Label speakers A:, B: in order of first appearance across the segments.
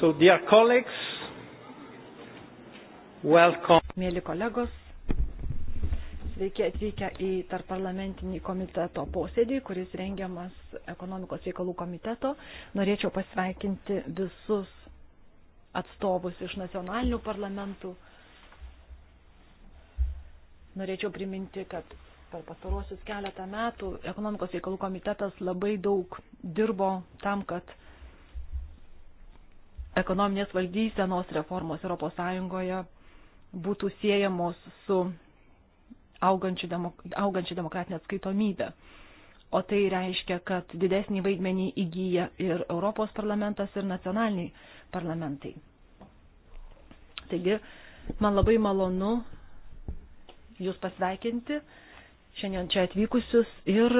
A: So, dear colleagues, welcome.
B: Mėly kolegos, sveiki atvykę į tarparlamentinį komiteto posėdį, kuris rengiamas ekonomikos reikalų komiteto. Norėčiau pasveikinti visus atstovus iš nacionalinių parlamentų. Norėčiau priminti, kad per pastaruosius keletą metų ekonomikos reikalų komitetas labai daug dirbo tam, kad ekonominės valdysenos reformos ES būtų siejamos su augančia demok demokratinė atskaitomybė. O tai reiškia, kad didesnį vaidmenį įgyja ir Europos parlamentas, ir nacionaliniai parlamentai. Taigi, man labai malonu Jūs pasveikinti šiandien čia atvykusius ir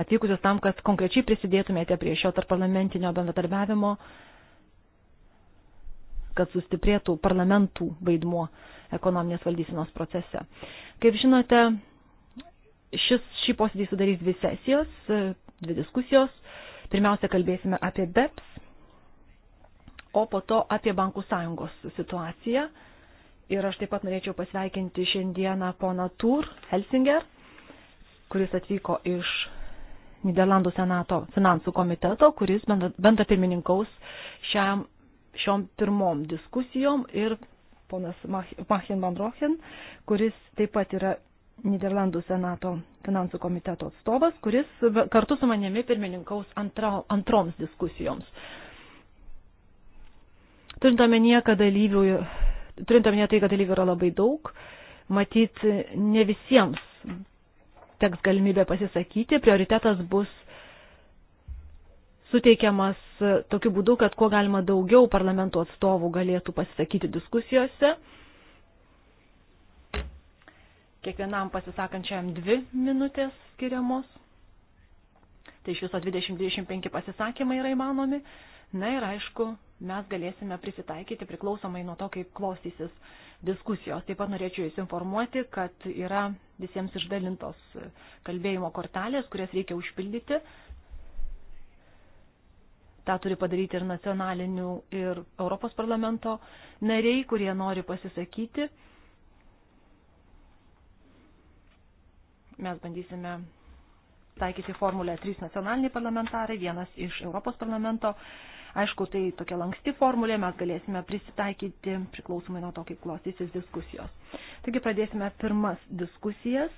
B: atvykusius tam, kad konkrečiai prisidėtumėte prie šio tarp parlamentinio bendradarbiavimo kad sustiprėtų parlamentų vaidmuo ekonominės valdysinos procese. Kaip žinote, šis, šį posėdį sudarys dvi sesijos, dvi diskusijos. Pirmiausia, kalbėsime apie BEPS, o po to apie bankų sąjungos situaciją. Ir aš taip pat norėčiau pasveikinti šiandieną poną Tur Helsinger, kuris atvyko iš Niderlandų senato finansų komiteto, kuris bendra pirmininkaus šiam šiom pirmom diskusijom ir ponas Machen van Rochen, kuris taip pat yra Niderlandų senato finansų komiteto atstovas, kuris kartu su manimi pirmininkaus antra, antroms diskusijoms. Turint omenyje, kad dalyvių, turint omenyje tai, kad dalyvių yra labai daug, matyt, ne visiems teks galimybė pasisakyti, prioritetas bus suteikiamas e, tokiu būdu, kad kuo galima daugiau parlamento atstovų galėtų pasisakyti diskusijose. Kiekvienam pasisakančiam dvi minutės skiriamos. Tai iš viso 20-25 pasisakymai yra įmanomi. Na ir aišku, mes galėsime prisitaikyti priklausomai nuo to, kaip klostysis diskusijos. Taip pat norėčiau Jūs informuoti, kad yra visiems išdalintos kalbėjimo kortelės, kurias reikia užpildyti tą turi padaryti ir nacionalinių, ir Europos parlamento nariai, kurie nori pasisakyti. Mes bandysime taikyti formulę 3 nacionaliniai parlamentarai, vienas iš Europos parlamento. Aišku, tai tokia lanksti formulė, mes galėsime prisitaikyti priklausomai nuo to, kaip klostysis diskusijos. Taigi pradėsime pirmas diskusijas.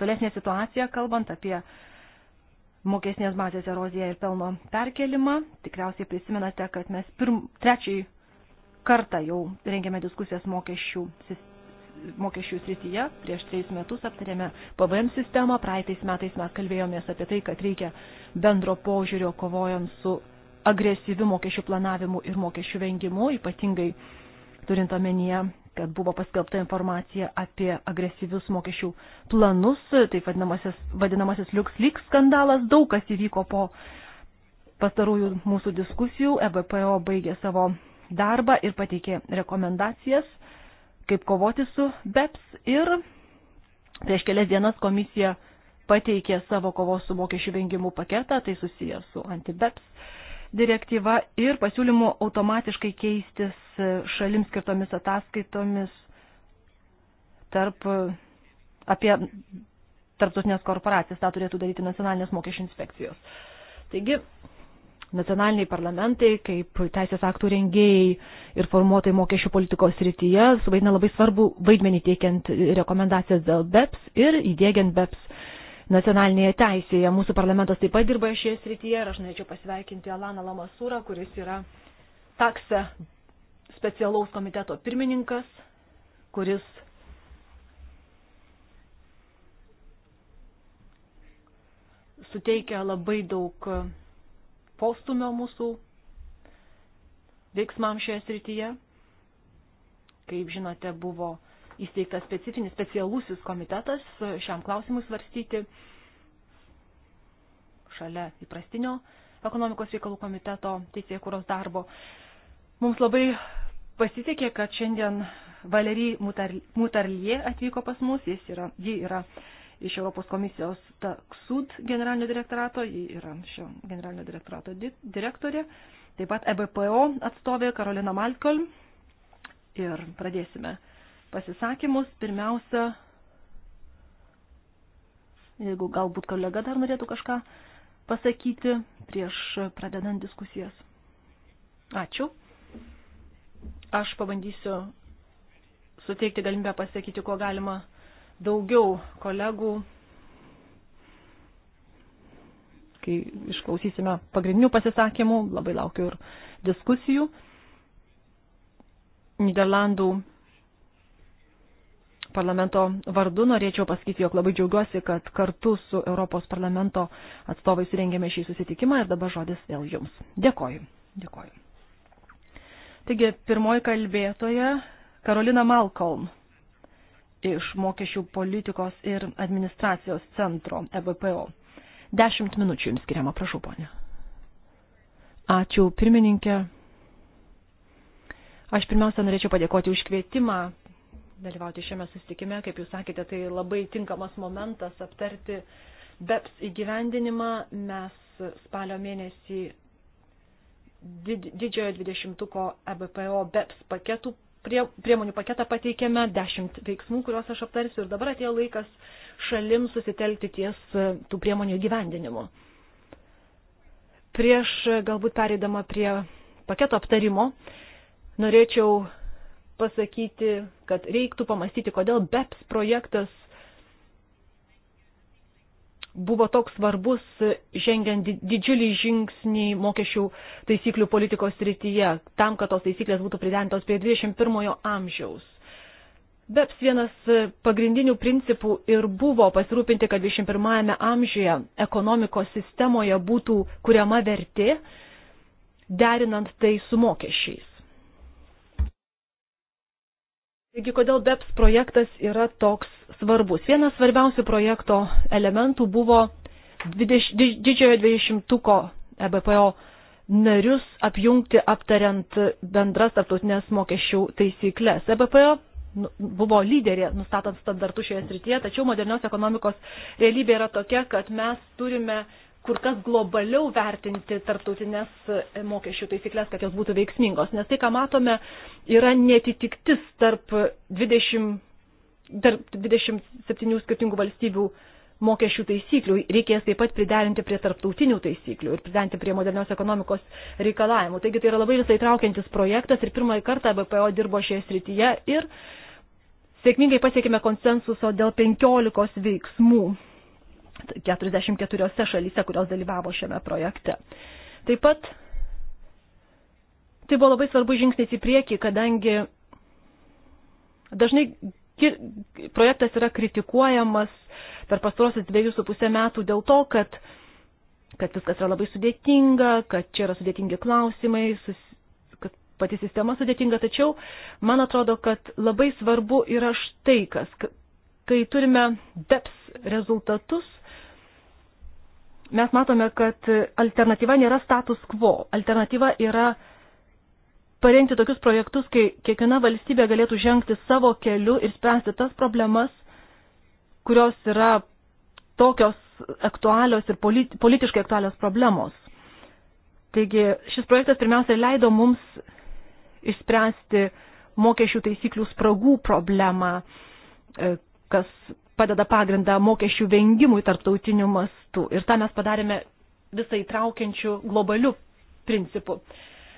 B: Tolesnė situacija, kalbant apie mokesnės bazės eroziją ir pelno perkelimą. Tikriausiai prisimenate, kad mes pirm, trečiai kartą jau rengėme diskusijas mokesčių, mokesčių srityje. Prieš trejus metus aptarėme PVM sistemą. Praeitais metais mes kalbėjomės apie tai, kad reikia bendro požiūrio kovojant su agresyviu mokesčių planavimu ir mokesčių vengimu, ypatingai turint omenyje kad buvo paskelbta informacija apie agresyvius mokesčių planus, taip vadinamasis, vadinamasis LuxLeaks skandalas, daug kas įvyko po pastarųjų mūsų diskusijų, EBPO baigė savo darbą ir pateikė rekomendacijas, kaip kovoti su BEPS ir prieš kelias dienas komisija pateikė savo kovos su mokesčių vengimu paketą, tai susijęs su anti-BEPS direktyva ir pasiūlymu automatiškai keistis šalims skirtomis ataskaitomis tarp apie tarptautinės korporacijas. Ta turėtų daryti nacionalinės mokesčių inspekcijos. Taigi, nacionaliniai parlamentai, kaip teisės aktų rengėjai ir formuotojai mokesčių politikos rytyje, suvaidina labai svarbu vaidmenį teikiant rekomendacijas dėl BEPS ir įdėgiant BEPS nacionalinėje teisėje. Mūsų parlamentas taip pat dirba šioje srityje ir aš norėčiau pasveikinti Alaną Lamasūrą, kuris yra taksą specialaus komiteto pirmininkas, kuris suteikia labai daug postumio mūsų veiksmam šioje srityje. Kaip žinote, buvo įsteigtas specifinis specialusis komitetas e, šiam klausimui svarstyti šalia įprastinio ekonomikos reikalų komiteto teisėkuros darbo. Mums labai pasisekė, kad šiandien Valery Mutarlie atvyko pas mus, jis yra, ji yra iš Europos komisijos TAXUD generalinio direktorato, ji yra šio generalinio direktorato direktorė, taip pat EBPO atstovė Karolina Malkolm ir pradėsime pasisakymus. Pirmiausia, jeigu galbūt kolega dar norėtų kažką pasakyti prieš pradedant diskusijas. Ačiū. Aš pabandysiu suteikti galimybę pasakyti, ko galima daugiau kolegų, kai išklausysime pagrindinių pasisakymų, labai laukiu ir diskusijų. Niderlandų parlamento vardu norėčiau pasakyti, jog labai džiaugiuosi, kad kartu su Europos parlamento atstovais surengėme šį susitikimą ir dabar žodis vėl jums. Dėkoju. Dėkoju. Taigi, pirmoji kalbėtoja Karolina Malcolm iš Mokesčių politikos ir administracijos centro EBPO. Dešimt minučių jums skiriama, prašau, ponė. Ačiū, pirmininkė. Aš pirmiausia norėčiau padėkoti už kvietimą dalyvauti šiame susitikime. Kaip jūs sakėte, tai labai tinkamas momentas aptarti BEPS įgyvendinimą. Mes spalio mėnesį did, didžiojo 20-ko EBPO BEPS paketų, prie, priemonių paketą pateikėme, 10 veiksmų, kuriuos aš aptarsiu ir dabar atėjo laikas šalim susitelkti ties tų priemonių įgyvendinimu. Prieš galbūt pereidama prie paketo aptarimo, norėčiau pasakyti, kad reiktų pamastyti, kodėl BEPS projektas buvo toks svarbus, žengiant didžiulį žingsnį mokesčių taisyklių politikos srityje, tam, kad tos taisyklės būtų pridentos prie 21 amžiaus. BEPS vienas pagrindinių principų ir buvo pasirūpinti, kad 21 amžiuje ekonomikos sistemoje būtų kuriama vertė, derinant tai su mokesčiais. Taigi, kodėl BEPS projektas yra toks svarbus? Vienas svarbiausių projekto elementų buvo didžiojo dvidešimtuko EBPO narius apjungti aptariant bendras tarptautinės mokesčių taisyklės. EBPO nu, buvo lyderė nustatant standartus šioje srityje, tačiau modernios ekonomikos realybė yra tokia, kad mes turime kur kas globaliau vertinti tarptautinės e, mokesčių taisyklės, kad jos būtų veiksmingos. Nes tai, ką matome, yra netitiktis tarp 20, tarp 27 skirtingų valstybių mokesčių taisyklių. Reikės taip pat priderinti prie tarptautinių taisyklių ir priderinti prie modernios ekonomikos reikalavimų. Taigi tai yra labai visai traukiantis projektas ir pirmąjį kartą BPO dirbo šioje srityje ir sėkmingai pasiekime konsensuso dėl 15 veiksmų 44 šalyse, kurios dalyvavo šiame projekte. Taip pat tai buvo labai svarbus žingsnis į priekį, kadangi dažnai projektas yra kritikuojamas per pastarosius dviejus su pusę metų dėl to, kad, kad viskas yra labai sudėtinga, kad čia yra sudėtingi klausimai, sus, kad pati sistema sudėtinga, tačiau man atrodo, kad labai svarbu yra štai kas, kai turime DEPS rezultatus, mes matome, kad alternatyva nėra status quo. Alternatyva yra parengti tokius projektus, kai kiekviena valstybė galėtų žengti savo keliu ir spręsti tas problemas, kurios yra tokios aktualios ir politi politiškai aktualios problemos. Taigi šis projektas pirmiausia leido mums išspręsti mokesčių taisyklių spragų problemą, e, kas padeda pagrindą mokesčių vengimui tarptautiniu mastu. Ir tą mes padarėme visai traukiančių globalių principų.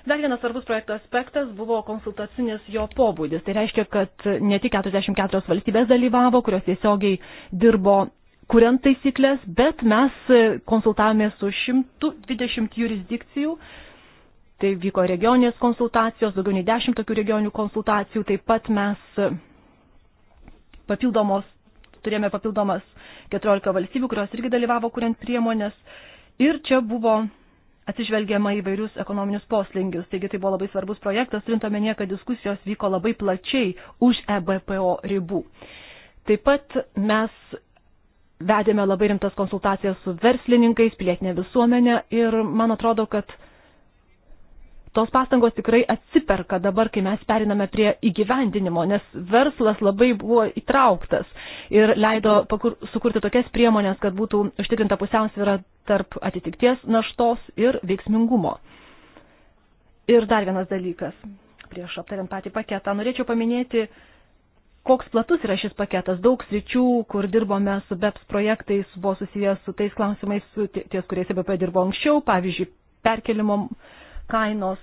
B: Dar vienas svarbus projekto aspektas buvo konsultacinis jo pobūdis. Tai reiškia, kad ne tik 44 valstybės dalyvavo, kurios tiesiogiai dirbo kuriant taisyklės, bet mes konsultavome su 120 jurisdikcijų. Tai vyko regioninės konsultacijos, daugiau nei 10 tokių regioninių konsultacijų. Taip pat mes papildomos turėjome papildomas 14 valstybių, kurios irgi dalyvavo kuriant priemonės. Ir čia buvo atsižvelgiama į vairius ekonominius poslingius. Taigi tai buvo labai svarbus projektas, turint omenyje, kad diskusijos vyko labai plačiai už EBPO ribų. Taip pat mes vedėme labai rimtas konsultacijas su verslininkais, pilietinė visuomenė ir man atrodo, kad tos pastangos tikrai atsiperka dabar, kai mes periname prie įgyvendinimo, nes verslas labai buvo įtrauktas ir leido pakur, sukurti tokias priemonės, kad būtų užtikrinta pusiausvyrą tarp atitikties naštos ir veiksmingumo. Ir dar vienas dalykas, prieš aptariant patį paketą, norėčiau paminėti, koks platus yra šis paketas. Daug sričių, kur dirbome su BEPS projektais, buvo susijęs su ties klausimais, su ties, kuriais e BEP dirbo anksčiau, pavyzdžiui, perkelimo uh, kainos,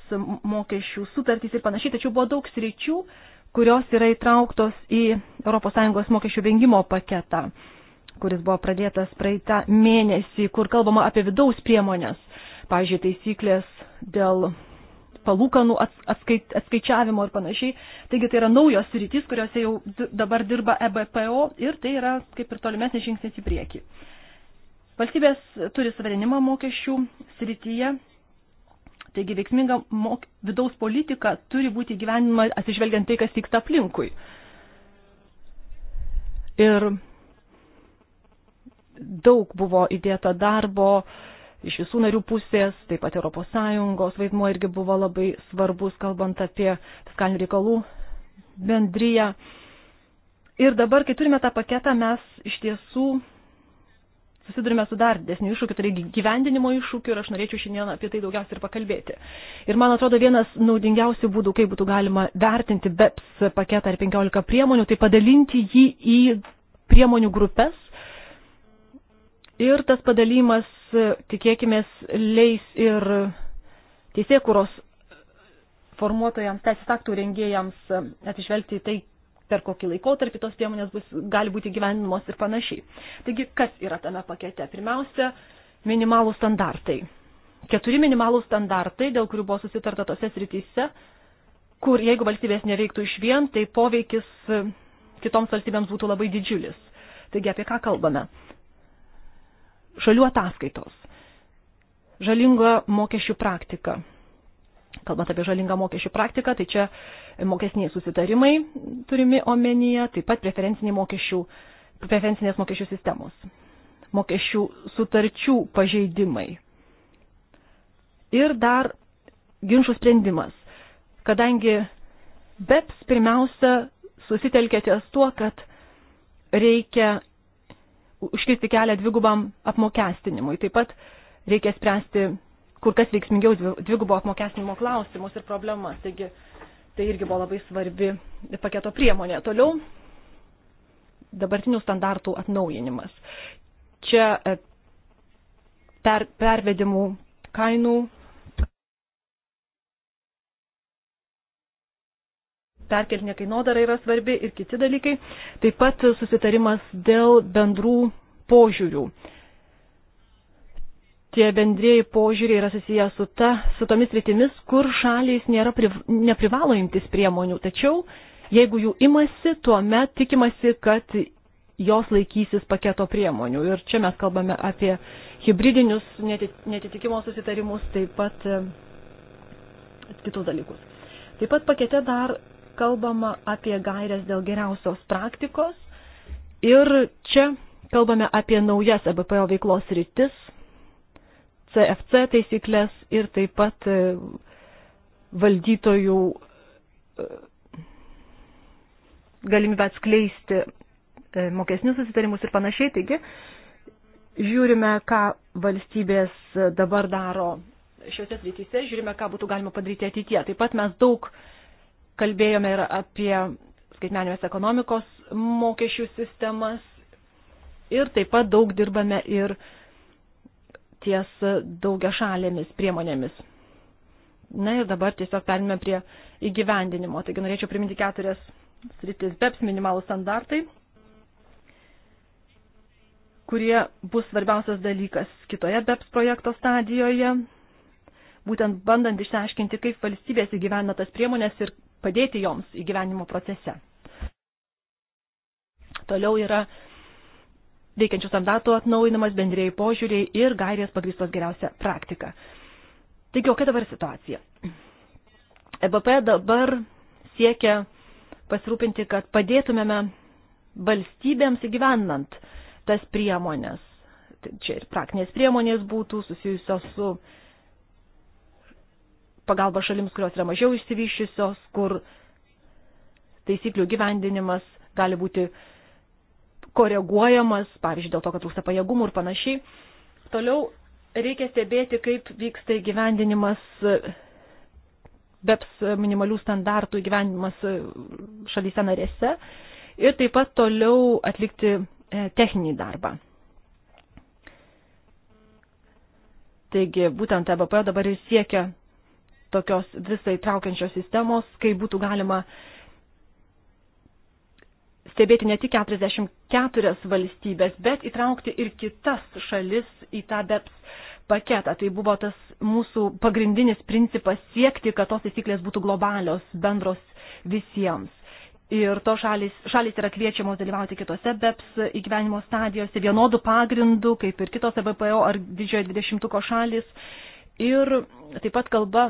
B: mokesčių, sutartys ir panašiai, tačiau buvo daug sričių, kurios yra įtrauktos į ES mokesčių vengimo paketą, kuris buvo pradėtas praeitą mėnesį, kur kalbama apie vidaus priemonės, pavyzdžiui, taisyklės dėl palūkanų atskait, atskaičiavimo ir panašiai. Taigi tai yra naujos rytis, kuriuose jau dabar dirba EBPO ir tai yra kaip ir tolimesnis žingsnis į priekį. Valstybės turi suverenimą mokesčių srityje Taigi veiksminga mok... vidaus politika turi būti gyvenima atsižvelgiant tai, kas vyksta aplinkui. Ir daug buvo įdėta darbo iš visų narių pusės, taip pat ES vaidmuo irgi buvo labai svarbus, kalbant apie fiskalinių reikalų bendryją. Ir dabar, kai turime tą paketą, mes iš tiesų susidurime su dar didesniu iššūkiu, tai gyvendinimo iššūkiu ir aš norėčiau šiandien apie tai daugiausiai ir pakalbėti. Ir man atrodo, vienas naudingiausių būdų, kaip būtų galima vertinti BEPS paketą ar 15 priemonių, tai padalinti jį į priemonių grupės ir tas padalymas, tikėkime, leis ir teisėkuros formuotojams, teisės aktų rengėjams atsižvelgti į tai, per kokį laikotarpį tos priemonės bus, gali būti gyvenimos ir panašiai. Taigi, kas yra tame pakete? Pirmiausia, minimalų standartai. Keturi minimalų standartai, dėl kurių buvo susitarta tose srityse, kur jeigu valstybės neveiktų iš vien, tai poveikis e, kitoms valstybėms būtų labai didžiulis. Taigi, apie ką kalbame? Šalių ataskaitos. Žalingo mokesčių praktika Kalbant apie žalingą mokesčių praktiką, tai čia mokesniai susitarimai turimi omenyje, taip pat mokesčių, preferencinės mokesčių sistemos, mokesčių sutarčių pažeidimai. Ir dar ginčių sprendimas, kadangi BEPS pirmiausia susitelkė ties tuo, kad reikia užkirsti kelią dvigubam apmokestinimui. Taip pat reikia spręsti kur kas veiksmingiau dvigubo apmokestinimo klausimus ir problemas. Taigi tai irgi buvo labai svarbi paketo priemonė. Toliau dabartinių standartų atnaujinimas. Čia e, per, pervedimų kainų perkeltinė kainodara yra svarbi ir kiti dalykai. Taip pat susitarimas dėl bendrų požiūrių tie bendrėjai požiūriai yra susiję su, ta, su tomis rytimis, kur šalys nėra, priv, neprivalo imtis priemonių. Tačiau jeigu jų imasi, tuomet tikimasi, kad jos laikysis paketo priemonių. Ir čia mes kalbame apie hybridinius netitikimo susitarimus, taip pat e, kitus dalykus. Taip pat pakete dar kalbama apie gairias dėl geriausios praktikos. Ir čia kalbame apie naujas ABPO e veiklos rytis, CFC taisyklės ir taip pat e, valdytojų e, galimybę atskleisti e, mokesnius susitarimus ir panašiai. Taigi, žiūrime, ką valstybės dabar daro šiuose srityse, žiūrime, ką būtų galima padaryti ateityje. Taip pat mes daug kalbėjome ir apie skaitmeninės ekonomikos mokesčių sistemas ir taip pat daug dirbame ir uh, ties daugia šalėmis priemonėmis. Na ir dabar tiesiog perėmėme prie įgyvendinimo. Taigi norėčiau priminti keturias sritis BEPS minimalų standartai, kurie bus svarbiausias dalykas kitoje BEPS projekto stadijoje, būtent bandant išsiaiškinti, kaip valstybės įgyvena tas priemonės ir padėti joms įgyvenimo procese. Toliau yra veikiančių standartų atnaujinimas, bendrėjai požiūriai ir gairės pagrįstos geriausia praktika. Taigi, kokia dabar situacija? EBP dabar siekia pasirūpinti, kad padėtumėme valstybėms įgyvendant tas priemonės. Tai čia ir praktinės priemonės būtų susijusios su pagalba šalims, kurios yra mažiau išsivyščiusios, kur taisyklių gyvendinimas gali būti koreguojamas, pavyzdžiui, dėl to, kad trūksta pajėgumų ir panašiai. Toliau reikia stebėti, kaip vyksta įgyvendinimas BEPS minimalių standartų įgyvendinimas šalyse narėse ir taip pat toliau atlikti e, techninį darbą. Taigi būtent EBP dabar ir siekia tokios visai traukiančios sistemos, kai būtų galima uh, stebėti ne tik 44 valstybės, bet įtraukti ir kitas šalis į tą BEPS paketą. Tai buvo tas mūsų pagrindinis principas siekti, kad tos taisyklės būtų globalios, bendros visiems. Ir to šalis, šalis yra kviečiamos dalyvauti kitose BEPS įgyvenimo stadijose vienodų pagrindų, kaip ir kitos e BPO ar didžiojo dvidešimtuko šalis. Ir taip pat kalba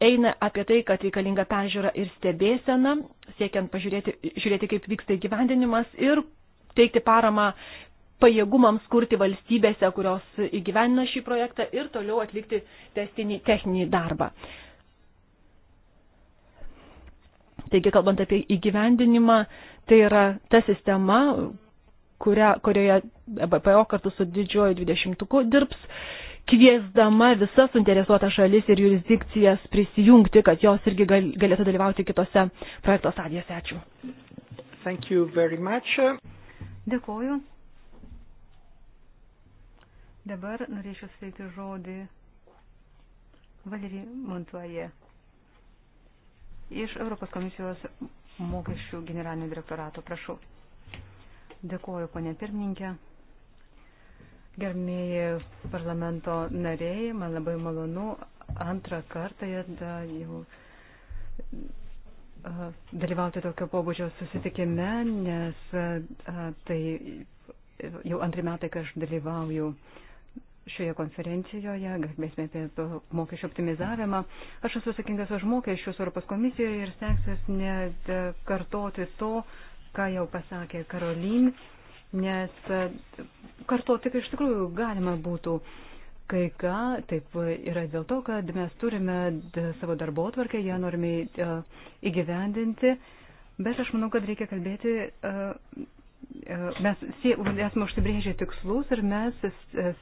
B: eina apie tai, kad reikalinga peržiūra ir stebėsena, siekiant pažiūrėti, žiūrėti, kaip vyksta įgyvendinimas ir teikti paramą pajėgumams kurti valstybėse, kurios įgyvendina šį projektą ir toliau atlikti testinį techninį darbą. Taigi, kalbant apie įgyvendinimą, tai yra ta sistema, kuria, kurioje e BPO kartu su didžiuoju dvidešimtuku dirbs kviesdama visas suinteresuotas šalis ir jurisdikcijas prisijungti, kad jos irgi gal, galėtų dalyvauti kitose projekto
C: stadijose. Ačiū. Thank you very much. Dėkuoju. Dabar norėčiau sveikti žodį Valerį Montuoje iš Europos komisijos mokesčių generalinio direktorato. Prašau. Dėkuoju, ponė pirmininkė. Gerbėjai parlamento nariai, man labai malonu antrą kartą jau dalyvauti tokio pobūdžio susitikime, nes tai jau antrį metą, kai aš dalyvauju šioje konferencijoje, kalbėsime apie mokesčių optimizavimą. Aš esu sakingas už mokesčius Europos komisijoje ir stengsiuosi net kartoti to, ką jau pasakė Karolin nes e, kartoti, kad iš tikrųjų galima būtų kai ką, taip yra dėl to, kad mes turime savo darbo tvarkę, ją norime e, įgyvendinti, bet aš manau, kad reikia kalbėti, e, mes esame užsibrėžę tikslus ir mes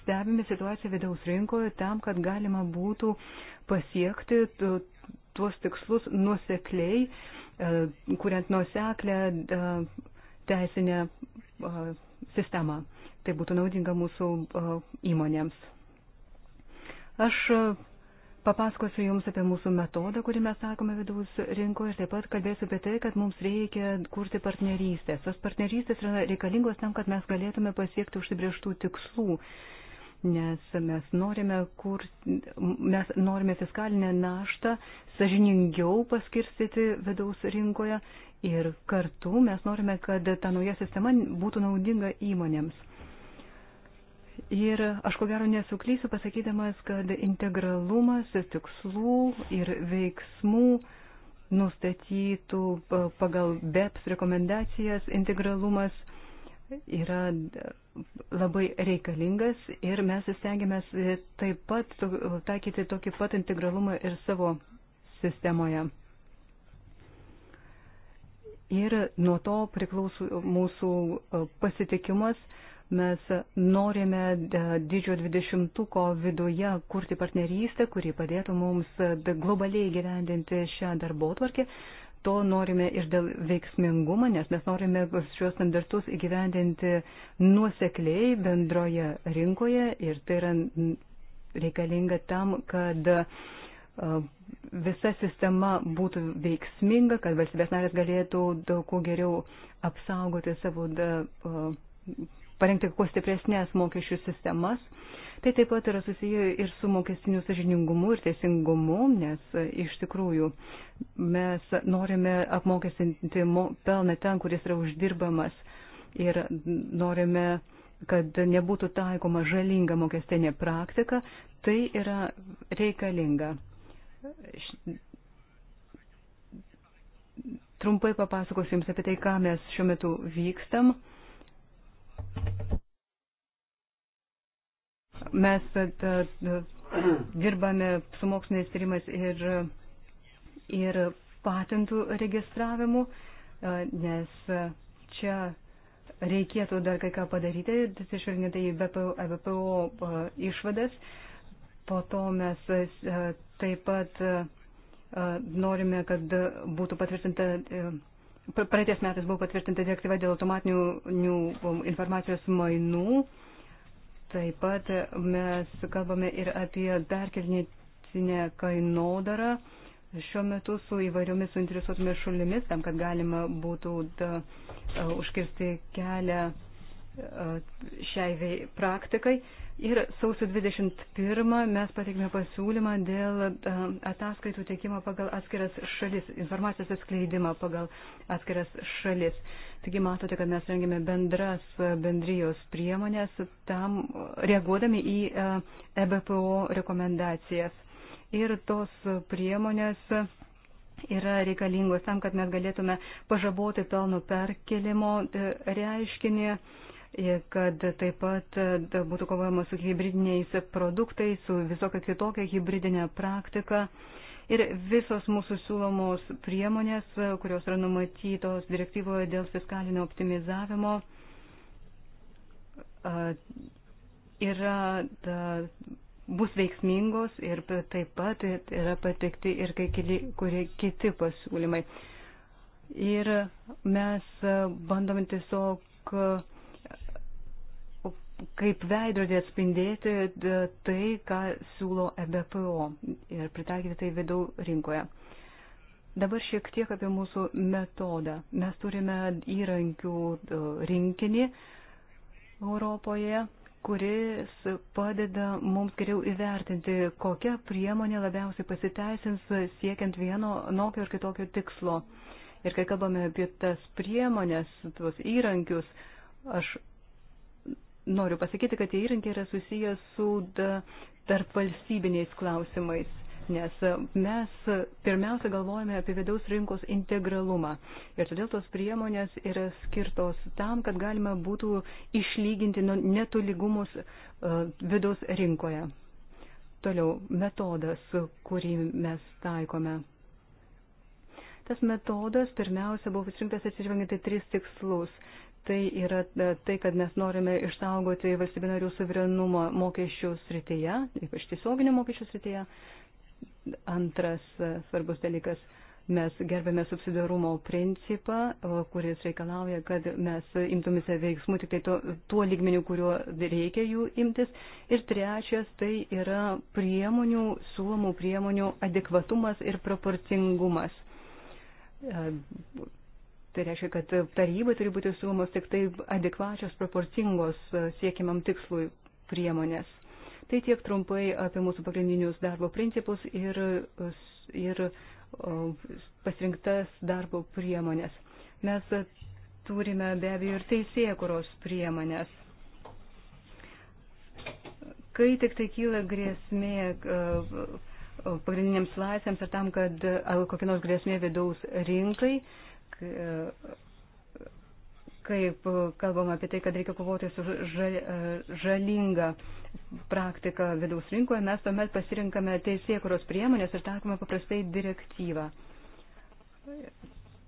C: stebime situaciją vidaus rinkoje tam, kad galima būtų pasiekti tuos tikslus nusekliai, kuriant nuseklę teisinę sistemą. Tai būtų naudinga mūsų įmonėms. Aš papasakosiu Jums apie mūsų metodą, kurį mes sakome vidaus rinkoje ir taip pat kalbėsiu apie tai, kad mums reikia kurti partnerystės. Tos partnerystės yra reikalingos tam, kad mes galėtume pasiekti užsibrieštų tikslų nes mes norime, kur, mes norime fiskalinę naštą sažiningiau paskirstyti vidaus rinkoje Ir kartu mes norime, kad ta nauja sistema būtų naudinga įmonėms. Ir aš ko gero nesuklysiu pasakydamas, kad integralumas tikslų ir veiksmų nustatytų pagal BEPS rekomendacijas integralumas yra labai reikalingas ir mes stengiamės taip pat taikyti tokį pat integralumą ir savo sistemoje ir nuo to priklauso mūsų e, pasitikimas. Mes norime e, didžio dvidešimtuko viduje kurti partnerystę, kuri padėtų mums e, globaliai gyvendinti šią darbo tvarkę. To norime ir dėl veiksmingumo, nes mes norime šios standartus įgyvendinti nuosekliai bendroje rinkoje ir tai yra reikalinga tam, kad uh, visa sistema būtų veiksminga, kad valstybės narės galėtų daug geriau apsaugoti savo, da, parengti kuo stipresnės mokesčių sistemas. Tai taip pat yra susiję ir su mokestiniu sažiningumu ir teisingumu, nes iš tikrųjų mes norime apmokestinti pelną ten, kuris yra uždirbamas ir norime kad nebūtų taikoma žalinga mokestinė praktika, tai yra reikalinga trumpai papasakosiu Jums apie tai, ką mes šiuo metu vykstam. Mes tad, e, e, e, dirbame su moksliniais tyrimais ir, ir patentų registravimu, nes čia reikėtų dar kai ką padaryti, atsižvelgiant į BPO, BPO išvadas. Po to mes e, taip pat e, e, norime, kad būtų patvirtinta, praeities metais buvo patvirtinta direktyva dėl automatinių informacijos mainų. Taip pat mes kalbame ir apie perkelnytinę kainodarą šiuo metu su įvairiomis suinteresuotomis šalimis, tam, kad galima būtų da, užkirsti kelią šiai praktikai. Ir sausio 21 mes pateikėme pasiūlymą dėl e, ataskaitų teikimo pagal atskiras šalis, informacijos atskleidimą pagal atskiras šalis. Taigi matote, kad mes rengėme bendras e, bendrijos priemonės tam reaguodami į EBPO e rekomendacijas. Ir tos priemonės yra reikalingos tam, kad mes galėtume pažaboti pelno perkelimo reiškinį kad taip pat e, būtų kovojama su hybridiniais produktais, su visokia kitokia hybridinė praktika. Ir visos mūsų siūlomos priemonės, e, kurios yra numatytos direktyvoje dėl fiskalinio optimizavimo, e, yra, da, bus veiksmingos ir taip pat yra patekti ir kai keli, kurie kiti pasiūlymai. Ir mes bandome tiesiog kaip veidrodį atspindėti tai, ką siūlo EBPO ir pritaikyti tai vidau rinkoje. Dabar šiek tiek apie mūsų metodą. Mes turime įrankių rinkinį Europoje, kuris padeda mums geriau įvertinti, kokia priemonė labiausiai pasiteisins siekiant vieno nokio ir kitokio tikslo. Ir kai kalbame apie tas priemonės, tuos įrankius, aš noriu pasakyti, kad tie įrankiai yra susijęs su tarp valstybiniais klausimais, nes e, mes pirmiausia galvojame apie vidaus rinkos integralumą. Ir todėl tos priemonės yra skirtos tam, kad galima būtų išlyginti nu, netolygumus e, vidaus rinkoje. Toliau metodas, kurį mes taikome. Tas metodas pirmiausia buvo pasirinktas atsižvelgiant į tris tikslus tai yra e, tai, kad mes norime išsaugoti valstybių narių suverenumą mokesčių srityje, ypač tiesioginių mokesčių srityje. Antras e, svarbus dalykas mes gerbėme subsidiarumo principą, kuris reikalauja, kad mes imtumėse veiksmų tik tai to, tuo lygmeniu, kuriuo reikia jų imtis. Ir trečias tai yra priemonių, suomų priemonių adekvatumas ir proporcingumas. E, Tai reiškia, kad tarybai turi būti siūlomos tik tai adekvačios, proporcingos e, siekiamam tikslui priemonės. Tai tiek trumpai apie mūsų pagrindinius darbo principus ir, e, ir pasirinktas darbo priemonės. Mes turime be abejo ir teisėkuros priemonės. Kai tik tai kyla grėsmė e, pagrindiniams laisvėms ir tam, kad kokia nors grėsmė vidaus rinkai, kaip kalbam apie tai, kad reikia kovoti su žalinga praktika vidaus rinkoje, mes tuomet pasirinkame teisėkuros priemonės ir takome paprastai direktyvą.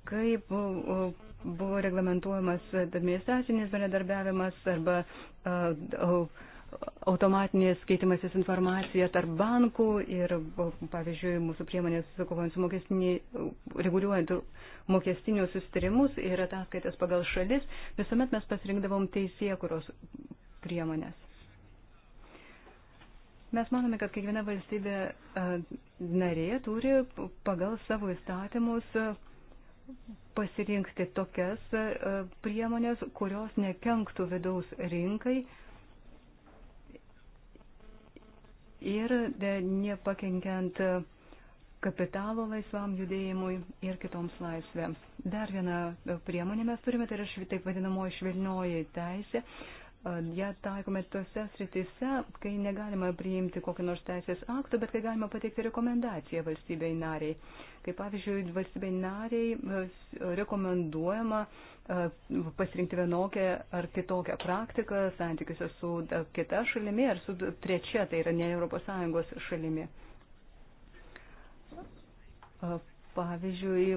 C: Kaip buvo reglamentuojamas administracinis bendradarbiavimas arba uh, uh, automatinės keitimasis informacija tarp bankų ir, pavyzdžiui, mūsų priemonės kovojant su mokestinį, reguliuojant mokestinius sustarimus ir ataskaitas pagal šalis, visuomet mes pasirinkdavom teisėkuros priemonės. Mes manome, kad kiekviena valstybė narė turi pagal savo įstatymus pasirinkti tokias priemonės, kurios nekenktų vidaus rinkai ir e, nepakenkiant kapitalo laisvam judėjimui ir kitoms laisvėms. Dar vieną e, priemonę mes turime, tai yra taip vadinamoji švelnioji teisė ją taikome tose sritise, kai negalima priimti kokį nors teisės aktų, bet kai galima pateikti rekomendaciją valstybei nariai. Kaip pavyzdžiui, valstybei nariai e, rekomenduojama e, pasirinkti vienokią ar kitokią praktiką santykiuose su e, kita šalimi ar su trečia, tai yra ne ES šalimi. Pavyzdžiui,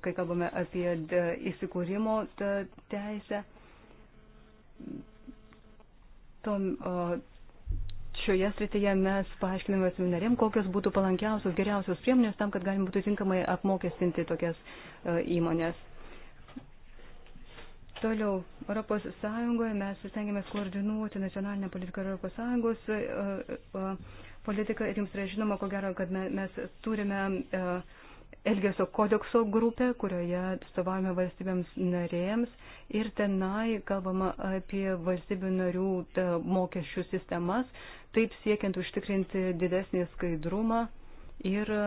C: kai kalbame apie įsikūrimo teisę, tom, o, šioje srityje mes paaiškiname seminarėm, kokios būtų palankiausios, geriausios priemonės tam, kad galima būtų tinkamai apmokestinti tokias o, įmonės. Toliau, Europos Sąjungoje mes stengiamės koordinuoti nacionalinę politiką Europos Sąjungos politiką ir jums yra žinoma, ko gero, kad mes turime uh, Elgesio kodekso grupė, kurioje atstovavome valstybėms narėms ir tenai kalbama apie valstybių narių e, mokesčių sistemas, taip siekiant užtikrinti didesnį skaidrumą ir e,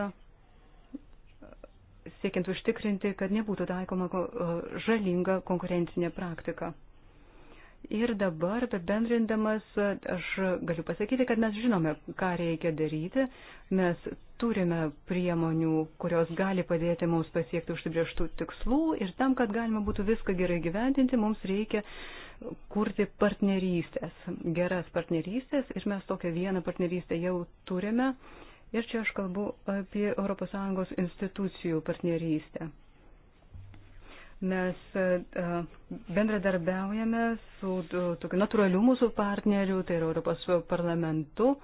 C: siekiant užtikrinti, kad nebūtų taikoma e, žalinga konkurencinė praktika. Ir dabar, bendrindamas, aš galiu pasakyti, kad mes žinome, ką reikia daryti, mes turime priemonių, kurios gali padėti mums pasiekti užsibrieštų tikslų ir tam, kad galima būtų viską gerai gyventinti, mums reikia kurti partnerystės, geras partnerystės ir mes tokią vieną partnerystę jau turime. Ir čia aš kalbu apie ES institucijų partnerystę. Mes e, e, bendradarbiaujame su e, tokiu natūraliu mūsų partneriu, tai yra Europos parlamentu.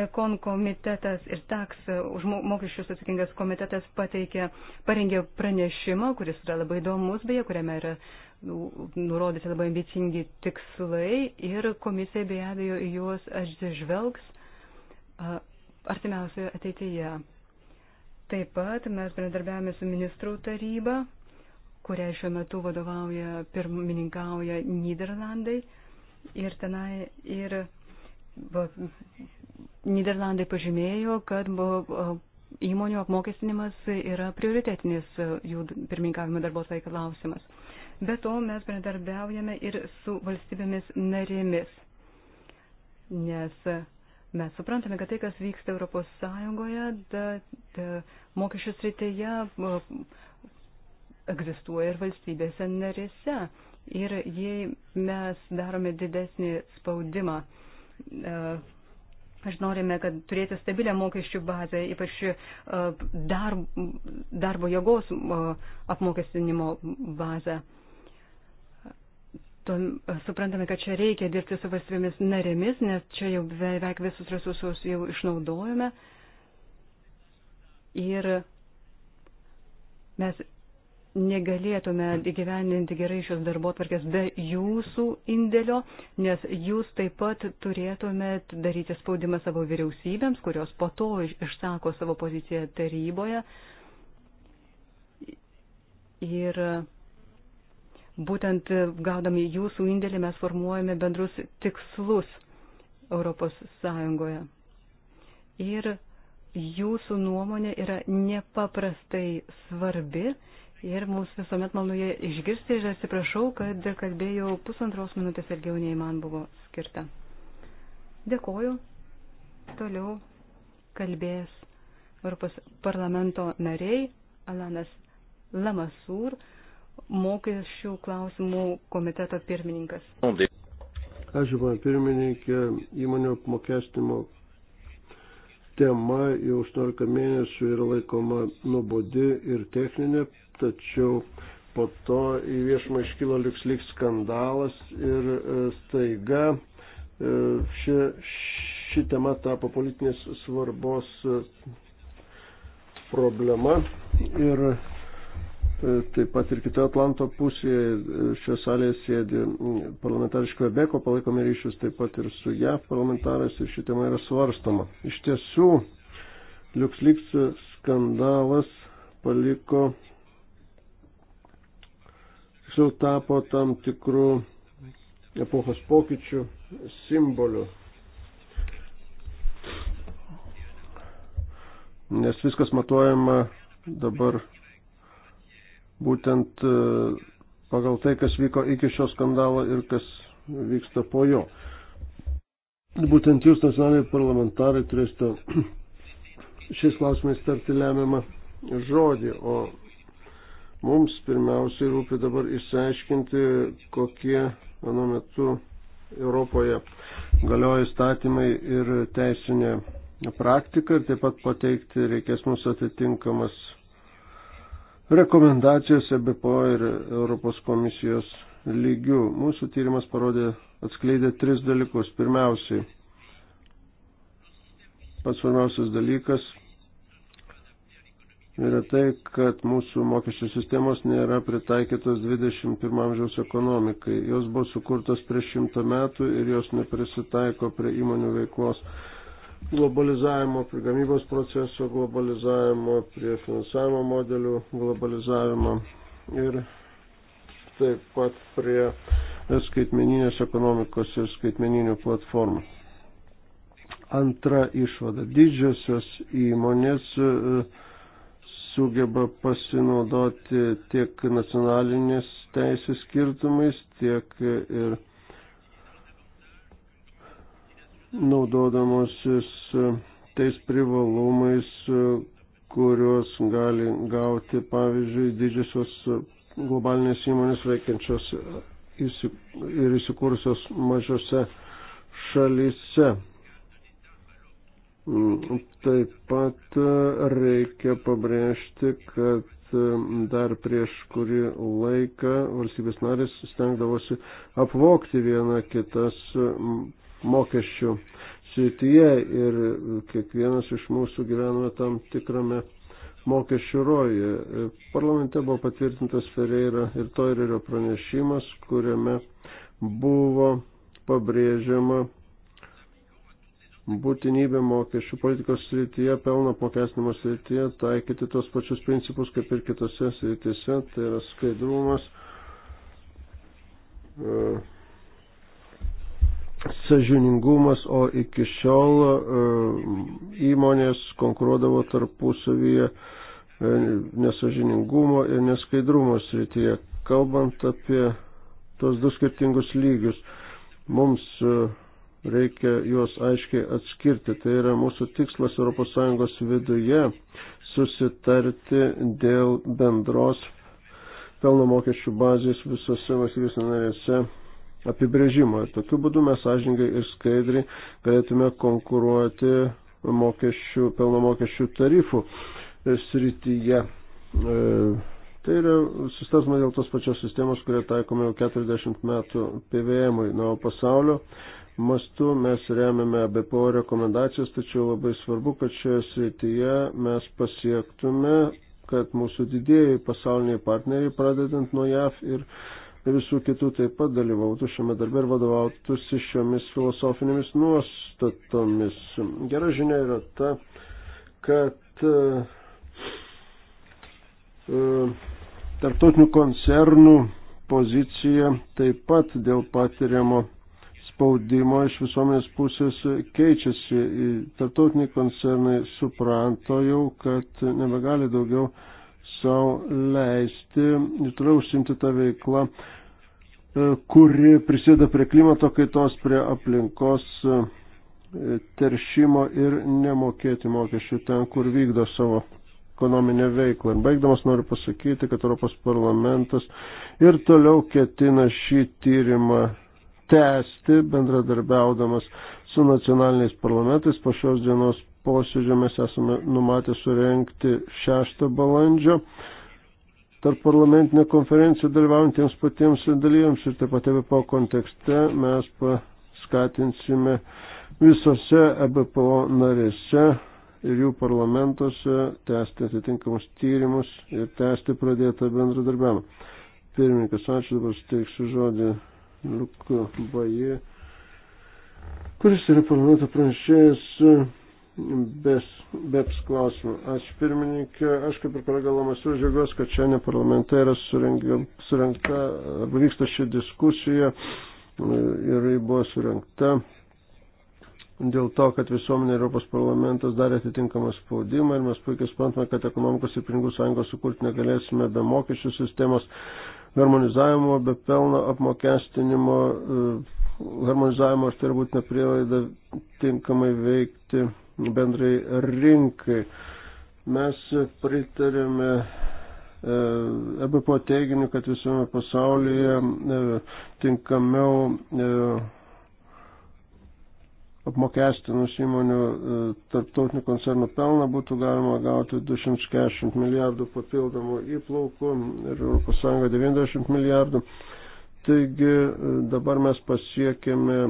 C: Ekon komitetas ir taks už mokesčius atsakingas komitetas pateikė, parengė pranešimą, kuris yra labai įdomus, beje, kuriame yra nu, nurodyti labai ambicingi tikslai ir komisija be abejo juos atsižvelgs artimiausioje ateityje. Taip pat mes bendradarbiavame su ministrų taryba, kuriai šiuo metu vadovauja, pirmininkauja Niderlandai. Ir tenai ir va, Niderlandai pažymėjo, kad buvo, įmonių apmokestinimas yra prioritetinis e, jų pirmininkavimo darbo tvarkai klausimas. Be to mes bendradarbiaujame ir su valstybėmis narėmis, nes Mes suprantame, kad tai, kas vyksta Europos Sąjungoje, da, da, mokesčių srityje egzistuoja ir valstybėse narėse. Ir jei mes darome didesnį spaudimą, e, aš norime, kad turėti stabilę mokesčių bazę, ypač e, darbo, darbo jėgos apmokestinimo bazę. Suprantame, kad čia reikia dirbti su valstybėmis narėmis, nes čia jau beveik visus resursus jau išnaudojame. Ir mes negalėtume įgyveninti gerai šios darbo tvarkės be jūsų indėlio, nes jūs taip pat turėtumėt daryti spaudimą savo vyriausybėms, kurios po to išsako savo poziciją taryboje. Ir Būtent e, gaudami jūsų indėlį mes formuojame bendrus tikslus Europos Sąjungoje. Ir jūsų nuomonė yra nepaprastai svarbi ir mums visuomet malonu ją išgirsti ir atsiprašau, kad kalbėjau pusantros minutės ilgiau nei man buvo skirta. Dėkoju. Toliau kalbės Europos parlamento nariai Alanas Lamasūr mokesčių klausimų komiteto pirmininkas.
D: Ačiū, man pirmininkė, įmonių apmokestinimo tema jau 18 mėnesių yra laikoma nubodi ir techninė, tačiau po to į viešumą iškilo liukslik skandalas ir e, staiga e, ši, ši tema tapo politinės svarbos e, problema ir taip pat ir kitoje Atlanto pusėje šioje salėje sėdi parlamentarai iš Kvebeko, palaikome ryšius taip pat ir su JAV parlamentarais ir ši tema yra svarstoma. Iš tiesų, LuxLeaks skandalas paliko, tiksliau tapo tam tikrų epochos pokyčių simboliu. Nes viskas matuojama dabar būtent e, pagal tai, kas vyko iki šio skandalo ir kas vyksta po jo. Būtent jūs, nacionaliniai parlamentarai, turėsite šiais klausimais tarti lemiamą žodį, o mums pirmiausiai rūpi dabar išsiaiškinti, kokie anu metu Europoje galioja įstatymai ir teisinė praktika ir taip pat pateikti reikės mūsų atitinkamas rekomendacijose BPO ir Europos komisijos lygių. Mūsų tyrimas parodė, atskleidė tris dalykus. Pirmiausiai, pats svarbiausias dalykas yra tai, kad mūsų mokesčių sistemos nėra pritaikytos 21 amžiaus ekonomikai. Jos buvo sukurtos prieš šimtą metų ir jos neprisitaiko prie įmonių veiklos globalizavimo, prie gamybos proceso globalizavimo, prie finansavimo modelių globalizavimo ir taip pat prie skaitmeninės ekonomikos ir skaitmeninių platformų. Antra išvada. Didžiosios įmonės e, sugeba pasinaudoti tiek nacionalinės teisės skirtumais, tiek ir naudodamosis e, tais privalumais, e, kuriuos gali gauti, pavyzdžiui, didžiosios e, globalinės įmonės veikiančios ir įsikūrusios mažose šalyse. Mm, taip pat reikia pabrėžti, kad dar prieš kurį laiką valstybės narės stengdavosi apvokti vieną kitas mokesčių srityje ir kiekvienas iš mūsų gyvename tam tikrame mokesčių rojuje. Parlamente buvo patvirtintas Ferreira ir Toirerio pranešimas, kuriame buvo pabrėžiama būtinybė mokesčių politikos srityje, pelno apmokestinimo srityje taikyti tos pačius principus kaip ir kitose srityse, tai yra skaidrumas. Uh, sažiningumas, o iki šiol e, įmonės konkuruodavo tarpusavyje e, nesažiningumo ir neskaidrumo srityje. Kalbant apie tos du skirtingus lygius, mums e, reikia juos aiškiai atskirti. Tai yra mūsų tikslas ES viduje susitarti dėl bendros pelno mokesčių bazės visose valstybės narėse apibrėžimo. Ir tokiu būdu mes sąžininkai ir skaidriai galėtume konkuruoti mokesčių, pelno mokesčių tarifų srityje. E, Tai yra sistema dėl tos pačios sistemos, kurią taikome jau 40 metų PVM-ui. Na, o pasaulio mastu mes remiame BPO rekomendacijas, tačiau labai svarbu, kad šioje srityje mes pasiektume, kad mūsų didėjai pasauliniai partneriai, pradedant nuo JAV ir visų kitų taip pat dalyvautų šiame darbe ir vadovautųsi šiomis filosofinėmis nuostatomis. Gera žinia yra ta, kad e, e, tarptautinių koncernų pozicija taip pat dėl patiriamo spaudimo iš visuomenės pusės keičiasi. Tarptautiniai koncernai supranto jau, kad nebegali daugiau savo leisti ir toliau užsimti tą veiklą E, kuri prisideda prie klimato kaitos, prie aplinkos e, teršimo ir nemokėti mokesčių ten, kur vykdo savo ekonominę veiklą. Ir baigdamas noriu pasakyti, kad Europos parlamentas ir toliau ketina šį tyrimą tęsti, bendradarbiaudamas su nacionaliniais parlamentais. Po šios dienos posėdžio mes esame numatę surenkti 6 balandžio tarp parlamentinę konferenciją dalyvaujantiems patiems dalyviams ir taip pat EBPO kontekste mes paskatinsime visose EBPO narėse ir jų parlamentuose tęsti atitinkamus tyrimus ir tęsti pradėtą bendradarbiavimą. Pirmininkas, ačiū dabar steiksiu žodį Luku Baji, kuris yra parlamento pranešėjas bes, BEPS klausimų. Ačiū pirmininkė, aš kaip ir kolega Lamasu žiūrėjau, kad šiandien parlamente yra surinkta arba vyksta ši diskusija e, ir ji buvo surinkta dėl to, kad visuomenė Europos parlamentas darė atitinkamą spaudimą ir mes puikiai suprantame, kad ekonomikos ir pinigų sąjungos sukurti negalėsime be mokesčių sistemos harmonizavimo, be pelno apmokestinimo. E, harmonizavimo ir tai yra būtina prielaida tinkamai veikti bendrai rinkai. Mes pritarėme EBPO e teiginiu, kad visame pasaulyje e, tinkamiau e, apmokestinus įmonių tarptautinių koncernų pelną būtų galima gauti 240 milijardų papildomų įplaukų ir ES 90 milijardų. Taigi dabar mes pasiekėme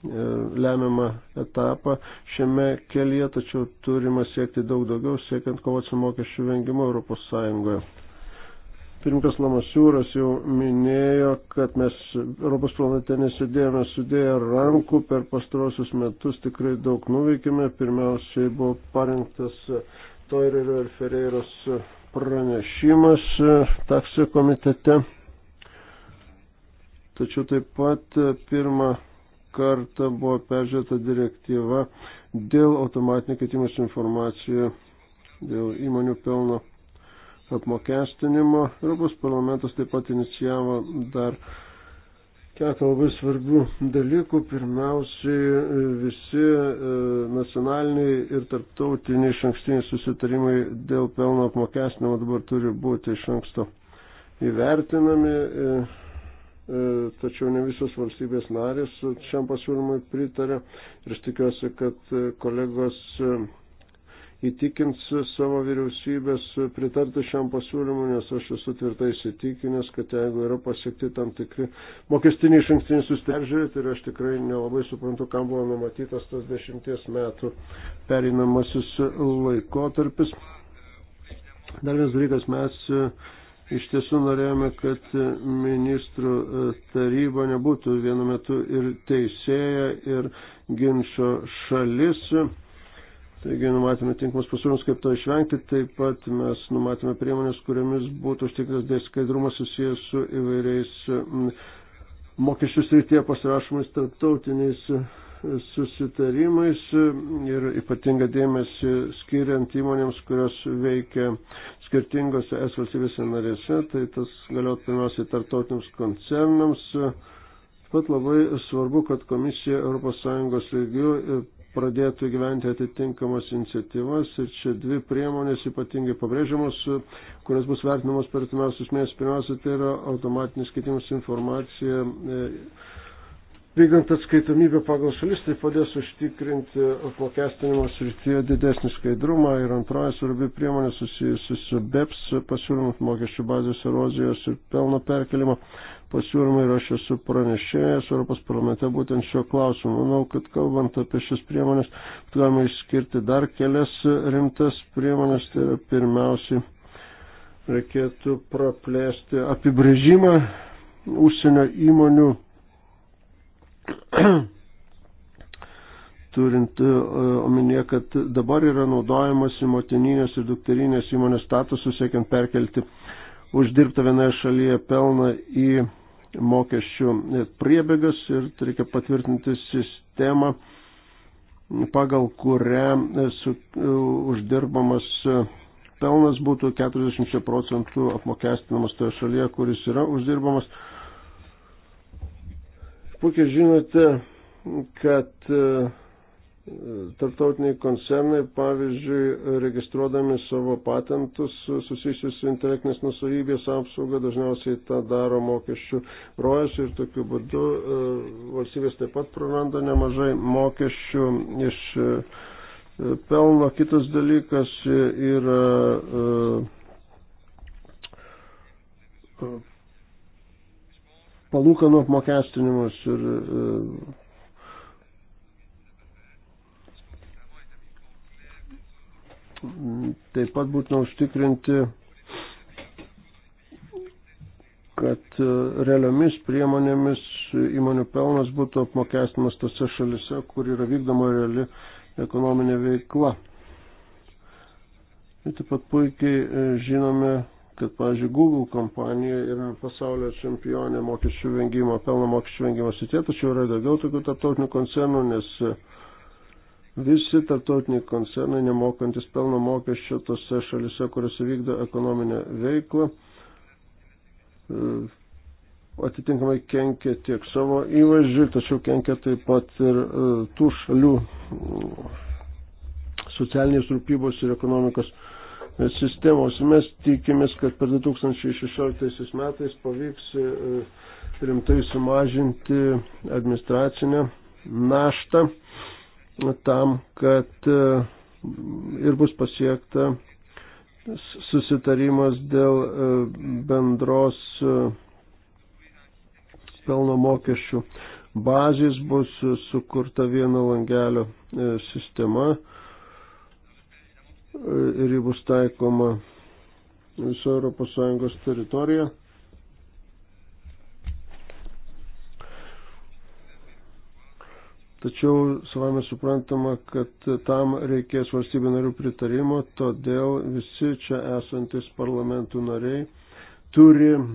D: E, lemiamą etapą šiame kelyje, tačiau turime siekti daug daugiau, siekiant kovoti su mokesčių vengimu Europos Sąjungoje. Pirmininkas Lamasiūras jau minėjo, kad mes Europos planete nesėdėjome sudėję rankų, per pastarosius metus tikrai daug nuveikėme. Pirmiausiai buvo parengtas Toirerio ir Ferreiros pranešimas taksio komitete. Tačiau taip pat pirmą kartą buvo peržiūrėta direktyva dėl automatinio keitimas informaciją dėl įmonių pelno apmokestinimo. Europos parlamentas taip pat inicijavo dar keletą labai svarbių dalykų. Pirmiausiai visi e, nacionaliniai ir tarptautiniai iš ankstiniai susitarimai dėl pelno apmokestinimo dabar turi būti iš anksto įvertinami e, E, tačiau ne visos valstybės narės šiam pasiūlymui pritarė ir aš tikiuosi, kad e, kolegos e, įtikins savo vyriausybės pritarti šiam pasiūlymui, nes aš esu tvirtai įsitikinęs, kad jeigu yra pasiekti tam tikri mokestiniai iš ankstiniai susteržiūrėti ir tai aš tikrai nelabai suprantu, kam buvo numatytas tas dešimties metų pereinamasis laikotarpis. Dar vienas dalykas, mes Iš tiesų norėjome, kad ministrų e, taryba nebūtų vienu metu ir teisėja, ir ginčio šalis. Taigi numatėme tinkamus pasiūlymus, kaip to išvengti. Taip pat mes numatėme priemonės, kuriamis būtų užtikrintas dėskaidrumas susijęs su įvairiais mokesčių srityje pasirašomais tarptautiniais e, susitarimais ir ypatinga dėmesį skiriant įmonėms, kurios veikia skirtingose es valstybėse narėse, tai tas galiotų pirmiausiai tartautiniams koncernams. Taip pat labai svarbu, kad komisija ES lygių pradėtų gyventi atitinkamas iniciatyvas ir čia dvi priemonės ypatingai pabrėžiamos, kurios bus vertinamos per artimiausius mėnesius. Pirmiausia, tai yra automatinis keitimas informacija Vykdant atskaitomybę pagal šalis, tai padės užtikrinti apmokestinimo srityje didesnį skaidrumą ir antroji svarbi priemonė susijusi su BEPS pasiūlymus mokesčių bazės erozijos ir pelno perkelimo pasiūlymai ir aš esu pranešėjęs Europos parlamente būtent šio klausimu. Manau, kad kalbant apie šias priemonės, galima išskirti dar kelias rimtas priemonės, tai yra pirmiausiai reikėtų praplėsti apibrėžimą užsienio įmonių turint e, omenyje, kad dabar yra naudojamasi motininės ir dukterinės įmonės statusus, siekiant perkelti uždirbtą vienoje šalyje pelną į mokesčių priebėgas ir tai reikia patvirtinti sistemą, pagal kurią su, e, uždirbamas pelnas būtų 40 procentų apmokestinamas toje šalyje, kuris yra uždirbamas Puikiai žinote, kad e, tarptautiniai koncernai, pavyzdžiui, registruodami savo patentus susijusius su intelektinės nusavybės apsauga, dažniausiai tą daro mokesčių rojas ir tokiu būdu e, valstybės taip pat praranda nemažai mokesčių iš e, pelno. Kitas dalykas yra palūkanų apmokestinimas ir e, taip pat būtina užtikrinti, kad e, realiomis priemonėmis įmonių pelnas būtų apmokestinamas tose šalise, kur yra vykdoma reali ekonominė veikla. Ir taip pat puikiai e, žinome, kad, pavyzdžiui, Google kompanija yra pasaulio čempionė mokesčių vengimo, pelno mokesčių vengimo sitie, tačiau yra daugiau tokių tarptautinių koncernų, nes visi tarptautiniai koncernai nemokantis pelno mokesčio tose šalise, kuriuose vykdo ekonominę veiklą, e, atitinkamai kenkia tiek savo įvaizdžiui, tačiau kenkia taip pat ir e, tų šalių socialinės rūpybos ir ekonomikos sistemos. Mes tikimės, kad per 2016 metais pavyks e, rimtai sumažinti administracinę naštą tam, kad e, ir bus pasiekta susitarimas dėl e, bendros pelno mokesčių bazės, bus sukurta vieno langelio sistema ir ji bus taikoma viso ES teritorija. Tačiau savame suprantama, kad tam reikės valstybių narių pritarimo, todėl visi čia esantis parlamentų nariai turi e,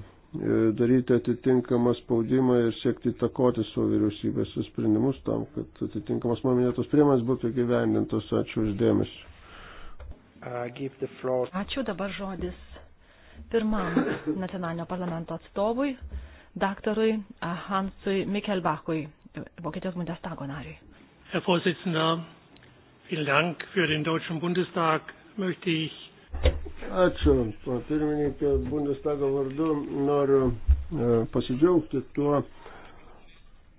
D: daryti atitinkamą spaudimą ir siekti įtakoti savo vyriausybės sprendimus tam, kad atitinkamas mano minėtos priemonės būtų gyvendintos. Ačiū uždėmesi.
A: Uh, Ačiū
B: dabar žodis pirmam nacionalinio parlamento atstovui, daktarui Hansui Mikelbakui, Vokietijos Bundestago nariui.
A: Herr Vorsitzender, vielen Dank für den Deutschen Bundestag möchte ich.
D: Ačiū, pirmininkė, Bundestago vardu noriu e, pasidžiaugti tuo,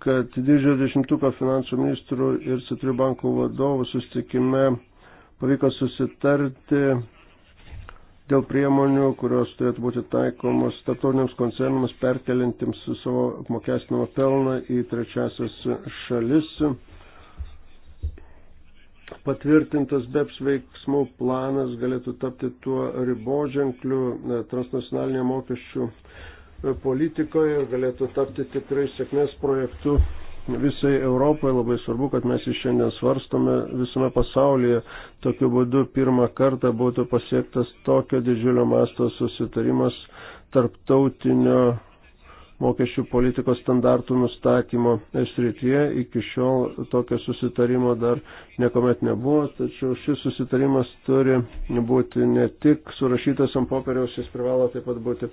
D: kad didžiojo dešimtuko finansų ministrų ir centrinių bankų vadovų susitikime pavyko susitarti dėl priemonių, kurios turėtų būti taikomos tarptautiniams koncernams perkelintiems savo apmokestinamą pelną į trečiasias šalis. Patvirtintas BEPS veiksmų planas galėtų tapti tuo riboženkliu e, transnacionalinėje mokesčių e, politikoje ir galėtų tapti tikrai sėkmės projektu visai Europai. Labai svarbu, kad mes iš šiandien svarstome visame pasaulyje. Tokiu būdu pirmą kartą būtų pasiektas tokio didžiulio masto susitarimas tarptautinio mokesčių politikos standartų nustatymo srityje. Iki šiol tokio susitarimo dar niekuomet nebuvo, tačiau šis susitarimas turi būti ne tik surašytas ant popieriaus, jis privalo taip pat būti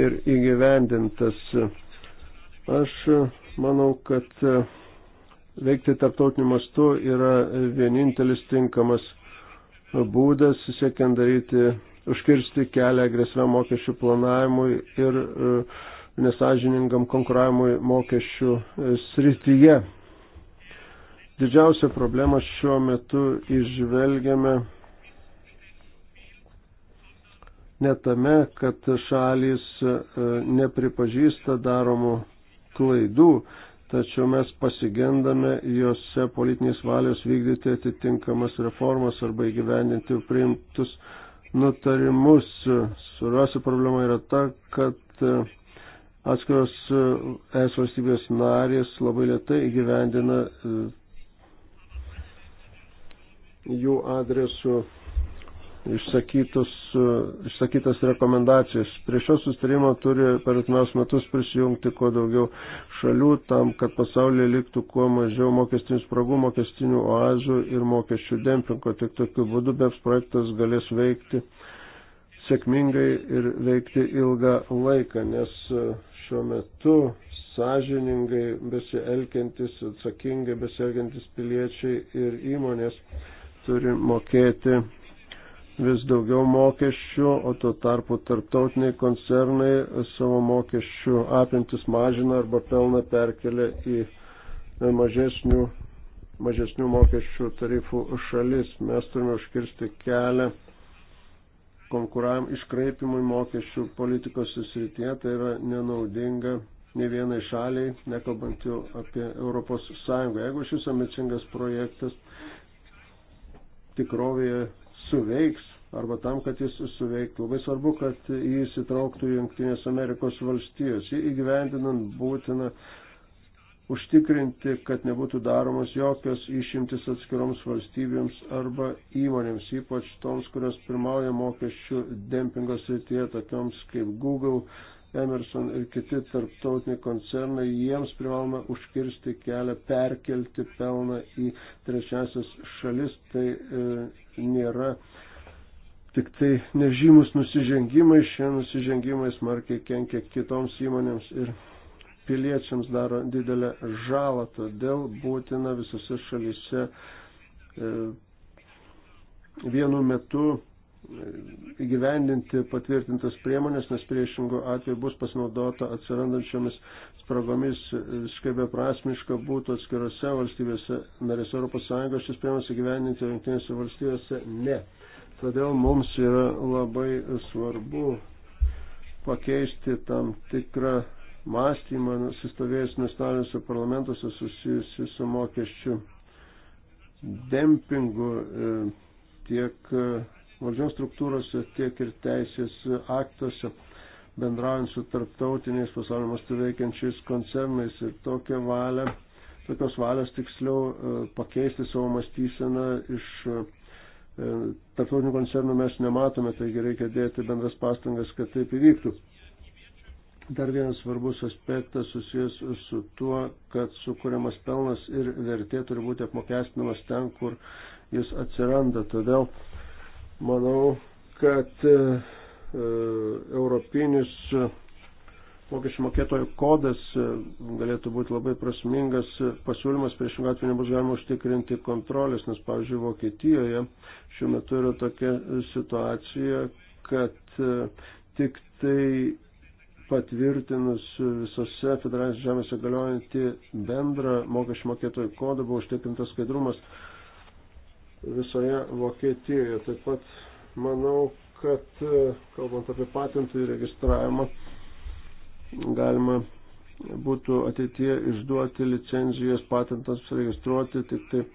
D: ir įgyvendintas. Aš Manau, kad e, veikti tarptautiniu mastu yra vienintelis tinkamas būdas, siekiant daryti, užkirsti kelią agresyviam mokesčių planavimui ir e, nesažiningam konkuravimui mokesčių e, srityje. Didžiausia problema šiuo metu išvelgiame ne tame, kad šalis nepripažįsta daromų klaidų, tačiau mes pasigendame juose politinės valios vykdyti atitinkamas reformas arba įgyvendinti priimtus nutarimus. Svarbiausia problema yra ta, kad e, atskiros e, es valstybės narės labai lietai įgyvendina e, jų adresu išsakytus, išsakytas rekomendacijas. Prie šio sustarimo turi per atmiaus metus prisijungti kuo daugiau šalių tam, kad pasaulyje liktų kuo mažiau mokestinių spragų, mokestinių oazų ir mokesčių dempingo. Tik tokiu būdu BEPS projektas galės veikti sėkmingai ir veikti ilgą laiką, nes šiuo metu sąžiningai besielgiantis, atsakingai besielgiantis piliečiai ir įmonės turi mokėti vis daugiau mokesčių, o tuo tarpu tarptautiniai koncernai savo mokesčių apimtis mažina arba pelną perkelia į mažesnių, mažesnių mokesčių tarifų šalis. Mes turime užkirsti kelią konkuravim iškraipimui mokesčių politikos susirityje, tai yra nenaudinga ne vienai šaliai, nekalbant jau apie Europos Sąjungą. Jeigu šis ambicingas projektas tikrovėje suveiks arba tam, kad jis suveiktų. Labai svarbu, kad jį įsitrauktų Junktinės Amerikos valstijos. Jį įgyvendinant būtina užtikrinti, kad nebūtų daromos jokios išimtis atskiroms valstybėms arba įmonėms, ypač toms, kurios pirmauja mokesčių dempingos rytyje, tokioms kaip Google, Emerson ir kiti tarptautiniai koncernai, jiems privaloma užkirsti kelią, perkelti pelną į trečiasias šalis. Tai e, nėra tik tai nežymus nusižengimai, šie nusižengimai smarkiai kenkia kitoms įmonėms ir piliečiams daro didelę žalą, todėl būtina visose šalyse e, vienu metu įgyvendinti patvirtintas priemonės, nes priešingų atveju bus pasinaudota atsirandančiomis spragomis, visiškai beprasmiška būtų atskirose valstybėse, narėse Europos Sąjungos šis priemonės įgyvendinti, o jungtinėse valstybėse ne. Todėl mums yra labai svarbu pakeisti tam tikrą mąstymą, nusistovėjus nacionaliniuose parlamentuose susijusi su mokesčių dempingu e, tiek e, valdžios struktūrose, tiek ir teisės aktuose, bendraujant su tarptautiniais pasaulio mastu veikiančiais koncernais ir tokią valią, tokios valios tiksliau e, pakeisti savo mąstyseną iš e, tarptautinių koncernų mes nematome, taigi reikia dėti bendras pastangas, kad taip įvyktų. Dar vienas svarbus aspektas susijęs su tuo, kad sukūriamas pelnas ir vertė turi būti apmokestinamas ten, kur jis atsiranda. Todėl uh, Manau, kad e, e, europinis mokesčių mokėtojų kodas e, galėtų būti labai prasmingas pasiūlymas, priešingą atveju nebus galima užtikrinti kontrolės, nes, pavyzdžiui, Vokietijoje šiuo metu yra tokia situacija, kad tik tai patvirtinus visose federalinės žemėse galiojantį bendrą mokesčių mokėtojų kodą buvo užtikrintas skaidrumas visoje Vokietijoje. Taip pat manau, kad e, kalbant apie patentų įregistravimą, galima būtų ateitie išduoti licenzijas patentams registruoti tik tai e,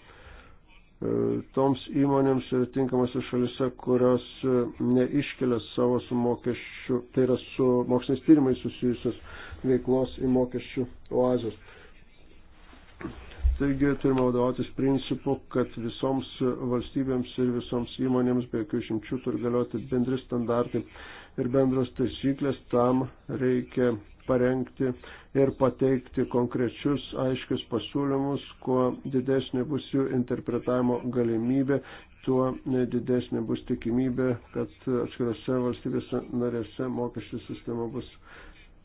D: toms įmonėms ir tinkamose šalise, kurios e, neiškelia savo su mokesčių, tai yra su moksliniais tyrimais susijusios veiklos į mokesčių oazės. Taigi turime vadovautis principu, kad visoms valstybėms ir visoms įmonėms be jokių išimčių turi galioti bendri standartai ir bendros taisyklės. Tam reikia parengti ir pateikti konkrečius aiškius pasiūlymus, kuo didesnė bus jų interpretavimo galimybė, tuo didesnė bus tikimybė, kad atskirose valstybėse narėse mokesčių sistema bus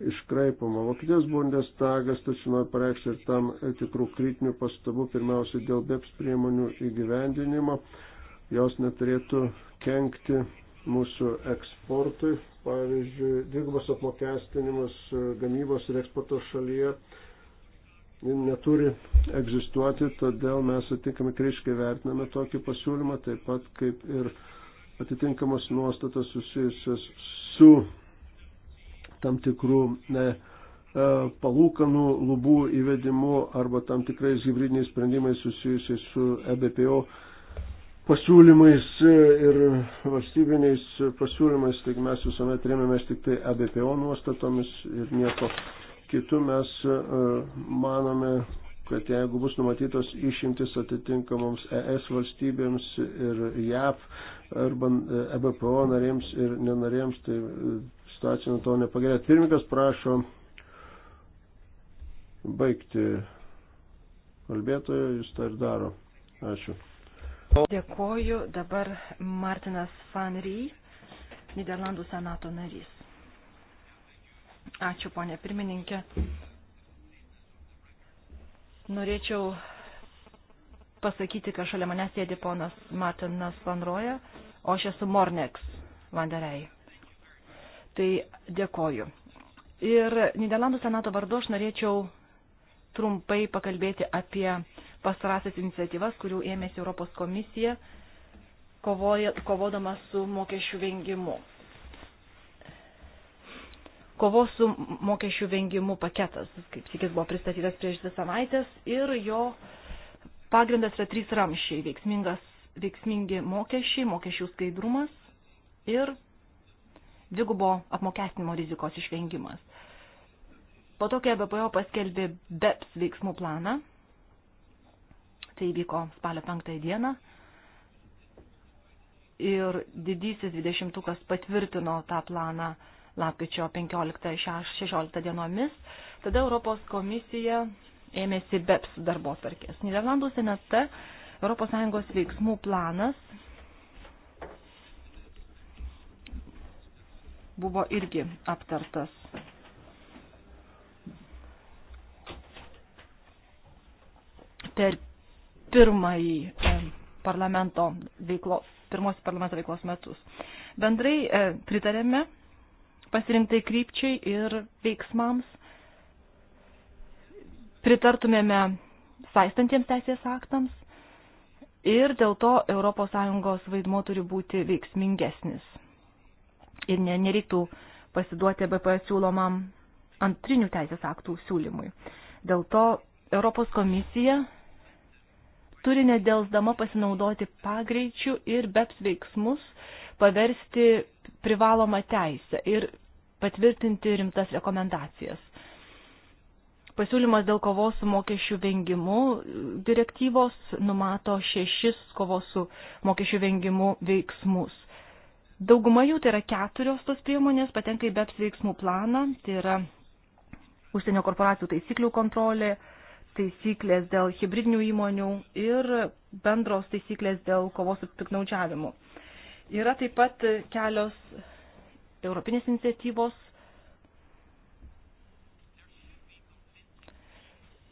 D: iškraipoma. Vokietijos Bundestagas tačiau nori pareikšti ir tam tikrų kritinių pastabų, pirmiausia, dėl BEPS priemonių įgyvendinimo. Jos neturėtų kenkti mūsų eksportui. Pavyzdžiui, dvigubas apmokestinimas gamybos ir eksporto šalyje neturi egzistuoti, todėl mes atitinkamai kryškai vertiname tokį pasiūlymą, taip pat kaip ir atitinkamos nuostatas susijusios su tam tikrų ne, e, palūkanų lubų įvedimu arba tam tikrais hybridiniais sprendimais susijusiais su EBPO pasiūlymais ir valstybiniais pasiūlymais, taigi mes visuomet rėmėmės tik tai EBPO nuostatomis ir nieko kitų mes e, manome, kad jeigu bus numatytos išimtis atitinkamoms ES valstybėms ir JAV e arba EBPO narėms ir nenarėms, tai situacija nuo to nepagerėjo. Pirmininkas prašo baigti kalbėtojo, jis tą ir daro. Ačiū.
B: Dėkoju dabar Martinas Van Ry, Niderlandų senato narys. Ačiū, ponė pirmininkė. Norėčiau pasakyti, kad šalia manęs sėdi ponas Martinas Van Roja, o aš esu Morneks Vanderei. Tai dėkoju. Ir Niderlandų senato vardu aš norėčiau trumpai pakalbėti apie pastarąsias iniciatyvas, kurių ėmėsi Europos komisija, kovoja, kovodama su mokesčių vengimu. Kovos su mokesčių vengimu paketas, kaip sikis buvo pristatytas prieš dvi savaitės ir jo pagrindas yra trys ramšiai - veiksmingas, veiksmingi mokesčiai, mokesčių skaidrumas ir dvigubo apmokestinimo rizikos išvengimas. Po to, kai BPO paskelbė BEPS veiksmų planą, tai įvyko spalio 5 dieną, ir didysis 20-ukas patvirtino tą planą lapkričio 15-16 dienomis, tada Europos komisija ėmėsi BEPS darbo tvarkės. Niderlanduose net ta ES veiksmų planas buvo irgi aptartas. Per pirmąjį e, parlamento veiklo, pirmos parlamento veiklos metus. Bendrai e, pritarėme pasirinktai krypčiai ir veiksmams. Pritartumėme saistantiems teisės aktams ir dėl to ES vaidmo turi būti veiksmingesnis ir ne, nereiktų pasiduoti BPS siūlomam antrinių teisės aktų siūlymui. Dėl to Europos komisija turi nedelsdama pasinaudoti pagreičių ir BEPS veiksmus paversti privalomą teisę ir patvirtinti rimtas rekomendacijas. Pasiūlymas dėl kovos su mokesčių vengimu direktyvos numato šešis kovos su mokesčių vengimu veiksmus. Dauguma jų, tai yra keturios tos priemonės, patenka į BEPS veiksmų planą, tai yra užsienio korporacijų taisyklių kontrolė, taisyklės dėl hybridinių įmonių ir bendros taisyklės dėl kovos su piknaudžiavimu. Yra taip pat kelios europinės iniciatyvos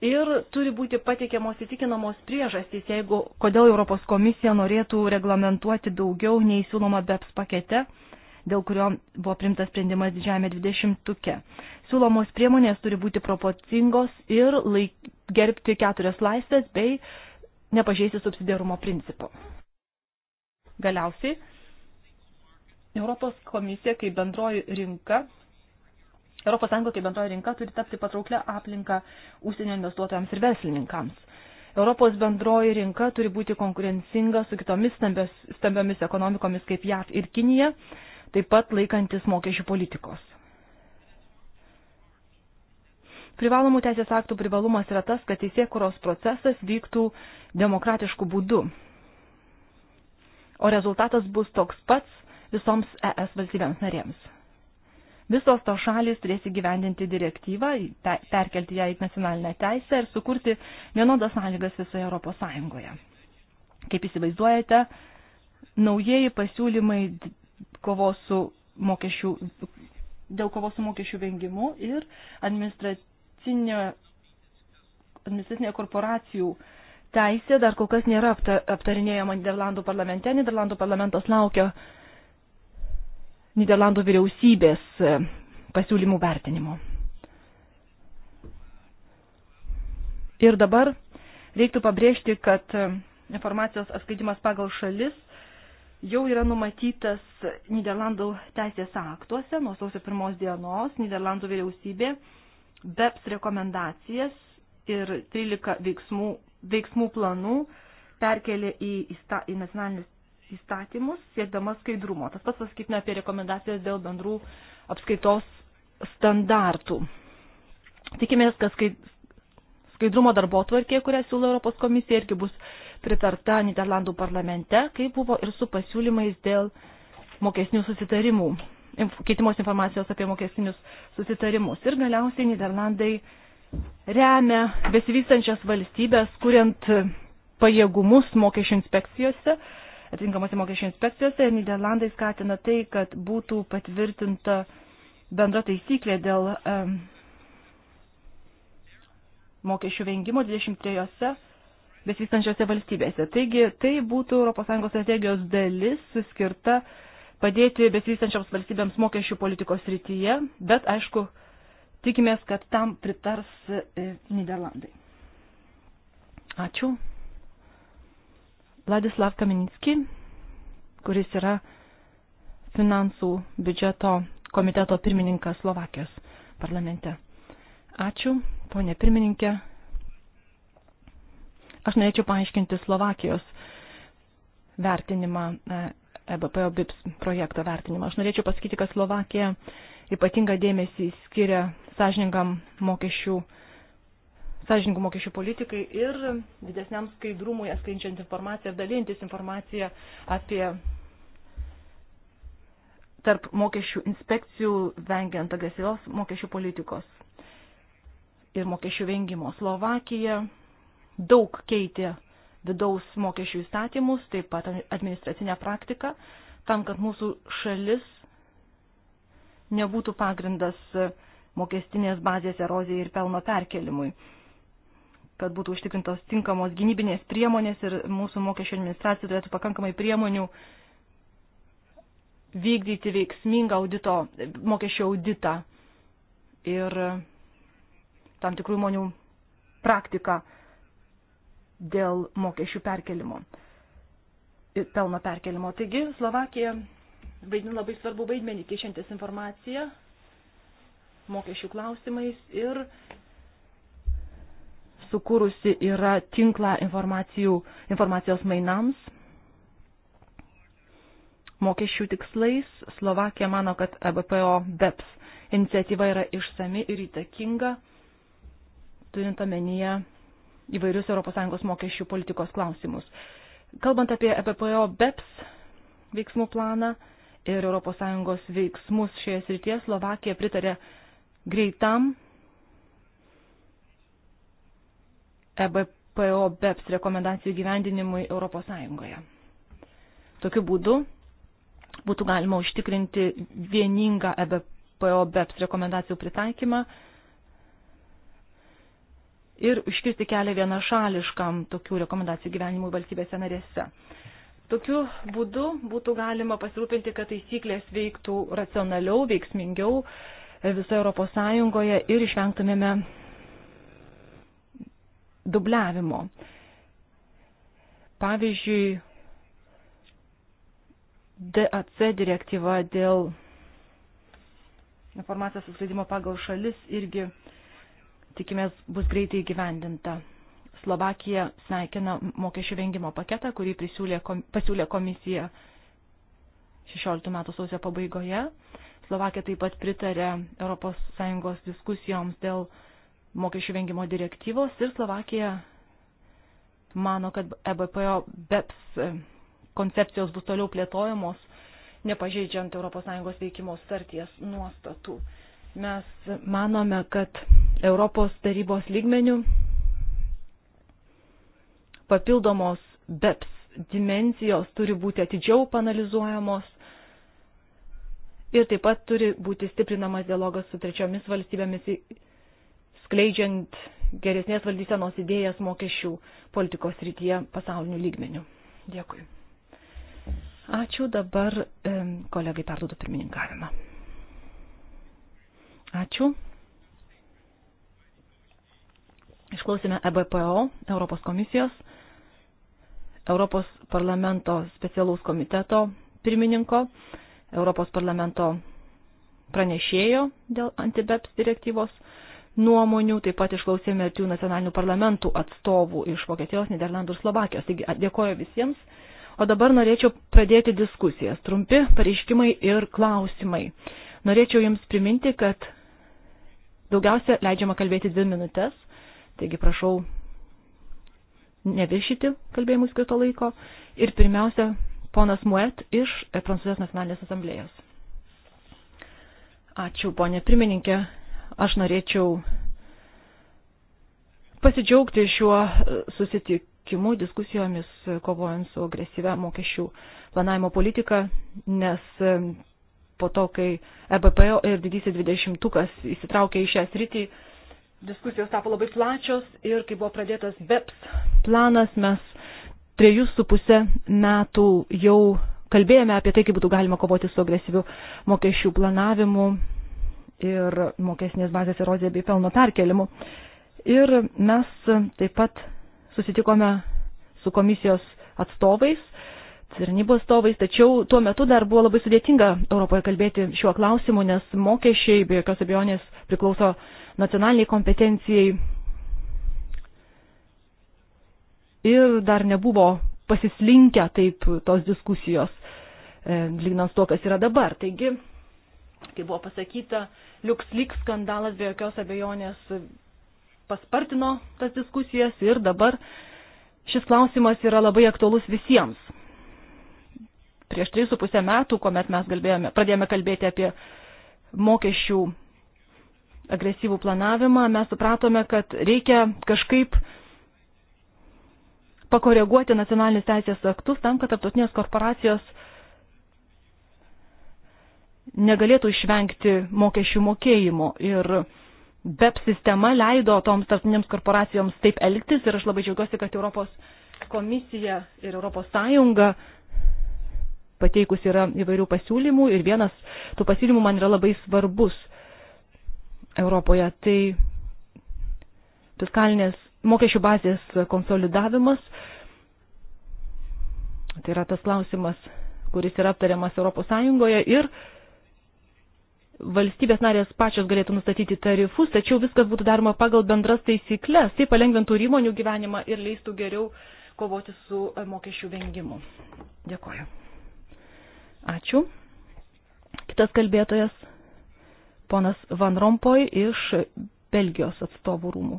B: ir turi būti pateikiamos įtikinamos priežastys, jeigu kodėl Europos komisija norėtų reglamentuoti daugiau nei siūloma BEPS pakete, dėl kurio buvo primtas sprendimas didžiame 20-tuke. Siūlomos priemonės turi būti proporcingos ir laik, gerbti keturias laisvės bei nepažeisti subsidiarumo principų. Galiausiai, Europos komisija kaip bendroji rinka ES kaip bendroji rinka turi tapti patrauklę aplinką užsienio investuotojams ir verslininkams. Europos bendroji rinka turi būti konkurencinga su kitomis stambios, stambiomis ekonomikomis kaip JAV ir Kinija, taip pat laikantis mokesčių politikos. Privalomų teisės aktų privalumas yra tas, kad teisėkuros procesas vyktų demokratiškų būdų, o rezultatas bus toks pats visoms ES valstybėms narėms visos to šalis turės įgyvendinti direktyvą, perkelti ją į nacionalinę teisę ir sukurti vienodas sąlygas visoje Europos Sąjungoje. Kaip įsivaizduojate, naujieji pasiūlymai kovos su mokesčių, dėl kovos su mokesčių vengimu ir administracinė korporacijų teisė dar kol kas nėra aptarinėjama Niderlandų parlamente. Niderlandų parlamentas laukia uh, Niderlandų vyriausybės e, pasiūlymų vertinimo. Ir dabar reiktų pabrėžti, kad e, informacijos atskaidimas pagal šalis jau yra numatytas Niderlandų teisės aktuose nuo sausio pirmos dienos Niderlandų vyriausybė BEPS rekomendacijas ir 13 veiksmų, veiksmų planų perkelė į, į nacionalinius įstatymus, siekdama skaidrumo. Tas pats pasakytina apie rekomendacijas dėl bendrų apskaitos standartų. Tikimės, kad skaidrumo darbo tvarkė, kurią siūlo Europos komisija, irgi bus pritarta Niderlandų parlamente, kaip buvo ir su pasiūlymais dėl mokesnių susitarimų, keitimos informacijos apie mokesnius susitarimus. Ir galiausiai Niderlandai remia besivystančias valstybės, kuriant pajėgumus mokesčių inspekcijose, atitinkamuose mokesčių inspekcijose ir Niderlandai skatina tai, kad būtų patvirtinta bendra taisyklė dėl um, mokesčių vengimo 23 besvystančiose valstybėse. Taigi tai būtų ES strategijos dalis skirta padėti besivystančioms valstybėms mokesčių politikos srityje, bet aišku, tikimės, kad tam pritars e, Niderlandai. Ačiū. Vladislav Kaminski, kuris yra finansų biudžeto komiteto pirmininkas Slovakijos parlamente. Ačiū, ponė pirmininkė. Aš norėčiau paaiškinti Slovakijos vertinimą, EBPO e BIPS projekto vertinimą. Aš norėčiau pasakyti, kad Slovakija ypatingą dėmesį skiria sąžiningam mokesčių sąžininkų mokesčių politikai ir didesniam skaidrumui atskleidžiant informaciją ir dalintis informaciją apie tarp mokesčių inspekcijų vengiant agresyvios mokesčių politikos ir mokesčių vengimo. Slovakija daug keitė vidaus mokesčių įstatymus, taip pat administracinę praktiką, tam, kad mūsų šalis nebūtų pagrindas mokestinės bazės erozijai ir pelno perkelimui kad būtų užtikrintos tinkamos gynybinės priemonės ir mūsų mokesčių administracija turėtų pakankamai priemonių vykdyti veiksmingą audito, mokesčio auditą ir tam tikrų įmonių praktiką dėl mokesčių perkelimo, pelno perkelimo. Taigi Slovakija vaidina labai svarbu vaidmenį keičiantis informaciją mokesčių klausimais ir sukūrusi yra tinklą informacijos mainams mokesčių tikslais. Slovakija mano, kad EBPO BEPS iniciatyva yra išsami ir įtakinga, turint omenyje įvairius ES mokesčių politikos klausimus. Kalbant apie EBPO BEPS veiksmų planą ir ES veiksmus šioje srityje, Slovakija pritarė greitam EBPO BEPS rekomendacijų gyvendinimui ES. Tokiu būdu būtų galima užtikrinti vieningą EBPO BEPS rekomendacijų pritaikymą ir užkirsti kelią vienašališkam tokių rekomendacijų gyvenimui valstybėse narėse. Tokiu būdu būtų galima pasirūpinti, kad taisyklės veiktų racionaliau, veiksmingiau visoje Europos Sąjungoje ir išvengtumėme dubliavimo. Pavyzdžiui, DAC direktyva dėl informacijos atskleidimo pagal šalis irgi tikimės bus greitai įgyvendinta. Slovakija sveikina mokesčių vengimo paketą, kurį kom, pasiūlė komisija 16 metų sausio pabaigoje. Slovakija taip pat pritarė ES diskusijoms dėl mokesčių vengimo direktyvos ir Slovakija mano, kad EBPO BEPS koncepcijos bus toliau plėtojamos, nepažeidžiant ES veikimo starties nuostatų. Mes manome, kad Europos tarybos lygmenių papildomos BEPS dimensijos turi būti atidžiau panalizuojamos ir taip pat turi būti stiprinamas dialogas su trečiomis valstybėmis skleidžiant geresnės valdysenos idėjas mokesčių politikos rytyje pasaulinių lygmenių. Dėkui. Ačiū dabar kolegai perduodu pirmininkavimą. Ačiū. Išklausime EBPO, Europos komisijos, Europos parlamento specialaus komiteto pirmininko, Europos parlamento pranešėjo dėl antibeps direktyvos, nuomonių, taip pat išklausėme ir tų nacionalinių parlamentų atstovų iš Vokietijos, Niderlandų ir Slovakijos. Taigi dėkoju visiems. O dabar norėčiau pradėti diskusijas. Trumpi pareiškimai ir klausimai. Norėčiau Jums priminti, kad daugiausia leidžiama kalbėti dvi minutės, taigi prašau neviršyti kalbėjimų skirto laiko. Ir pirmiausia, ponas Muet iš Prancūzijos nacionalinės asamblėjos. Ačiū, ponė pirmininkė. Aš norėčiau pasidžiaugti šiuo susitikimu, diskusijomis, kovojant su agresyvia mokesčių planavimo politika, nes po to, kai EBPO ir didysis dvidešimtukas įsitraukė į šią sritį, diskusijos tapo labai plačios ir kai buvo pradėtas BEPS planas, mes trejus su pusę metų jau kalbėjome apie tai, kaip būtų galima kovoti su agresyviu mokesčių planavimu, ir mokesnės bazės erozija bei pelno perkelimu. Ir mes taip pat susitikome su komisijos atstovais, tarnybos atstovais, tačiau tuo metu dar buvo labai sudėtinga Europoje kalbėti šiuo klausimu, nes mokesčiai be jokios abejonės priklauso nacionaliniai kompetencijai ir dar nebuvo pasislinkę taip tos diskusijos, e, lygnant to, kas yra dabar. Taigi, Kaip buvo pasakyta, LuxLeaks skandalas be jokios abejonės paspartino tas diskusijas ir dabar šis klausimas yra labai aktualus visiems. Prieš 3,5 metų, kuomet mes galbėjome, pradėjome kalbėti apie mokesčių agresyvų planavimą, mes supratome, kad reikia kažkaip pakoreguoti nacionalinius teisės aktus tam, kad tarptautinės korporacijos negalėtų išvengti mokesčių mokėjimo. Ir BEP sistema leido toms tarptautinėms korporacijoms taip elgtis ir aš labai džiaugiuosi, kad Europos komisija ir Europos Sąjunga pateikus yra įvairių pasiūlymų ir vienas tų pasiūlymų man yra labai svarbus Europoje. Tai fiskalinės mokesčių bazės konsolidavimas. Tai yra tas klausimas, kuris yra aptariamas Europos Sąjungoje ir valstybės narės pačios galėtų nustatyti tarifus, tačiau viskas būtų daroma pagal bendras taisyklės, tai palengventų ir įmonių gyvenimą ir leistų geriau kovoti su e, mokesčių vengimu. Dėkoju. Ačiū. Kitas kalbėtojas, ponas Van Rompoj iš Belgijos atstovų rūmų.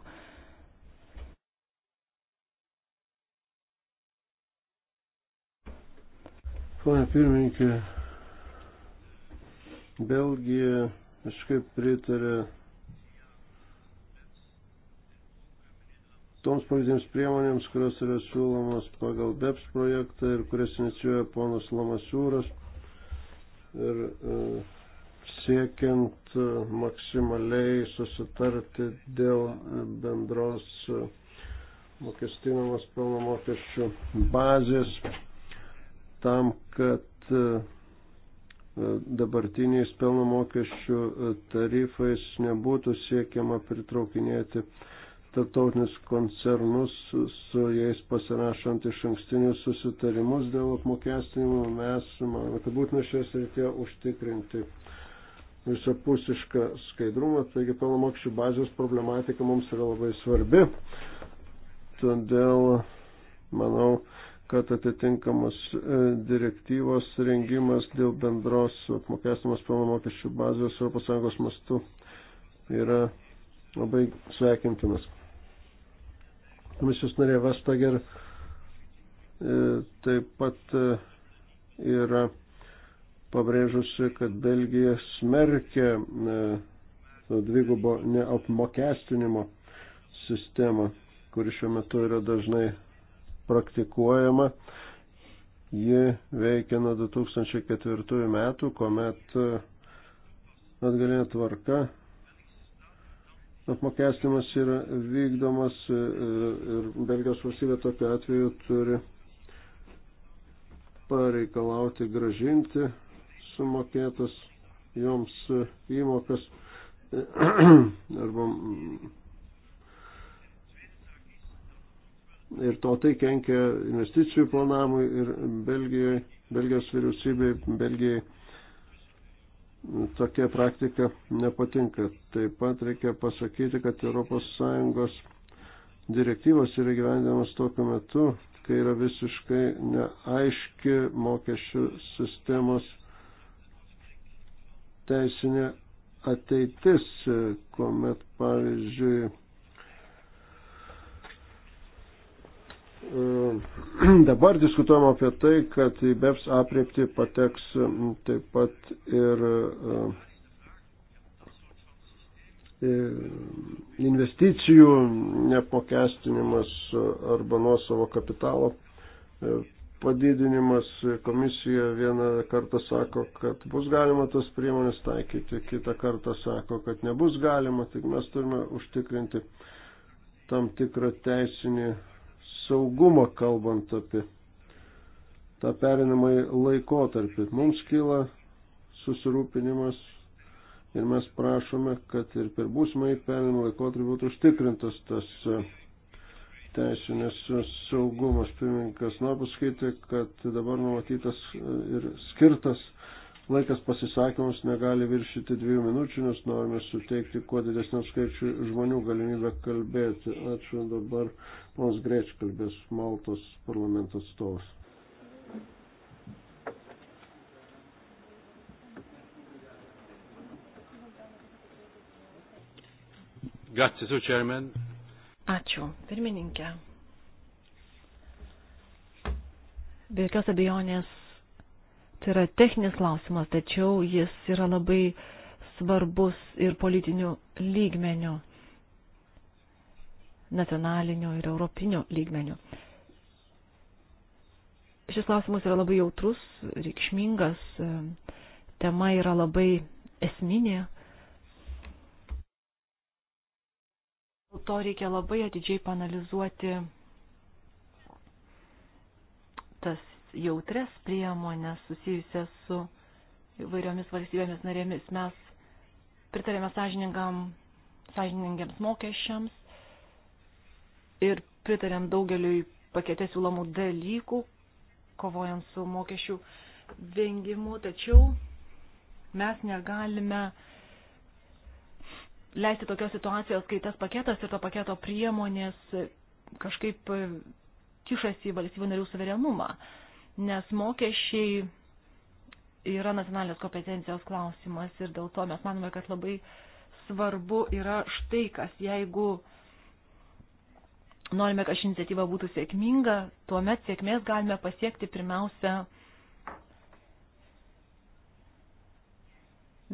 D: Pone pirmininkė, Belgija kažkaip pritarė toms politinėms priemonėms, kurios yra siūlomos pagal BEPS projektą ir kurias inicijuoja ponas Lamasiūras ir e, siekiant e, maksimaliai susitarti dėl e, bendros mokestinamos pelno mokesčių bazės tam, kad dabartiniais pelno mokesčių e, tarifais nebūtų siekiama pritraukinėti tarptautinius koncernus su jais pasirašant iš ankstinius susitarimus dėl apmokestinimo. Mes manome, kad būtina šioje srityje užtikrinti visapusišką skaidrumą, taigi pelno mokesčių bazės problematika mums yra labai svarbi. Todėl, manau, kad atitinkamos e, direktyvos rengimas dėl bendros apmokestamos pelno mokesčių bazės ES mastu yra labai sveikintinas. Komisijos narė Vestager e, taip pat e, yra pabrėžusi, kad Belgija smerkia to dvigubo neapmokestinimo sistemą, kuri šiuo metu yra dažnai praktikuojama. Ji veikia nuo 2004 metų, kuomet e, atgalinė tvarka apmokestimas yra vykdomas e, e, ir Belgijos valstybė tokiu atveju turi pareikalauti gražinti sumokėtas joms įmokas arba ir to tai kenkia investicijų planavimui ir Belgijoje, Belgijos vyriausybei, Belgijai tokia praktika nepatinka. Taip pat reikia pasakyti, kad ES direktyvos yra gyvendinamas tokiu metu, kai yra visiškai neaiški mokesčių sistemos teisinė ateitis, kuomet, pavyzdžiui, E, dabar diskutuojama apie tai, kad į BEPS apriepti pateks taip pat ir e, e, investicijų nepokestinimas arba nuosavo kapitalo padidinimas. Komisija vieną kartą sako, kad bus galima tas priemonės taikyti, kitą kartą sako, kad nebus galima, tik mes turime užtikrinti tam tikrą teisinį saugumą, kalbant apie tą perinamąjį laikotarpį. Mums kyla susirūpinimas ir mes prašome, kad ir per būsimąjį perinamą laikotarpį būtų užtikrintas tas e, teisinės saugumas. Pirmininkas Napas skaitė, kad dabar numatytas e, ir skirtas Laikas pasisakymams negali viršyti dviejų minučių, nes norime suteikti kuo didesniam skaičiu žmonių galimybę kalbėti. Ačiū dabar, mums greič kalbės Maltos parlamento atstovas.
A: Grazie, su chairman.
B: Ačiū, pirmininkė. Be jokios abejonės Tai yra techninis klausimas, tačiau jis yra labai svarbus ir politinių lygmenių, nacionalinių ir europinių lygmenių. Šis klausimas yra labai jautrus, reikšmingas, e, tema yra labai esminė. Dėl to reikia labai atidžiai panalizuoti tas jautres priemonės susijusias su įvairiomis valstybėmis narėmis. Mes pritarėme sąžiningiams mokesčiams ir pritarėm daugeliui pakete siūlomų dalykų, kovojant su mokesčių vengimu, tačiau mes negalime leisti tokios situacijos, kai tas paketas ir to paketo priemonės kažkaip kišasi į valstybių narių suverenumą nes mokesčiai yra nacionalinės kompetencijos klausimas ir dėl to mes manome, kad labai svarbu yra štai kas. Jeigu norime, kad ši iniciatyva būtų sėkminga, tuomet sėkmės galime pasiekti pirmiausia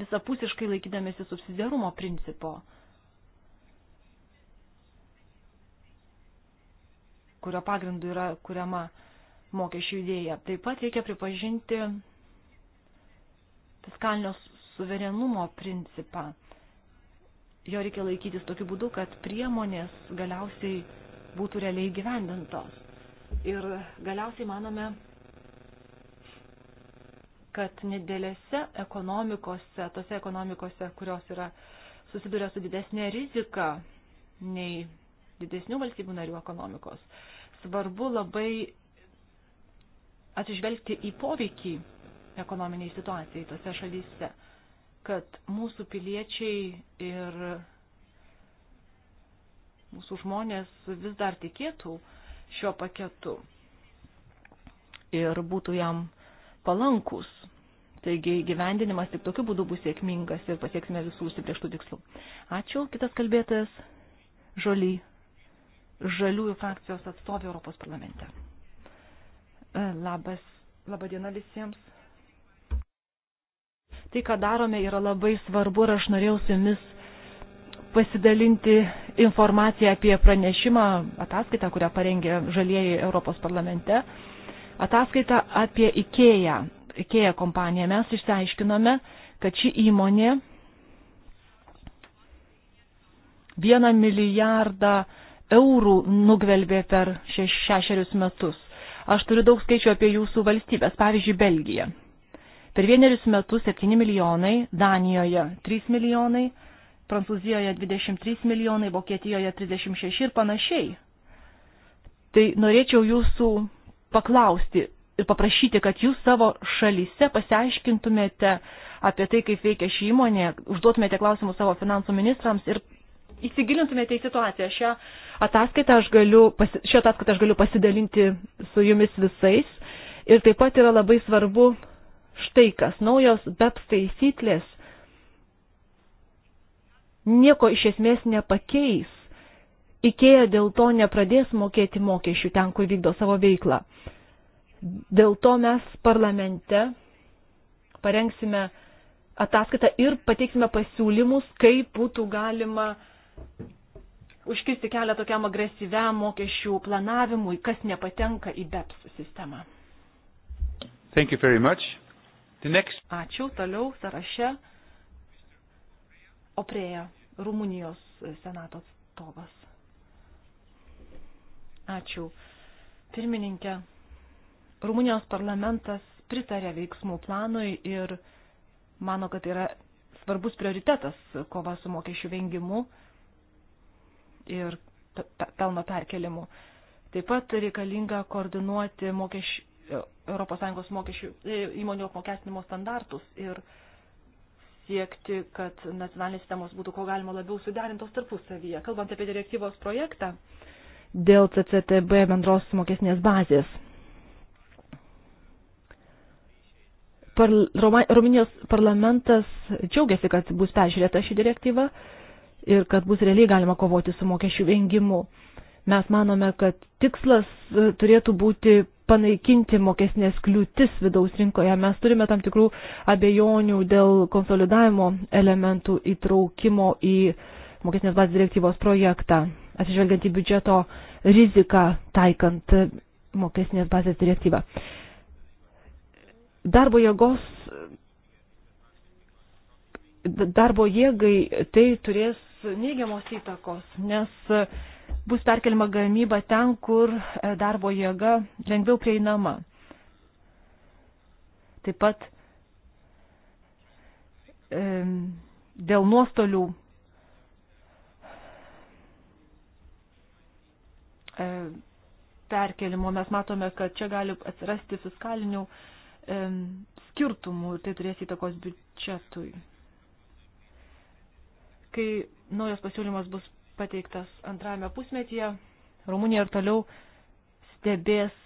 B: visapusiškai laikydamėsi subsidiarumo principo. kurio pagrindu yra kuriama mokesčių idėją. Taip pat reikia pripažinti fiskalinio suverenumo principą. Jo reikia laikytis tokiu būdu, kad priemonės galiausiai būtų realiai gyvendintos. Ir galiausiai manome, kad nedėlėse ekonomikose, tose ekonomikose, kurios yra susiduria su didesnė rizika nei didesnių valstybių narių ekonomikos, svarbu labai atsižvelgti į poveikį ekonominiai situacijai tose šalyse, kad mūsų piliečiai ir mūsų žmonės vis dar tikėtų šio paketu ir būtų jam palankus. Taigi gyvendinimas tik tokiu būdu bus sėkmingas ir pasieksime visų užsibrieštų tikslų. Ačiū. Kitas kalbėtojas Žoly, Žaliųjų frakcijos atstovė Europos parlamente. E, labas, laba diena visiems. Tai, ką darome, yra labai svarbu ir aš norėjau su jumis pasidalinti informaciją apie pranešimą, ataskaitą, kurią parengė žalieji Europos parlamente. Ataskaita apie IKEA, IKEA kompaniją. Mes išsiaiškinome, kad ši įmonė vieną milijardą eurų nugvelbė per šešerius metus. Aš turiu daug skaičių apie jūsų valstybės, pavyzdžiui, Belgiją. Per vienerius metus 7 milijonai, Danijoje 3 milijonai, Prancūzijoje 23 milijonai, Vokietijoje 36 ir panašiai. Tai norėčiau jūsų paklausti ir paprašyti, kad jūs savo šalyse pasiaiškintumėte apie tai, kaip veikia ši įmonė, užduotumėte klausimus savo finansų ministrams ir įsigilintumėte į situaciją. Šią ataskaitą aš galiu, šią ataskaitą aš galiu pasidalinti su jumis visais. Ir taip pat yra labai svarbu štai kas naujos BEPS taisyklės nieko iš esmės nepakeis. Ikėja dėl to nepradės mokėti mokesčių ten, kur vykdo savo veiklą. Dėl to mes parlamente parengsime ataskaitą ir pateiksime pasiūlymus, kaip būtų galima uh, užkisti kelią tokiam agresyviam mokesčių planavimui, kas nepatenka į BEPS sistemą. Next... Ačiū. Toliau sąraše Oprėja, Rumunijos senato atstovas. Ačiū. Pirmininkė, Rumunijos parlamentas pritarė veiksmų planui ir mano, kad tai yra svarbus prioritetas kova su mokesčių vengimu ir pelno perkelimu. Taip pat reikalinga koordinuoti mokesčių, ES mokesčių įmonių apmokestinimo standartus ir siekti, kad nacionalinės sistemos būtų ko galima labiau suderintos tarpusavyje. Kalbant apie direktyvos projektą dėl CCTB bendros mokesnės bazės. Par, Rumunijos parlamentas džiaugiasi, kad bus peržiūrėta ši direktyva ir kad bus realiai galima kovoti su mokesčių vengimu. Mes manome, kad tikslas e, turėtų būti panaikinti mokesnės kliūtis vidaus rinkoje. Mes turime tam tikrų abejonių dėl konsolidavimo elementų įtraukimo į mokesnės bazės direktyvos projektą, atsižvelgiant į biudžeto riziką taikant mokesnės bazės direktyvą. Darbo jėgos darbo jėgai tai turės neigiamos įtakos, nes e, bus perkeliama gamyba ten, kur e, darbo jėga lengviau prieinama. Taip pat dėl nuostolių e, perkelimo mes matome, kad čia gali atsirasti fiskalinių skirtumų ir tai turės įtakos biudžetui. Kai naujas pasiūlymas bus pateiktas antrajame pusmetyje, Rumunija ir toliau stebės,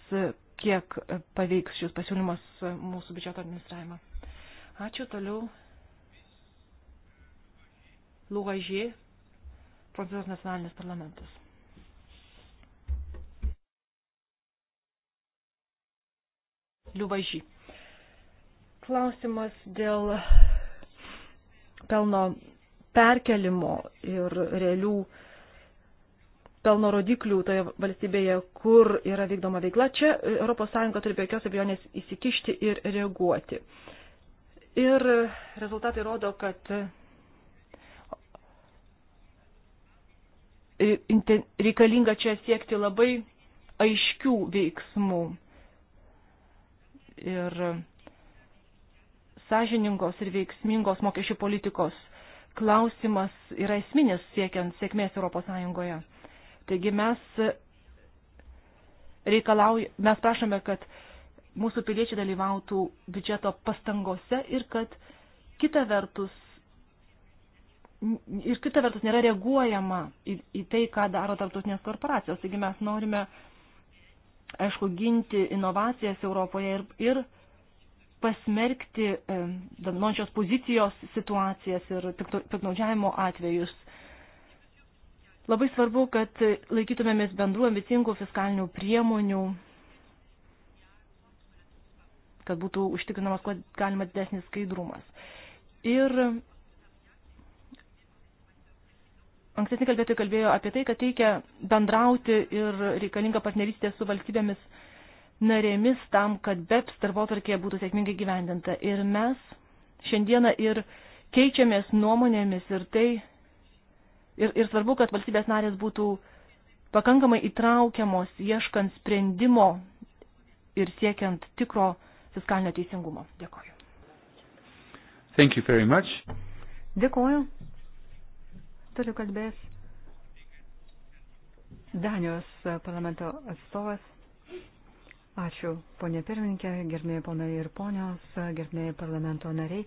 B: kiek paveiks šis pasiūlymas mūsų biudžeto administravimą. Ačiū toliau. Luažė, Prancūzijos nacionalinis parlamentas. Liuvažy. Klausimas dėl pelno perkelimo ir realių pelno rodiklių toje valstybėje, kur yra vykdoma veikla, čia ES turi be jokios abejonės įsikišti ir reaguoti. Ir rezultatai rodo, kad reikalinga čia siekti labai aiškių veiksmų ir sąžiningos ir veiksmingos mokesčių politikos klausimas yra esminis siekiant sėkmės ES. Taigi mes, reikalau, mes prašome, kad mūsų piliečiai dalyvautų biudžeto pastangose ir kad kita vertus, ir kita vertus nėra reaguojama į, į tai, ką daro tarptautinės korporacijos. Taigi mes norime, aišku, ginti inovacijas Europoje ir, ir pasmerkti e, dominuojančios pozicijos situacijas ir piknaudžiavimo atvejus. Labai svarbu, kad laikytumėmės bendrų ambicingų fiskalinių priemonių, kad būtų užtikrinamas kuo galima didesnis skaidrumas. Ir ankstesni kalbėtojai kalbėjo apie tai, kad reikia bendrauti ir reikalinga partnerystė su valstybėmis narėmis tam, kad BEPS darbotvarkė būtų sėkmingai gyvendinta. Ir mes šiandieną ir keičiamės nuomonėmis ir tai, ir, ir svarbu, kad valstybės narės būtų pakankamai įtraukiamos, ieškant sprendimo ir siekiant tikro fiskalinio teisingumo. Dėkoju.
A: Thank you very much.
C: Dėkoju. Toliau kalbės Danijos parlamento atstovas Ačiū, ponė pirmininkė, gerbėjai ponai ir ponios, gerbėjai parlamento nariai.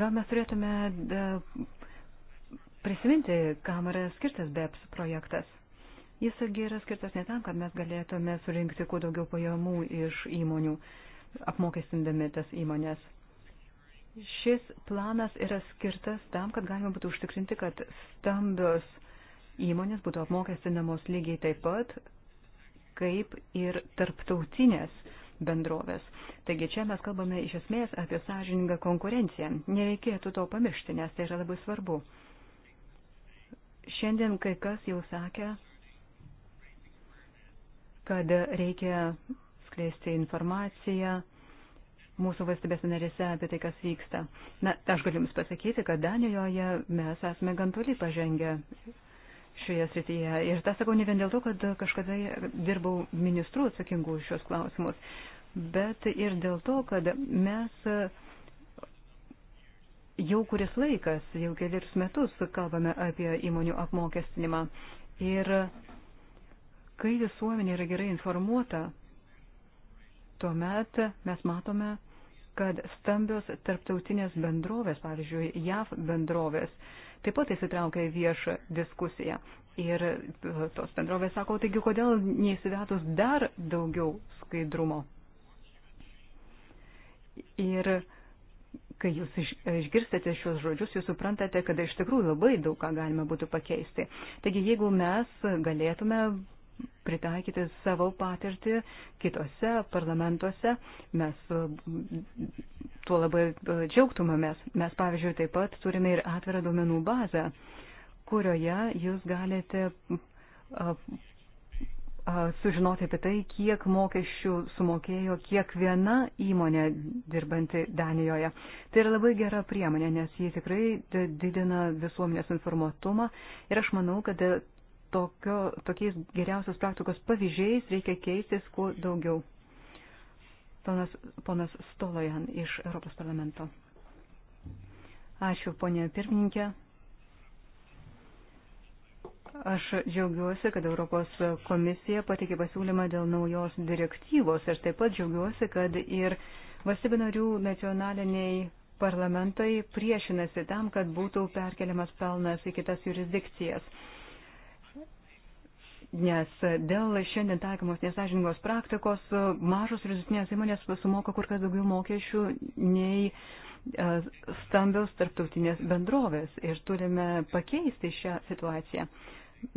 C: Gal mes turėtume e, prisiminti, kam yra skirtas BEPS projektas. Jis yra skirtas ne tam, kad mes galėtume surinkti kuo daugiau pajamų iš įmonių, apmokestindami tas įmonės. Šis planas yra skirtas tam, kad galima būtų užtikrinti, kad stambios įmonės būtų apmokestinamos lygiai taip pat, kaip ir tarptautinės bendrovės. Taigi čia mes kalbame iš esmės apie sąžiningą konkurenciją. Nereikėtų to pamiršti, nes tai yra labai svarbu. Šiandien kai kas jau sakė, kad reikia skleisti informaciją mūsų valstybės narėse apie tai, kas vyksta. Na, aš galiu Jums pasakyti, kad Danijoje mes esame gan toli pažengę šioje srityje. Ir tą sakau ne vien dėl to, kad kažkada dirbau ministrų atsakingų už šios klausimus, bet ir dėl to, kad mes jau kuris laikas, jau kelius metus kalbame apie įmonių apmokestinimą. Ir kai visuomenė yra gerai informuota, tuomet mes matome, kad stambios tarptautinės bendrovės, pavyzdžiui, JAV bendrovės, uh, taip pat įsitraukia viešą diskusiją. Ir e, tos bendrovės sako, taigi kodėl neįsivetus dar daugiau skaidrumo. Ir kai jūs išgirstate šios žodžius, jūs suprantate, kad iš tikrųjų labai daug ką galima būtų pakeisti. Taigi, jeigu mes galėtume pritaikyti savo patirtį kitose parlamentuose. Mes e, tuo labai e, džiaugtumėmės. Mes, pavyzdžiui, taip pat turime ir atvirą duomenų bazę, kurioje jūs galite sužinoti apie tai, kiek mokesčių sumokėjo kiekviena įmonė dirbanti Danijoje. Tai yra labai gera priemonė, nes jie tikrai didina visuomenės informuotumą ir aš manau, kad tokio, tokiais geriausios praktikos pavyzdžiais reikia keistis kuo daugiau. Ponas, ponas Stolojan iš Europos parlamento. Ačiū, ponė pirmininkė. Aš džiaugiuosi, kad Europos komisija patikė pasiūlymą dėl naujos direktyvos. Aš taip pat džiaugiuosi, kad ir valstybė narių nacionaliniai parlamentai priešinasi tam, kad būtų perkeliamas pelnas į kitas jurisdikcijas nes dėl šiandien taikomos nesažiningos praktikos mažos ir vidutinės įmonės sumoka kur kas daugiau mokesčių nei e, stambios tarptautinės bendrovės ir turime pakeisti šią situaciją.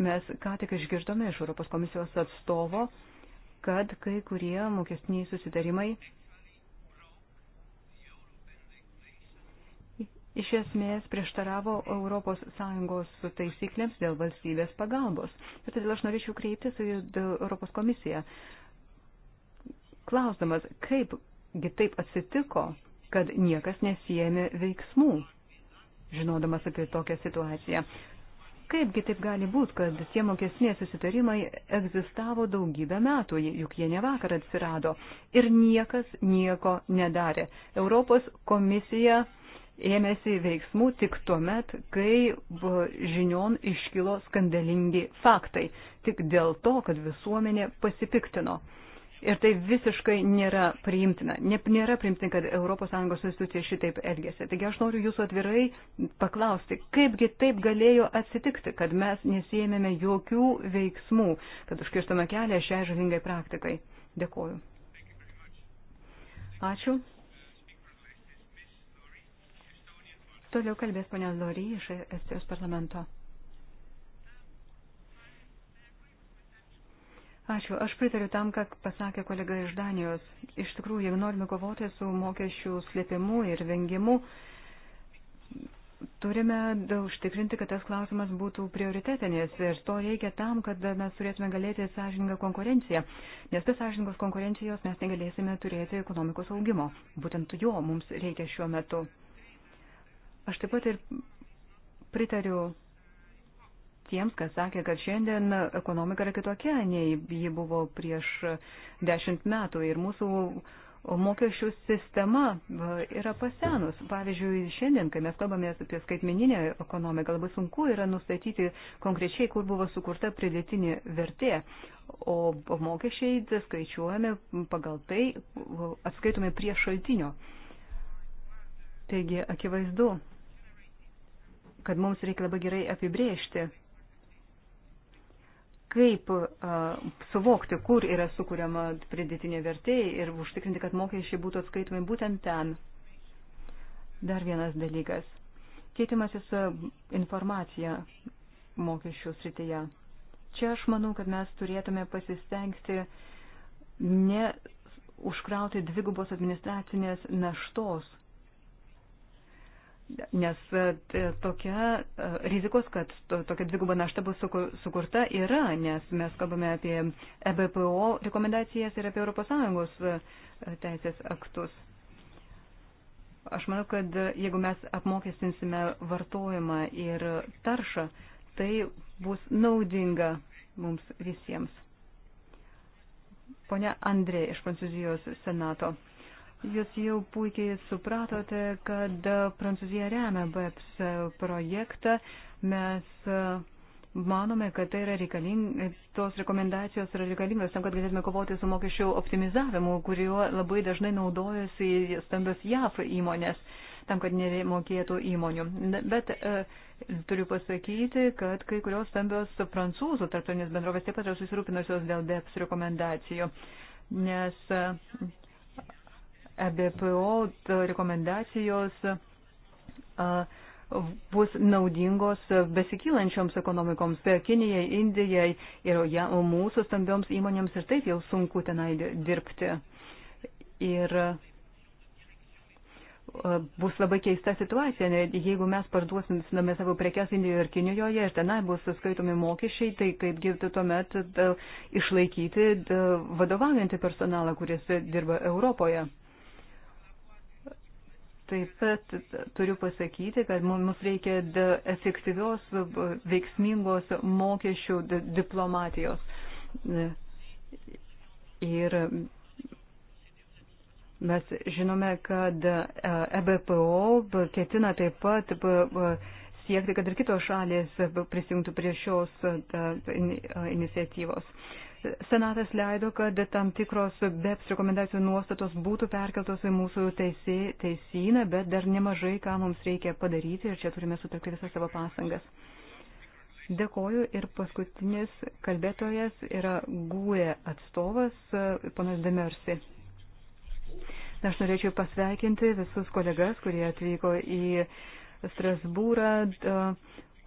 C: Mes ką tik išgirdome iš Europos komisijos atstovo, kad kai kurie mokestiniai susitarimai iš esmės prieštaravo ES taisyklėms dėl valstybės pagalbos. Ir todėl aš norėčiau kreiptis į Europos komisiją, klausdamas, kaipgi taip atsitiko, kad niekas nesijėmė veiksmų, žinodamas apie tokią situaciją. Kaipgi taip gali būti, kad tie mokesniai susitarimai egzistavo daugybę metų, juk jie ne vakar atsirado ir niekas nieko nedarė. Europos komisija ėmėsi veiksmų tik tuo met, kai žinion iškilo skandalingi faktai, tik dėl to, kad visuomenė pasipiktino. Ir tai visiškai nėra priimtina. Nėra priimtina, kad ES institucija šitaip elgėsi. Taigi aš noriu jūsų atvirai paklausti, kaipgi taip galėjo atsitikti, kad mes nesijėmėme jokių veiksmų, kad užkirstume kelią šiai žalingai praktikai. Dėkoju. Ačiū. Toliau kalbės ponia Lori iš Estijos parlamento. Ačiū. Aš pritariu tam, ką pasakė kolega iš Danijos. Iš tikrųjų, jeigu norime kovoti su mokesčių slėpimu ir vengimu, turime užtikrinti, kad tas klausimas būtų prioritetinis. Ir to reikia tam, kad mes turėtume galėti sąžiningą konkurenciją. Nes be sąžiningos konkurencijos mes negalėsime turėti ekonomikos augimo. Būtent jo mums reikia šiuo metu. Aš taip pat ir pritariu tiems, kas sakė, kad šiandien ekonomika yra kitokia, nei ji buvo prieš dešimt metų ir mūsų mokesčių sistema yra pasenus. Pavyzdžiui, šiandien, kai mes kalbame apie skaitmeninę ekonomiką, labai sunku yra nustatyti konkrečiai, kur buvo sukurta pridėtinė vertė, o mokesčiai skaičiuojame pagal tai, atskaitome prie šaltinio. Taigi, akivaizdu, kad mums reikia labai gerai apibrėžti, kaip a, suvokti, kur yra sukūriama pridėtinė vertė ir užtikrinti, kad mokesčiai būtų atskaitomi būtent ten. Dar vienas dalykas. Keitimasis informacija mokesčių srityje. Čia aš manau, kad mes turėtume pasistengti ne užkrauti dvigubos administracinės naštos nes e, tokia e, rizikos, kad tokia dviguba našta bus sukurta yra, nes mes kalbame apie EBPO rekomendacijas ir apie ES e, teisės aktus. Aš manau, kad jeigu mes apmokestinsime vartojimą ir taršą, tai bus naudinga mums visiems. Pone Andrė iš Prancūzijos senato. Jūs jau puikiai supratote, kad Prancūzija remia BEPS projektą. Mes e, manome, kad tai yra reikaling, tos rekomendacijos yra reikalingos tam, kad galėtume kovoti su mokesčių optimizavimu, kuriuo labai dažnai naudojasi stambios JAF įmonės tam, kad nemokėtų įmonių. Bet e, turiu pasakyti, kad kai kurios stambios prancūzų tarptautinės bendrovės taip pat yra susirūpinusios dėl BEPS rekomendacijų, nes e, EBPO rekomendacijos bus naudingos besikylančioms ekonomikoms, Kinijai, Indijai ir ja, mūsų stambioms įmonėms ir taip jau sunku tenai dirbti. Ir bus labai keista situacija, jeigu mes parduosime savo prekes Indijoje ir Kinijoje ir tenai bus skaitomi mokesčiai, tai kaip dirbti tuomet išlaikyti vadovaujantį personalą, kuris dirba Europoje. Taip pat turiu pasakyti, kad mums reikia efektyvios, veiksmingos mokesčių diplomatijos. Ir mes žinome, kad EBPO e ketina taip pat siekti, kad ir kitos šalės prisijungtų prie šios iniciatyvos. Senatas leido, kad tam tikros BEPS rekomendacijų nuostatos būtų perkeltos į mūsų teisė, teisyną, bet dar nemažai ką mums reikia padaryti ir čia turime sutelkti visas savo pasangas. Dėkoju ir paskutinis kalbėtojas yra GUE atstovas, ponas Demersi. Aš norėčiau pasveikinti visus kolegas, kurie atvyko į Strasbūrą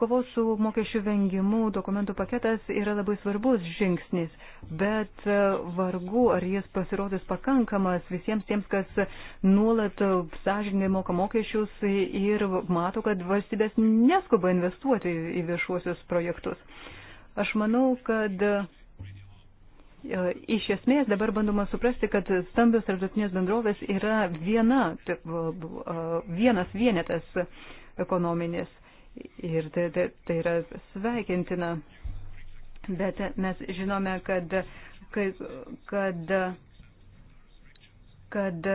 C: Kovos su mokesčių vengimu dokumentų paketas yra labai svarbus žingsnis, bet e, vargu, ar jis pasirodys pakankamas visiems tiems, kas nuolat sąžininkai moka mokesčius ir mato, kad valstybės neskuba investuoti į viešuosius projektus. Aš manau, kad e, iš esmės dabar bandoma suprasti, kad stambios tarptautinės bendrovės yra viena, vienas vienetas ekonominis. Ir tai, tai, tai yra sveikintina. Bet mes žinome, kad, kad, kad, kad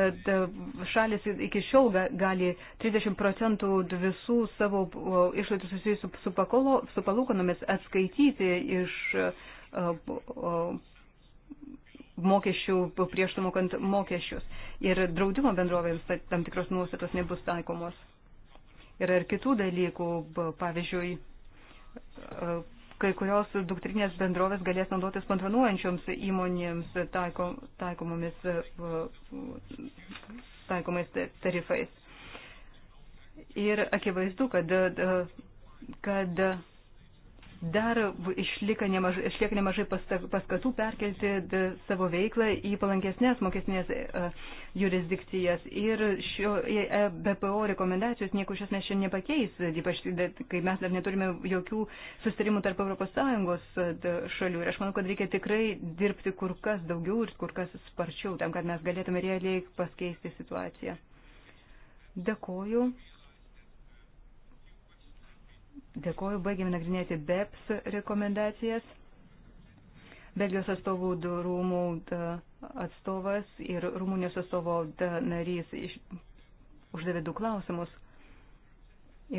C: šalis iki šiol gali 30 procentų visų savo išlaidų susijusių su, pakolo, su palūkonomis atskaityti iš mokesčių prieš sumokant mokesčius. Ir draudimo bendrovėms tam tikros nuostatos nebus taikomos. Yra ir kitų dalykų, pavyzdžiui, e, kai kurios duktrinės bendrovės galės naudotis kontroliuojančioms įmonėms taiko, taikomomis, e, taikomais tarifais. Ir akivaizdu, kad, kad dar išlieka nemažai, išlieka nemažai paskatų perkelti savo veiklą į palankesnės mokestinės e, jurisdikcijas. Ir šio e, e, BPO rekomendacijos nieko iš esmės šiandien nepakeis, ypač kai mes dar neturime jokių sustarimų tarp ES šalių. Ir aš manau, kad reikia tikrai dirbti kur kas daugiau ir kur kas sparčiau, tam, kad mes galėtume realiai paskeisti situaciją. Dėkoju. Dėkuoju, baigėme nagrinėti BEPS rekomendacijas. Belgijos atstovų rūmų atstovas ir Rumunijos atstovo narys iš, uždavė du klausimus.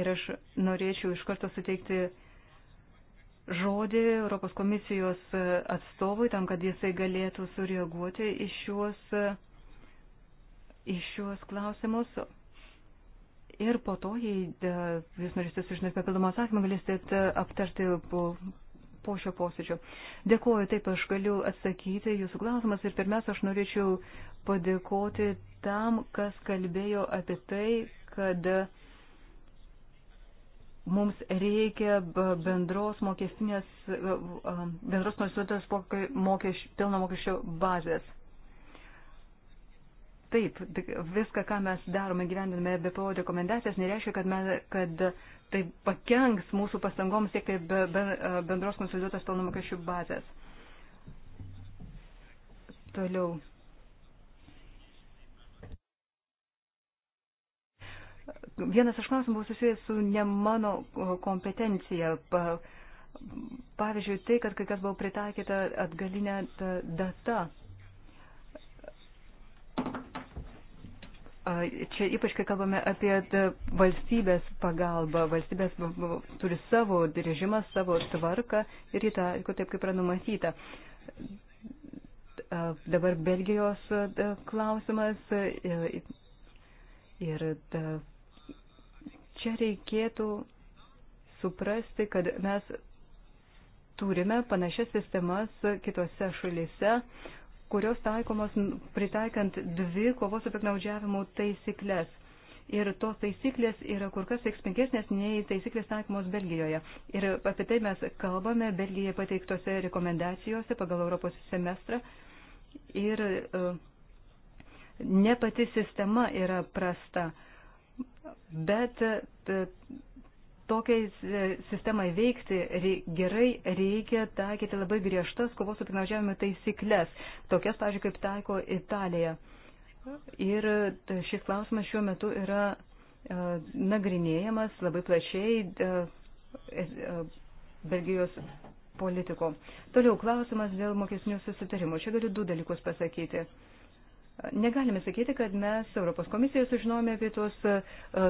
C: Ir aš norėčiau iš karto suteikti žodį Europos komisijos e, atstovui, tam, kad jisai galėtų sureaguoti iš šiuos, iš e, šiuos klausimus. Ir po to, jei e, jūs norėsite sužinoti papildomą atsakymą, galėsite aptarti po, po šio posėdžio. Dėkuoju, taip aš galiu atsakyti jūsų klausimas ir pirmiausia, aš norėčiau padėkoti tam, kas kalbėjo apie tai, kad mums reikia bendros mokestinės, e, e, bendros nuostatos pelno mokesčio bazės. Taip, viską, ką mes darome, gyvendiname BPO rekomendacijas, nereiškia, kad, mes, kad tai pakenks mūsų pastangoms siekti be, be, bendros konsoliduotos pelno mokesčių bazės. Toliau. Vienas iš klausimų buvo susijęs su ne mano kompetencija. Pavyzdžiui, tai, kad kai kas buvo pritaikyta atgalinė data Čia ypač, kai kalbame apie e, valstybės pagalbą, valstybės turi savo režimą, savo tvarką ir į tą, taip kaip yra numatyta. Dabar Belgijos e, klausimas e, ir čia reikėtų suprasti, kad mes turime panašias sistemas kitose šalyse, kurios taikomos pritaikant dvi kovos su piknaudžiavimu taisyklės. Ir tos taisyklės yra kur kas veiksmingesnės nei taisyklės taikomos Belgijoje. Ir apie tai mes kalbame Belgijai pateiktose rekomendacijose pagal Europos semestrą. Ir e, ne pati sistema yra prasta, bet e, tokiai sistemai veikti gerai reikia taikyti labai griežtas kovos su piknaudžiavimu taisyklės, tokias, pažiūrėjau, kaip taiko Italija. Ir šis klausimas šiuo metu yra e, nagrinėjamas labai plačiai e, e, Belgijos politiko. Toliau klausimas dėl mokesnių susitarimų. Čia galiu du dalykus pasakyti. Negalime sakyti, kad mes Europos komisijoje sužinojome apie tuos e,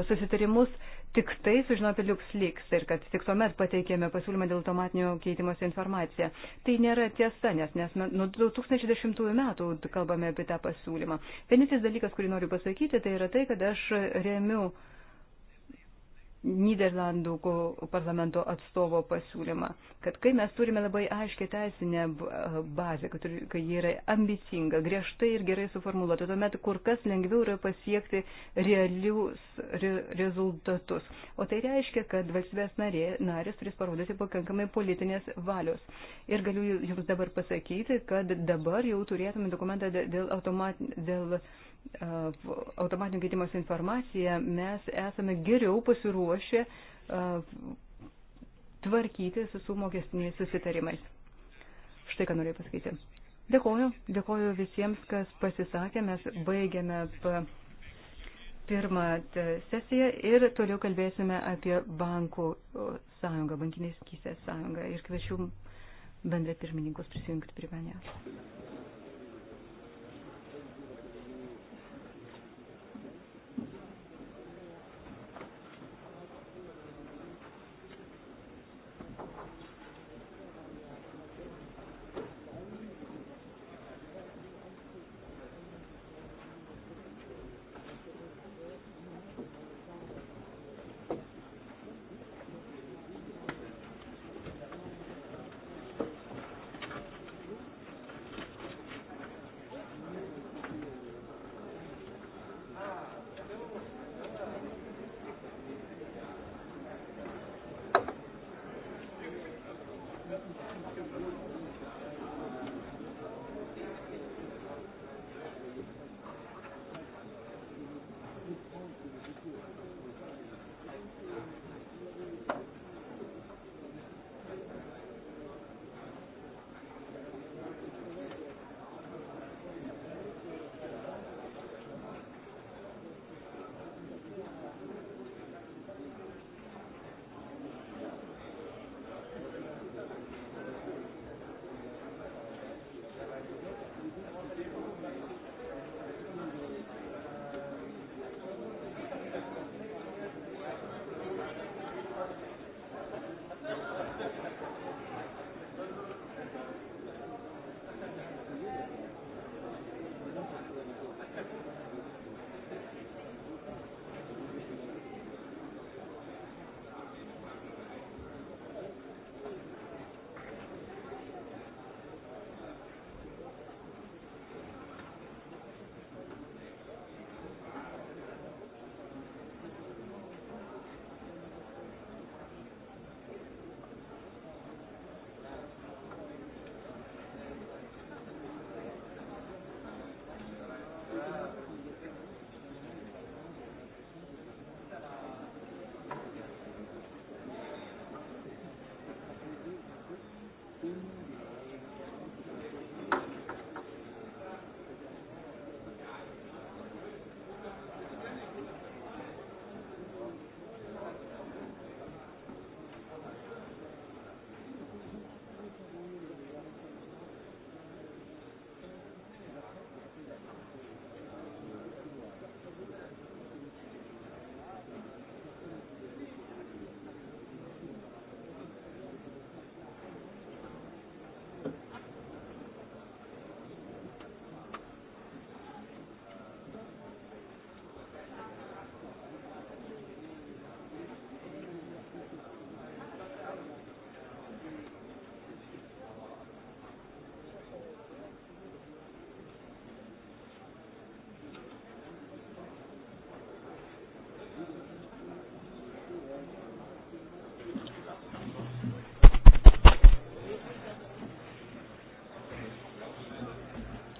C: susitarimus, tik tai sužinojome apie LuxLeaks ir kad tik tuomet pateikėme pasiūlymą dėl automatinio keitimosi informaciją. Tai nėra tiesa, nes, nes nuo 2010 metų kalbame apie tą pasiūlymą. Vienintelis dalykas, kurį noriu pasakyti, tai yra tai, kad aš remiu uh, Niderlandų parlamento atstovo pasiūlymą, kad kai mes turime labai aiškę teisinę bazę, kad, kai ji yra ambicinga, griežtai ir gerai suformuoluota, tuomet kur kas lengviau yra pasiekti realius re, rezultatus. O tai reiškia, kad valstybės narė, narės turės parodyti pakankamai politinės valios. Ir galiu jums dabar pasakyti, kad dabar jau turėtume dokumentą dėl automatinio automatinio keitimas informacija mes esame geriau pasiruošę tvarkyti su mokestiniais susitarimais. Štai ką norėjau pasakyti. Dėkoju, dėkoju visiems, kas pasisakė, mes baigiame pirmą sesiją ir toliau kalbėsime apie bankų sąjungą, bankinės kysės sąjungą ir kviečiu bendrai pirmininkus prisijungti prie manęs.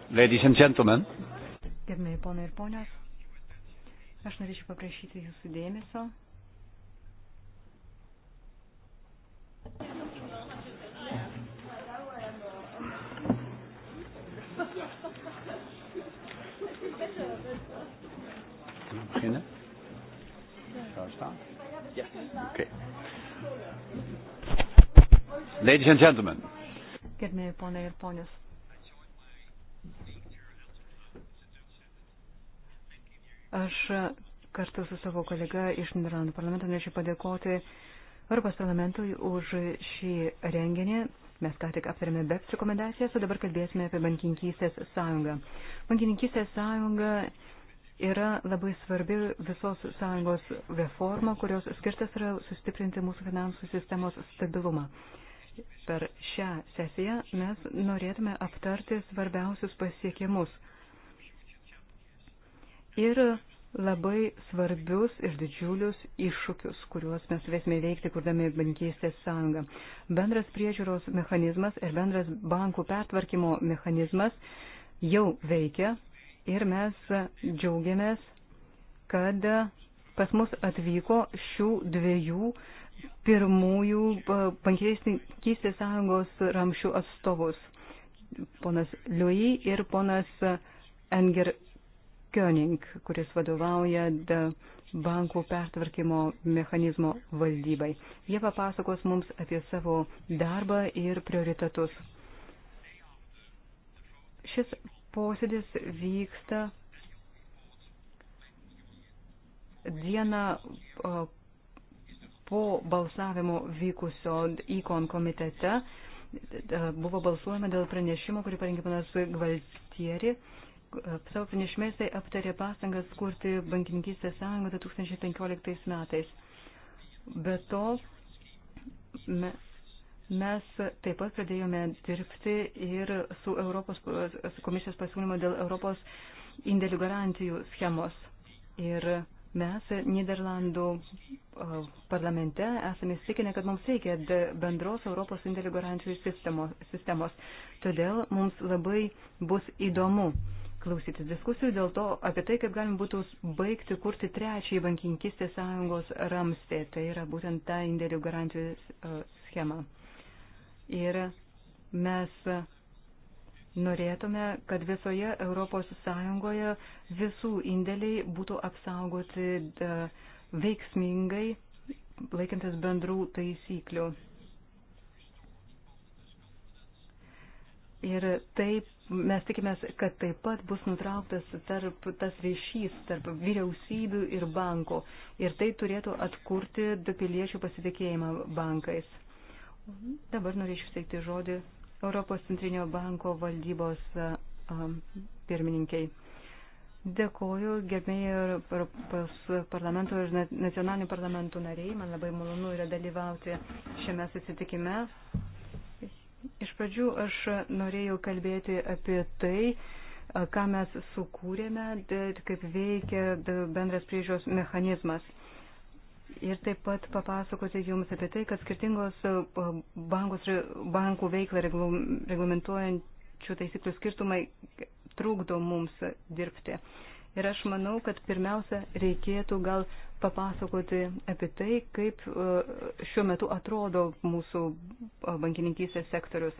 C: Ladies and gentlemen. Gerbėjai ponai ir ponios, aš norėčiau paprašyti jūsų dėmesio.
A: beginnen? Zou staan? Ja. Oké. Okay. Ladies and gentlemen.
C: Gerbėjai ponai ir ponios. su savo kolega iš Niderlandų parlamento, norėčiau padėkoti Europos parlamentui už šį renginį. Mes ką tik aptarėme BEPS rekomendacijas, o dabar kalbėsime apie bankininkystės sąjungą. Bankininkystės sąjunga yra labai svarbi visos sąjungos reforma, kurios skirtas yra sustiprinti mūsų finansų sistemos stabilumą. Per šią sesiją mes norėtume aptarti svarbiausius pasiekimus ir labai svarbius ir didžiulius iššūkius, kuriuos mes turėsime veikti, kurdami bankystės sąjungą. Bendras priežiūros mechanizmas ir bendras bankų pertvarkymo mechanizmas jau veikia ir mes džiaugiamės, kad pas mus atvyko šių dviejų pirmųjų bankystės sąjungos ramšių atstovus, ponas Liui ir ponas Enger König, kuris vadovauja bankų pertvarkymo mechanizmo valdybai. Jie papasakos mums apie savo darbą ir prioritetus. Šis posėdis vyksta dieną po balsavimo vykusio įkon komitete. Buvo balsuojama dėl pranešimo, kurį parengė panas Gvaltieri savo pranešmėsai aptarė pastangas kurti bankininkystės sąjungą 2015 metais. Be to, me, Mes taip pat pradėjome dirbti ir su Europos su komisijos pasiūlymu dėl Europos indėlių garantijų schemos. Ir mes Niderlandų parlamente esame įsitikinę, kad mums reikia bendros Europos indėlių garantijų sistemos. Todėl mums labai bus įdomu klausytis diskusijų dėl to, apie tai, kaip galim būtų baigti kurti trečiąjį bankininkistės sąjungos ramstį, tai yra būtent ta indėlių garantijų e, schema. Ir mes norėtume, kad visoje Europos sąjungoje visų indėliai būtų apsaugoti e, veiksmingai, laikintis bendrų taisyklių. Ir taip mes tikimės, kad taip pat bus nutrauktas tarp, tas ryšys tarp vyriausybių ir banko. Ir tai turėtų atkurti piliečių pasitikėjimą bankais. Dabar norėčiau steigti žodį Europos centrinio banko valdybos pirmininkiai. Dėkoju, gerbėjai Europos parlamento ir nacionalinių parlamentų nariai. Man labai malonu yra dalyvauti šiame susitikime Iš pradžių aš norėjau kalbėti apie tai, ką mes sukūrėme, kaip veikia bendras priežiūros mechanizmas. Ir taip pat papasakoti jums apie tai, kad skirtingos bankus, bankų veiklą reglamentuojančių taisyklių skirtumai trukdo mums dirbti. Ir aš manau, kad pirmiausia reikėtų gal papasakoti apie tai, kaip e, šiuo metu atrodo mūsų e, bankininkystės sektorius.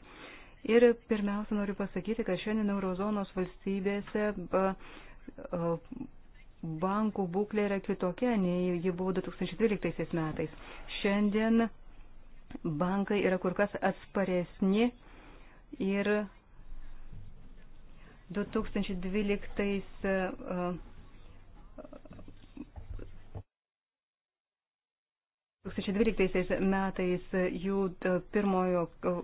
C: Ir pirmiausia, noriu pasakyti, kad šiandien eurozonos valstybėse e, bankų būklė yra kitokia, nei ji buvo 2013 metais. Šiandien bankai yra kur kas atsparesni ir 2012 2012 metais jų e, pirmojo e,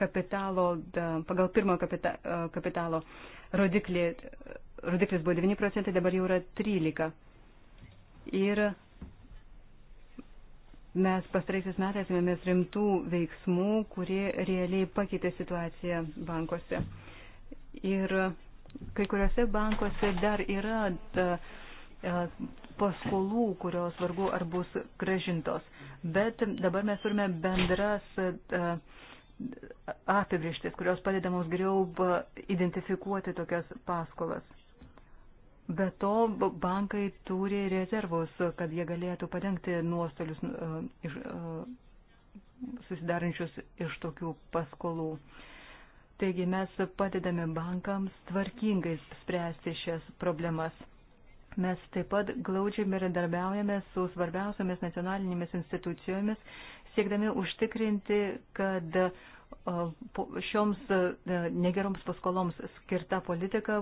C: kapitalo, pagal pirmojo kapita, e, kapitalo rodiklį, rodiklis buvo 9 procentai, dabar jau yra 13. Ir mes pastaraisiais metais ėmėmės rimtų veiksmų, kurie realiai pakeitė situaciją bankuose. Ir kai kuriuose bankuose dar yra ta, paskolų, kurios vargu ar bus gražintos. Bet dabar mes turime bendras e, apibrieštis, kurios padeda mums geriau e, identifikuoti tokias paskolas. Be to, bankai turi rezervus, kad jie galėtų padengti nuostolius e, iš, susidarančius iš tokių paskolų. Taigi mes padedame bankams tvarkingai spręsti šias problemas. Mes taip pat glaudžiai bendradarbiaujame su svarbiausiamis nacionalinėmis institucijomis, siekdami užtikrinti, kad šioms negeroms paskoloms skirta politika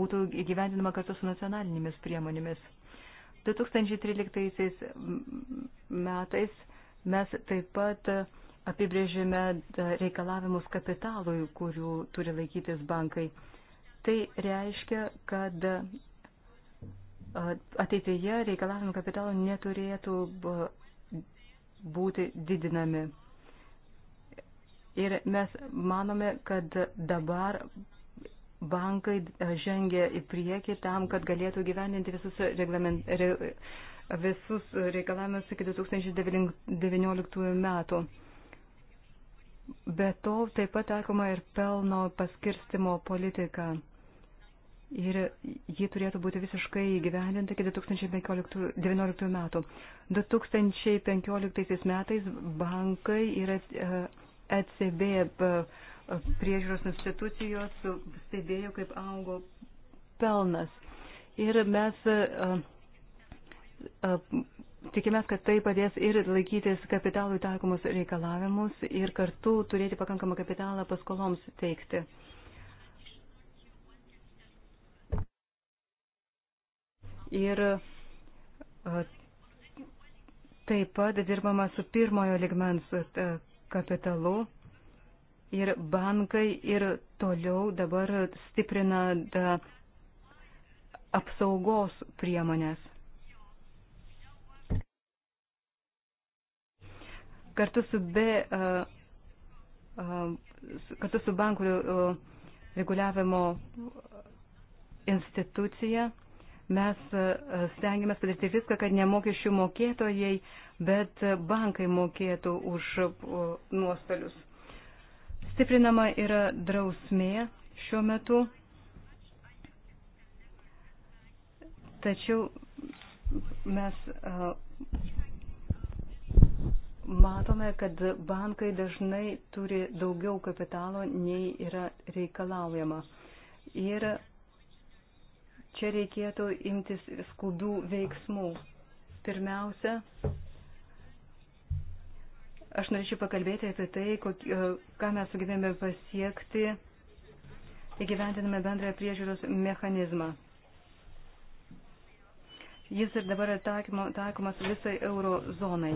C: būtų įgyvendinama kartu su nacionalinėmis priemonėmis. 2013 metais mes taip pat apibrėžėme reikalavimus kapitalui, kurių turi laikytis bankai. Tai reiškia, kad ateityje reikalavimai kapitalo neturėtų būti didinami. Ir mes manome, kad dabar bankai žengia į priekį tam, kad galėtų gyveninti visus, reglament, re, visus reikalavimus iki 2019 metų. Be to taip pat taikoma ir pelno paskirstimo politika ir ji turėtų būti visiškai įgyvendinta iki 2019 metų. 2015 metais bankai ir ECB e, e e, priežiūros institucijos stebėjo, kaip augo pelnas. Ir mes Tikimės, kad tai padės ir laikytis kapitalui taikomus reikalavimus ir kartu turėti pakankamą kapitalą paskoloms teikti. Uh, Ir taip pat dirbama su pirmojo ligmens kapitalu. Ir bankai ir toliau dabar stiprina da apsaugos priemonės. Kartu su, be, kartu su bankų reguliavimo institucija mes e, e, stengiamės padaryti viską, kad ne mokesčių mokėtojai, bet bankai mokėtų už e, nuostolius. Stiprinama yra drausmė šiuo metu, tačiau mes matome, kad bankai dažnai turi daugiau kapitalo, nei yra reikalaujama. Ir Čia reikėtų imtis skubių veiksmų. Pirmiausia, aš norėčiau pakalbėti apie tai, e, ką mes sugebėjome pasiekti įgyventiname bendrąją priežiūros mechanizmą. Jis ir dabar taikomas visai euro zonai.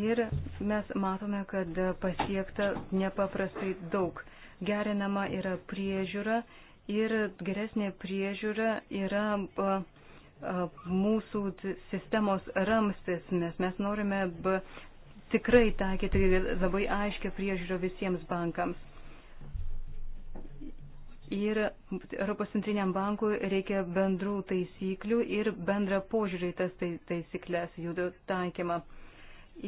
C: Ir mes matome, kad pasiekta nepaprastai daug. Gerinama yra priežiūra ir geresnė priežiūra yra mūsų sistemos ramstis, nes mes norime tikrai taikyti labai aiškę priežiūrą visiems bankams. Ir Europos centriniam bankui reikia bendrų taisyklių ir bendrą požiūrį į tas tai-, taisyklės, jų taikymą.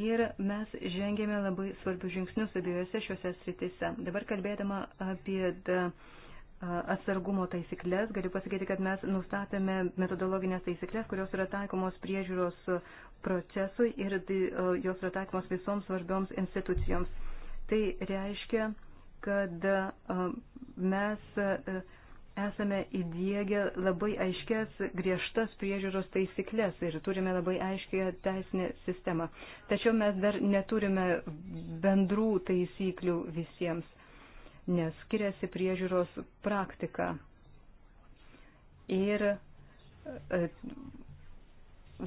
C: Ir mes žengėme labai svarbius žingsnius abiejose šiuose sritise. Dabar kalbėdama apie da, uh, atsargumo taisyklės, galiu pasakyti, kad mes nustatėme metodologinės taisyklės, kurios yra taikomos priežiūros procesui ir jos yra taikomos visoms svarbioms institucijoms. Tai reiškia, kad mes esame įdėgę labai aiškias griežtas priežiūros taisyklės ir turime labai aiškę teisinę sistemą. Tačiau mes dar neturime bendrų taisyklių visiems nes skiriasi priežiūros praktika. Ir e,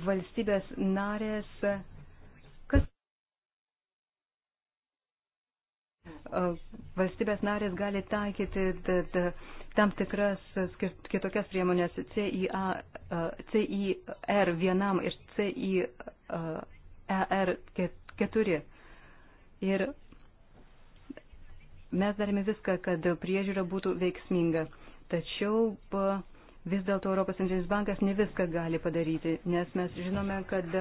C: valstybės narės, kas e, valstybės narės gali taikyti d, d, tam tikras kitokias priemonės CIA, e, CIR vienam ir CIR keturi. Ir Mes darėme viską, kad priežiūra būtų veiksminga. Tačiau vis dėlto Europos centrinis bankas ne viską gali padaryti, nes mes žinome, kad,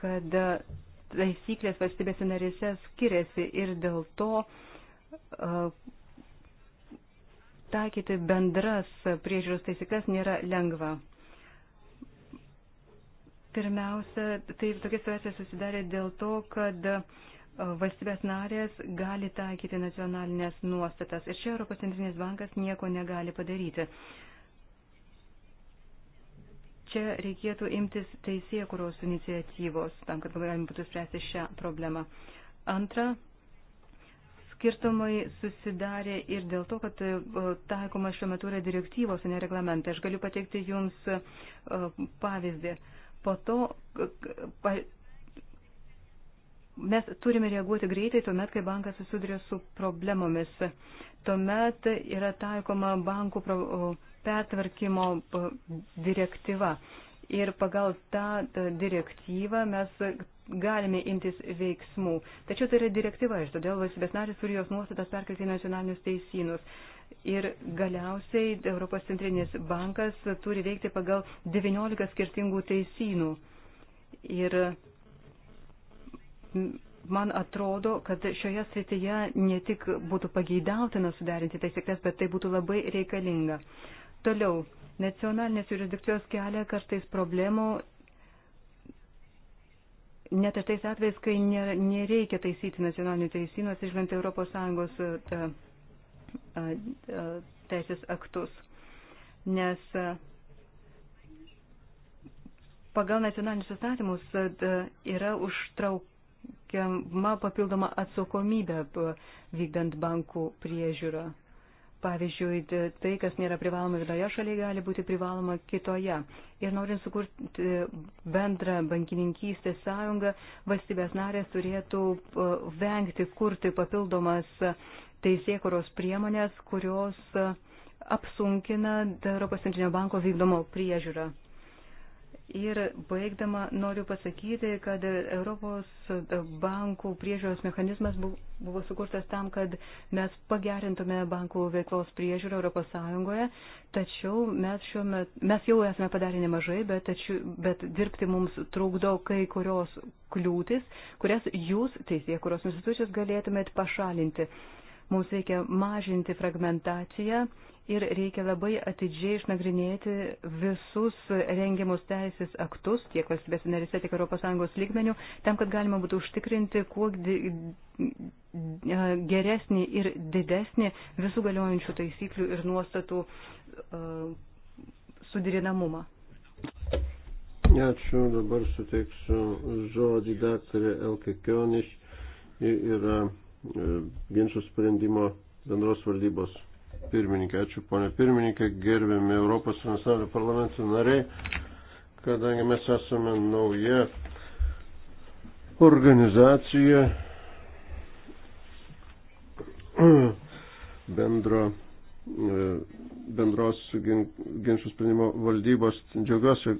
C: kad taisyklės valstybėse narėse skiriasi ir dėl to taikyti bendras priežiūros taisyklės nėra lengva. Pirmiausia, tai tokia situacija susidarė dėl to, kad uh, E, valstybės narės gali taikyti nacionalinės nuostatas ir čia Europos centrinės bankas nieko negali padaryti. Čia reikėtų imtis teisėkuros iniciatyvos, tam, kad galima būtų spręsti šią problemą. Antra, skirtumai susidarė ir dėl to, kad e, taikoma šiuo metu yra direktyvos, o ne reglamentai. Aš galiu pateikti Jums e, pavyzdį. Po to Mes turime reaguoti greitai tuomet, kai bankas susiduria su problemomis. Tuomet yra taikoma bankų pertvarkymo direktyva. Ir pagal tą direktyvą mes galime imtis veiksmų. Tačiau tai yra direktyva ir todėl valstybės narės turi jos nuostatas perkelti į nacionalinius teisynus. Ir galiausiai Europos centrinis bankas turi veikti pagal 19 skirtingų teisynų. Ir man atrodo, kad šioje srityje ne tik būtų pageidautina suderinti taisyklės, bet tai būtų labai reikalinga. Toliau, nacionalinės jurisdikcijos kelia kartais problemų net ir tais atvejais, kai nereikia taisyti nacionalinių teisynų, atsižvelgiant Europos Sąjungos e, e, e, teisės aktus. Nes pagal nacionalinius įstatymus yra užtrauk teikiama papildoma atsakomybė vykdant bankų priežiūrą. Pavyzdžiui, tai, kas nėra privaloma vienoje šalyje, gali būti privaloma kitoje. Ir norint sukurti bendrą bankininkystės sąjungą, valstybės narės turėtų vengti kurti papildomas teisėkuros priemonės, kurios apsunkina Europos centrinio banko vykdomo priežiūrą. Ir baigdama noriu pasakyti, kad Europos bankų priežiūros mechanizmas buvo sukurtas tam, kad mes pagerintume bankų veiklos priežiūrą Europos Sąjungoje, tačiau mes, šiuo met, mes jau esame padarę nemažai, bet, tačiau, bet dirbti mums trukdo kai kurios kliūtis, kurias jūs, teisėje, kurios institucijos galėtumėt pašalinti. Mums reikia mažinti fragmentaciją ir reikia labai atidžiai išnagrinėti visus rengiamus teisės aktus, tiek valstybės narise, tiek ES lygmenių, tam, kad galima būtų užtikrinti kuo geresnį ir didesnį visų galiojančių taisyklių ir nuostatų uh, sudirinamumą.
D: Ačiū, dabar suteiksiu žodį daktarė Elke Kioniš. Ji yra E, ginčių sprendimo bendros valdybos pirmininkė. Ačiū, ponė pirmininkė, gerbiami Europos nacionalinių parlamentų nariai, kadangi mes esame nauja organizacija bendro e, bendros ginčių sprendimo valdybos. Džiaugiuosi,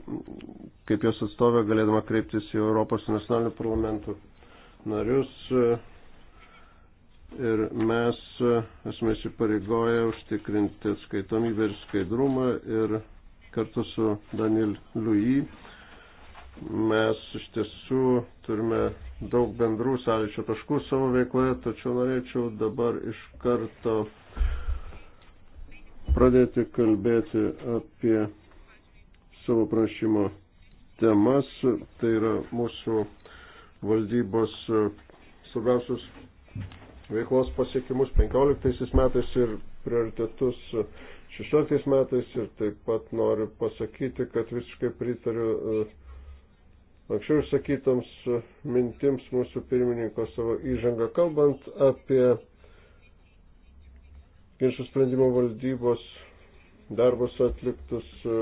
D: kaip jos atstovė, galėdama kreiptis į Europos nacionalinių parlamentų narius e, ir mes e, esame įsipareigoję užtikrinti atskaitomybę ir skaidrumą ir kartu su Daniel Louis mes iš tiesų turime daug bendrų sąlyčio taškų savo veikloje, tačiau norėčiau dabar iš karto pradėti kalbėti apie savo prašymo temas, tai yra mūsų valdybos e, svarbiausius veiklos pasiekimus 15 metais ir prioritetus 16 metais ir taip pat noriu pasakyti, kad visiškai pritariu e, anksčiau išsakytoms e, mintims mūsų pirmininko savo įžangą, kalbant apie ginčių sprendimo valdybos darbus atliktus e,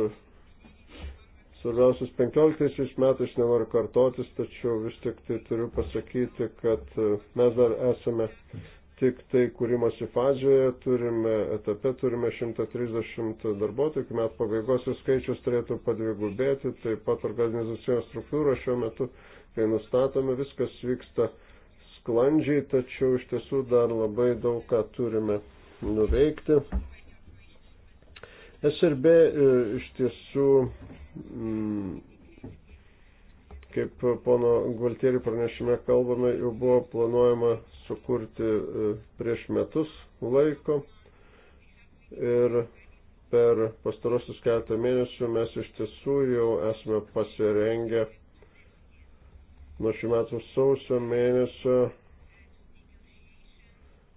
D: svarbiausius 15 metais nenoriu kartotis, tačiau vis tik tai turiu pasakyti, kad e, mes dar esame tik tai kūrimosi fazėje, turime etape, turime 130 darbuotojų, iki metų pabaigos jų skaičius turėtų padvigubėti, taip pat organizacijos struktūra šiuo metu, kai nustatome, viskas vyksta sklandžiai, tačiau iš tiesų dar labai daug ką turime nuveikti. SRB e, iš tiesų, mm, kaip pono Gualtieri pranešime kalbame, jau buvo planuojama sukurti e, prieš metus laiko ir per pastarosius keletą mėnesių mes iš tiesų jau esame pasirengę nuo šių metų sausio mėnesio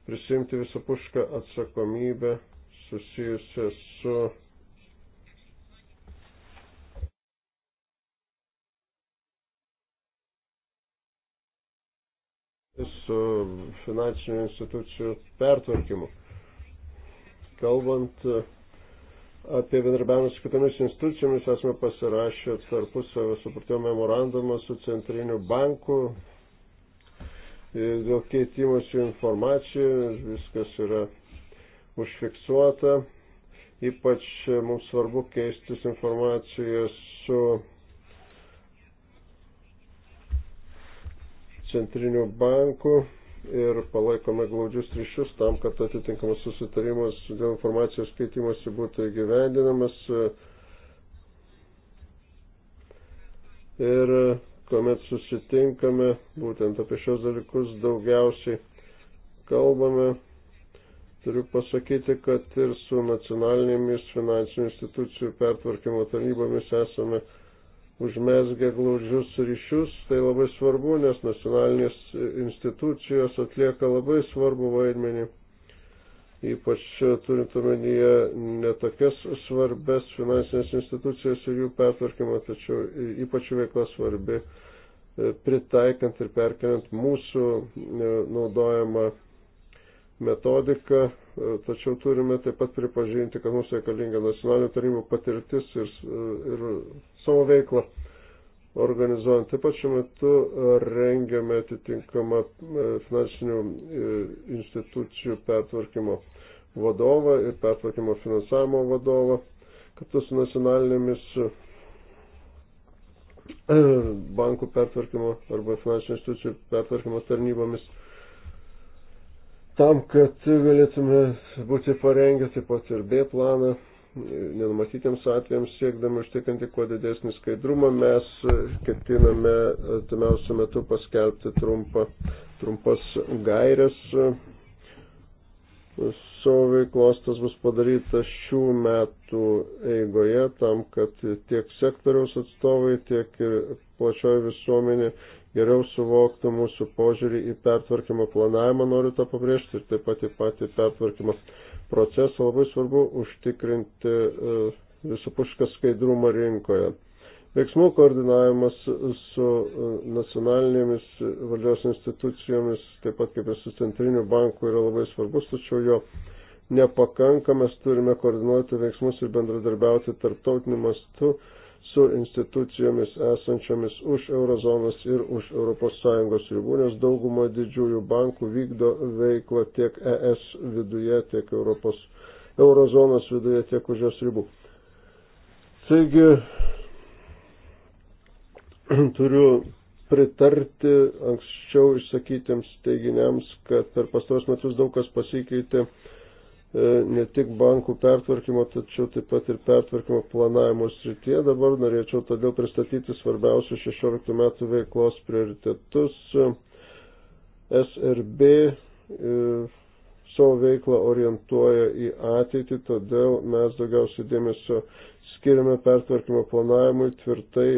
D: prisimti visapušką atsakomybę susijusią su su finansinių institucijų pertvarkymu. Kalbant apie bendrabiavimą su kitomis institucijomis, esame pasirašę tarpusavio supratimo memorandumą su centriniu banku dėl keitimosi informacija, viskas yra užfiksuota. Ypač mums svarbu keistis informaciją su centriniu banku ir palaikome glaudžius ryšius tam, kad atitinkamas susitarimas dėl informacijos keitimosi būtų įgyvendinamas. Ir kuomet susitinkame, būtent apie šios dalykus daugiausiai kalbame, Turiu pasakyti, kad ir su nacionalinėmis finansinių institucijų pertvarkymo tarybomis esame užmesgę glaudžius ryšius. Tai labai svarbu, nes nacionalinės institucijos atlieka labai svarbu vaidmenį, ypač turint omenyje netokias svarbes finansinės institucijas ir jų pertvarkymą, tačiau ypač veikla svarbi e, pritaikant ir perkeliant mūsų e, naudojamą metodiką, e, tačiau turime taip pat pripažinti, kad mums reikalinga nacionalinė tarybų patirtis ir, e, ir savo veiklą organizuojant. Taip pat šiuo metu e, rengiame atitinkamą finansinių institucijų pertvarkymo vadovą ir pertvarkymo finansavimo vadovą, kartu su nacionalinėmis bankų pertvarkymo arba finansinių institucijų pertvarkymo tarnybomis Tam, kad galėtume būti parengę taip pat ir B planą, nenumatytiems atvejams siekdami užtikrinti kuo didesnį skaidrumą, mes ketiname tamiausiu metu paskelbti trumpą, trumpas gairias savo veiklos tas bus padaryta šių metų eigoje tam, kad tiek sektoriaus atstovai, tiek ir plačioji visuomenė geriau suvoktų mūsų požiūrį į pertvarkymo planavimą, noriu tą pabrėžti, ir taip pat į patį pertvarkymo procesą. Labai svarbu užtikrinti e, visapušką skaidrumą rinkoje. Veiksmų koordinavimas su e, nacionalinėmis valdžios institucijomis, taip pat kaip ir su centriniu banku, yra labai svarbus, tačiau jo nepakanka, mes turime koordinuoti veiksmus ir bendradarbiauti tarptautiniu mastu su institucijomis esančiomis už eurozonos ir už ES ribų, nes dauguma didžiųjų bankų vykdo veiklą tiek ES viduje, tiek Europos, eurozonos viduje, tiek už jos ribų. Taigi, turiu pritarti anksčiau išsakytiems teiginiams, kad per pastaros metus daug kas pasikeitė E, ne tik bankų pertvarkymo, tačiau taip pat ir pertvarkymo planavimo srityje. Dabar norėčiau todėl pristatyti svarbiausius 16 metų veiklos prioritetus. SRB e, savo veiklą orientuoja į ateitį, todėl mes daugiausiai dėmesio skiriame pertvarkymo planavimui, tvirtai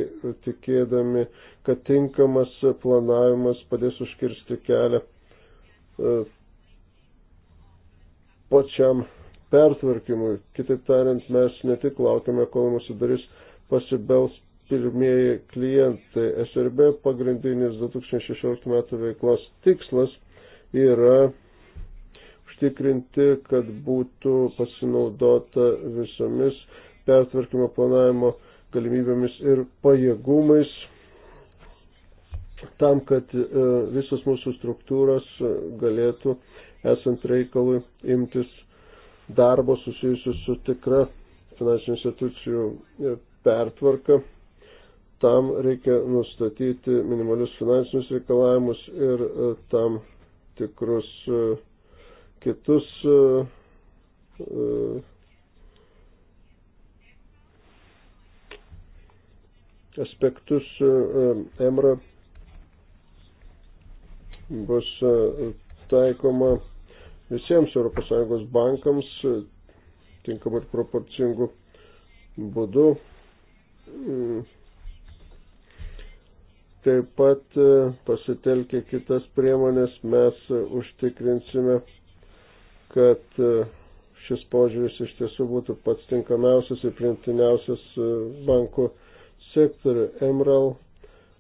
D: tikėdami, kad tinkamas planavimas padės užkirsti kelią e, pačiam pertvarkymui. Kitaip tariant, mes ne tik laukiame, kol mūsų darys pasibels pirmieji klientai. SRB pagrindinis 2016 metų veiklos tikslas yra užtikrinti, kad būtų pasinaudota visomis pertvarkymo planavimo galimybėmis ir pajėgumais tam, kad e, visos mūsų struktūros e, galėtų esant reikalui imtis darbo susijusiu su tikra finansinių institucijų pertvarka. Tam reikia nustatyti minimalius finansinius reikalavimus ir e, tam tikrus e, kitus e, aspektus EMRA bus taikoma visiems ES bankams e, tinkamai ir proporcingų būdų. Mm. Taip pat e, pasitelkę kitas priemonės mes užtikrinsime, kad e, šis požiūris iš tiesų būtų pats tinkamiausias ir primtiniausias bankų sektorių. Emerald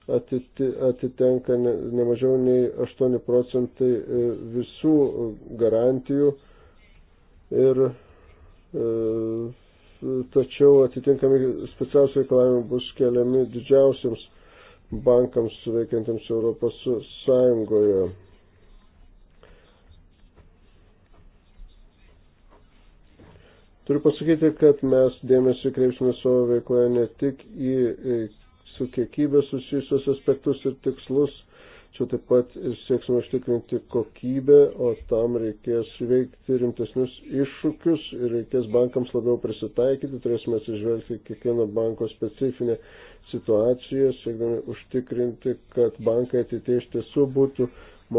D: atitenka nemažiau ne nei 8 procentai e, visų garantijų ir e, tačiau atitinkami specialiausiai reikalavimai bus keliami didžiausiams bankams veikiantiems Europos Sąjungoje. Turiu pasakyti, kad mes dėmesį kreipsime savo veikloje ne tik į su kiekybė susijusios aspektus ir tikslus. Čia taip pat ir sieksime užtikrinti kokybę, o tam reikės veikti rimtesnius iššūkius ir reikės bankams labiau prisitaikyti, turėsime atsižvelgti kiekvieno banko specifinę situaciją, siekdami užtikrinti, kad bankai ateitie iš tiesų būtų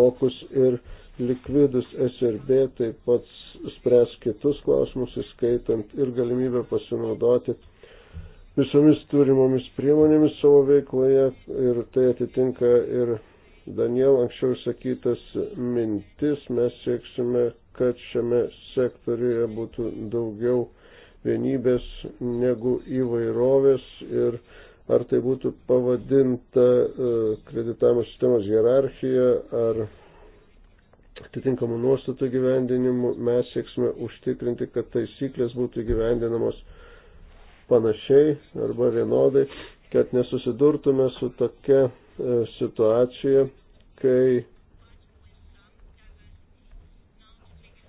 D: mokus ir likvidus SRB, taip pat spręs kitus klausimus, įskaitant ir galimybę pasinaudoti visomis turimomis priemonėmis savo veikloje ir tai atitinka ir Daniel anksčiau sakytas mintis, mes sieksime, kad šiame sektoriuje būtų daugiau vienybės negu įvairovės ir ar tai būtų pavadinta e, kreditavimo sistemos hierarchija ar atitinkamų nuostatų gyvendinimu, mes sieksime užtikrinti, kad taisyklės būtų gyvendinamos panašiai arba vienodai, kad nesusidurtume su tokia e, situacija, kai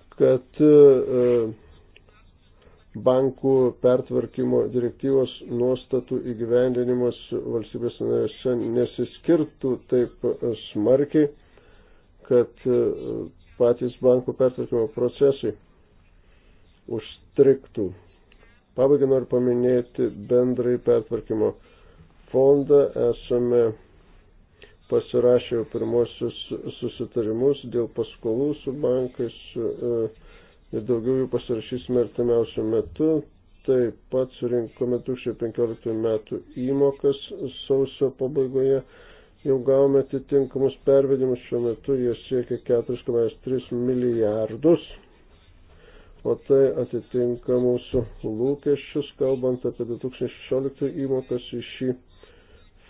D: kad e, e, bankų pertvarkymo direktyvos nuostatų įgyvendinimas valstybės narėse nesiskirtų taip smarkiai, kad patys bankų pertvarkymo procesai užstriktų. Pabaigai noriu paminėti bendrai pertvarkymo fondą. Esame pasirašė pirmosius susitarimus dėl paskolų su bankais e, ir daugiau jų pasirašysime artimiausių metų. Taip pat surinkome 2015 metų įmokas sausio pabaigoje. Jau gavome atitinkamus pervedimus, šiuo metu jie siekia 4,3 milijardus o tai atitinka mūsų lūkesčius, kalbant apie 2016 įmokas į šį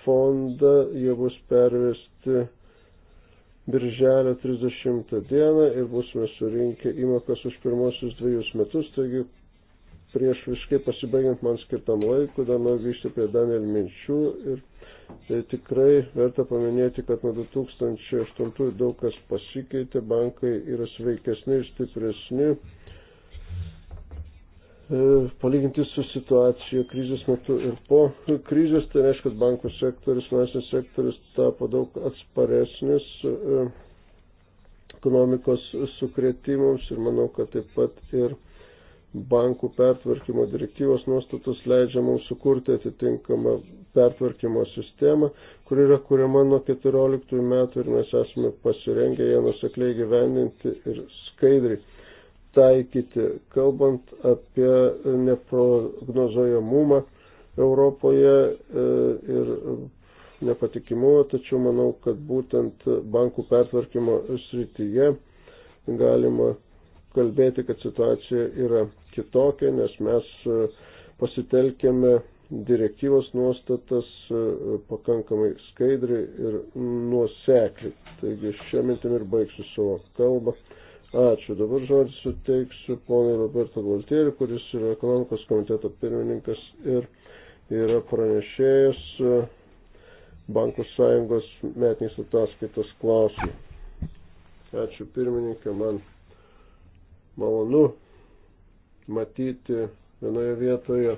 D: fondą, jie bus pervesti birželio 30 dieną ir busime surinkę įmokas už pirmosius dviejus metus, taigi prieš viskai pasibaigiant man skirtam laikui, dar noriu grįžti prie Daniel minčių ir tai tikrai verta paminėti, kad nuo 2008 daug kas pasikeitė, bankai yra sveikesni ir stipresni E, palyginti su situacija krizės metu ir po krizės, tai reiškia, kad bankų sektorius, finansinis sektorius tapo daug atsparesnis e, ekonomikos sukretimams ir manau, kad taip pat ir bankų pertvarkymo direktyvos nuostatos leidžia mums sukurti atitinkamą pertvarkymo sistemą, kuri yra kuriama nuo 14 metų ir mes esame pasirengę ją nusekliai gyveninti ir skaidriai taikyti. Kalbant apie neprognozojamumą Europoje e, ir nepatikimumą, tačiau manau, kad būtent bankų pertvarkymo srityje galima kalbėti, kad situacija yra kitokia, nes mes e, pasitelkėme direktyvos nuostatas e, pakankamai skaidriai ir nuosekliai. Taigi šią mintimį ir baigsiu savo kalbą. Ačiū. Dabar žodį suteiksiu ponui Roberto Gualtieri, kuris yra ekonomikos komiteto pirmininkas ir yra pranešėjas e, Bankų sąjungos metinės ataskaitos klausimų. Ačiū pirmininkė, man malonu matyti vienoje vietoje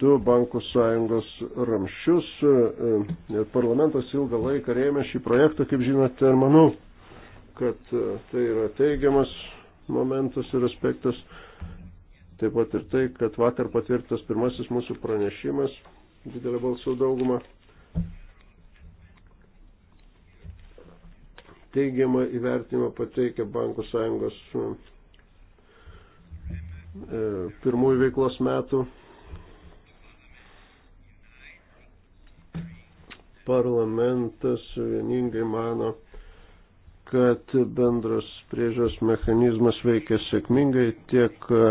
D: du bankų sąjungos ramščius. E, e, parlamentas ilgą laiką rėmė šį projektą, kaip žinote, ir manau, kad e, tai yra teigiamas momentas ir aspektas. Taip pat ir tai, kad vakar patvirtas pirmasis mūsų pranešimas, didelė balsų dauguma, teigiamą įvertinimą pateikia Bankų sąjungos e, pirmųjų veiklos metų parlamentas vieningai mano, kad bendras priežios mechanizmas veikia sėkmingai tiek e,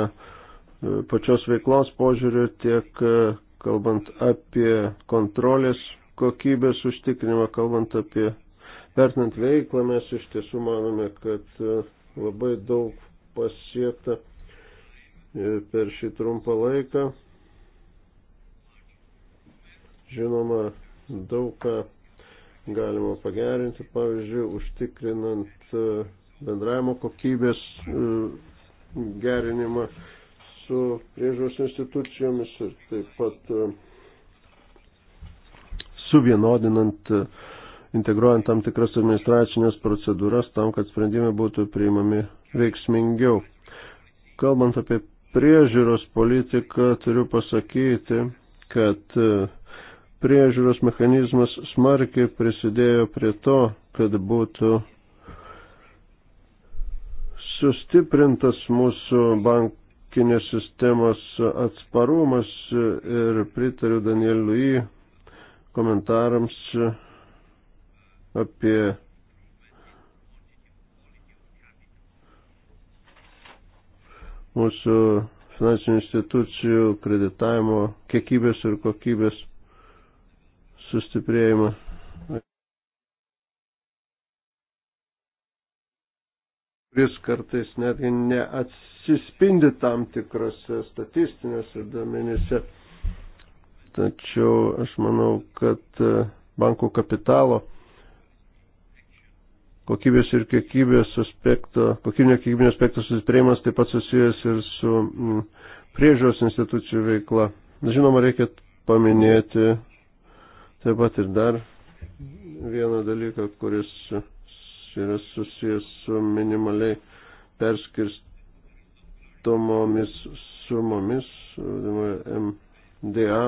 D: pačios veiklos požiūriu, tiek e, kalbant apie kontrolės kokybės užtikrinimą, kalbant apie vertinant veiklą, mes iš tiesų manome, kad e, labai daug pasiekta per šį trumpą laiką. Žinoma, daug ką galima pagerinti, pavyzdžiui, užtikrinant e, bendravimo kokybės e, gerinimą su priežiūros institucijomis ir taip pat e, suvienodinant, integruojant tam tikras administracinės procedūras tam, kad sprendimai būtų priimami veiksmingiau. Kalbant apie priežiūros politiką, turiu pasakyti, kad priežiūros mechanizmas smarkiai prisidėjo prie to, kad būtų sustiprintas mūsų bankinės sistemos atsparumas ir pritariu Daniel Lui komentarams apie mūsų finansinių institucijų kreditavimo kiekybės ir kokybės sustiprėjimą. kuris kartais netgi neatsispindi tam tikrose statistinėse domenyse. Tačiau aš manau, kad e, bankų kapitalo kokybės ir kiekybės aspekto, kokybinio kiekybinio aspekto susitrėjimas taip pat susijęs ir su priežiūros institucijų veikla. Žinoma, reikia paminėti Taip pat ir dar vieną dalyką, kuris yra susijęs su minimaliai perskirstomomis sumomis, vadinamoje MDA.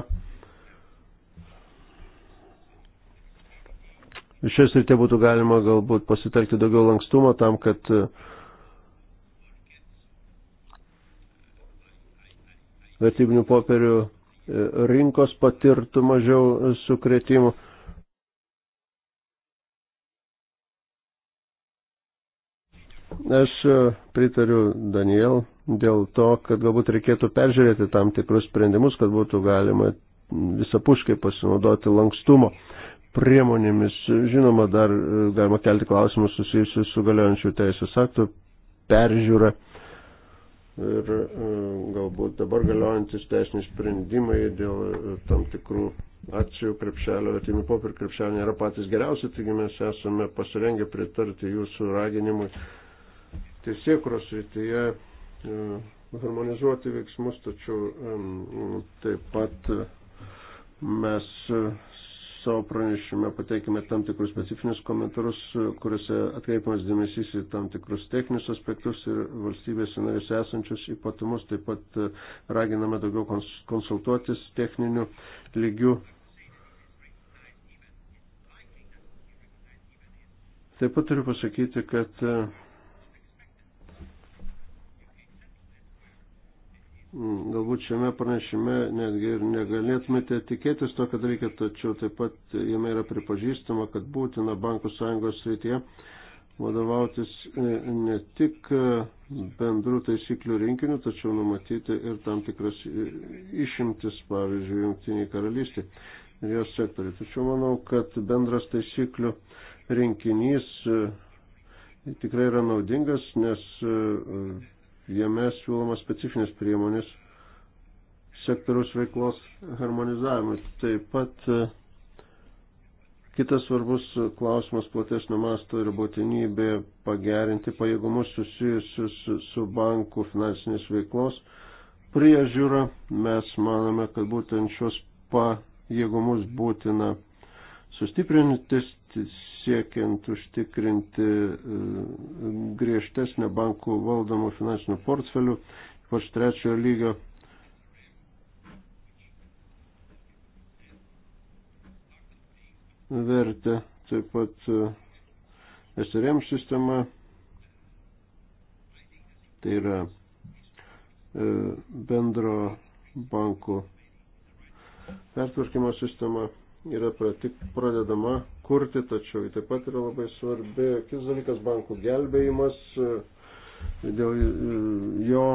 D: Šiais rytė būtų galima galbūt pasitelkti daugiau lankstumo tam, kad uh, vertybinių popierių rinkos patirtų mažiau sukretimų. Aš pritariu Daniel dėl to, kad galbūt reikėtų peržiūrėti tam tikrus sprendimus, kad būtų galima visapuškai pasinaudoti lankstumo priemonėmis. Žinoma, dar galima kelti klausimus susijusius su galiojančių teisės aktų peržiūra ir e, galbūt dabar galiojantis teisiniai sprendimai dėl e, tam tikrų akcijų krepšelio, vertimi popierių krepšelio nėra patys geriausi, taigi mes esame pasirengę pritarti jūsų raginimui teisėkros rytyje e, harmonizuoti veiksmus, tačiau taip pat mes savo pranešime pateikime tam tikrus specifinius komentarus, kuriuose atkreipiamas dėmesys į tam tikrus techninius aspektus ir valstybės narėse esančius ypatumus. Taip pat e, raginame daugiau konsultuotis techniniu lygiu. Taip pat turiu pasakyti, kad e, Mm, galbūt šiame pranešime netgi ir negalėtumėte tikėtis tokio dalyko, tačiau taip pat jame yra pripažįstama, kad būtina bankų sąjungos srityje vadovautis e, ne tik e, bendrų taisyklių rinkiniu, tačiau numatyti ir tam tikras e, išimtis, pavyzdžiui, Junktiniai karalystė ir jos sektoriai. Tačiau manau, kad bendras taisyklių rinkinys tikrai yra naudingas, nes Jame siūlomas specifinės priemonės sektoriaus veiklos harmonizavimui. Taip pat e, kitas svarbus klausimas platesnio masto ir būtinybė pagerinti pajėgumus susijusius su, su bankų finansinės veiklos priežiūra. Mes manome, kad būtent šios pajėgumus būtina sustiprinti, siekiant užtikrinti e, griežtesnę bankų valdomų finansinių portfelių, ypač trečiojo lygio. Vertė taip pat e, SRM sistema, tai yra e, bendro bankų pertvarkymo sistema yra pradedama kurti, tačiau taip pat yra labai svarbi. Kitas dalykas - bankų gelbėjimas. Dėl jo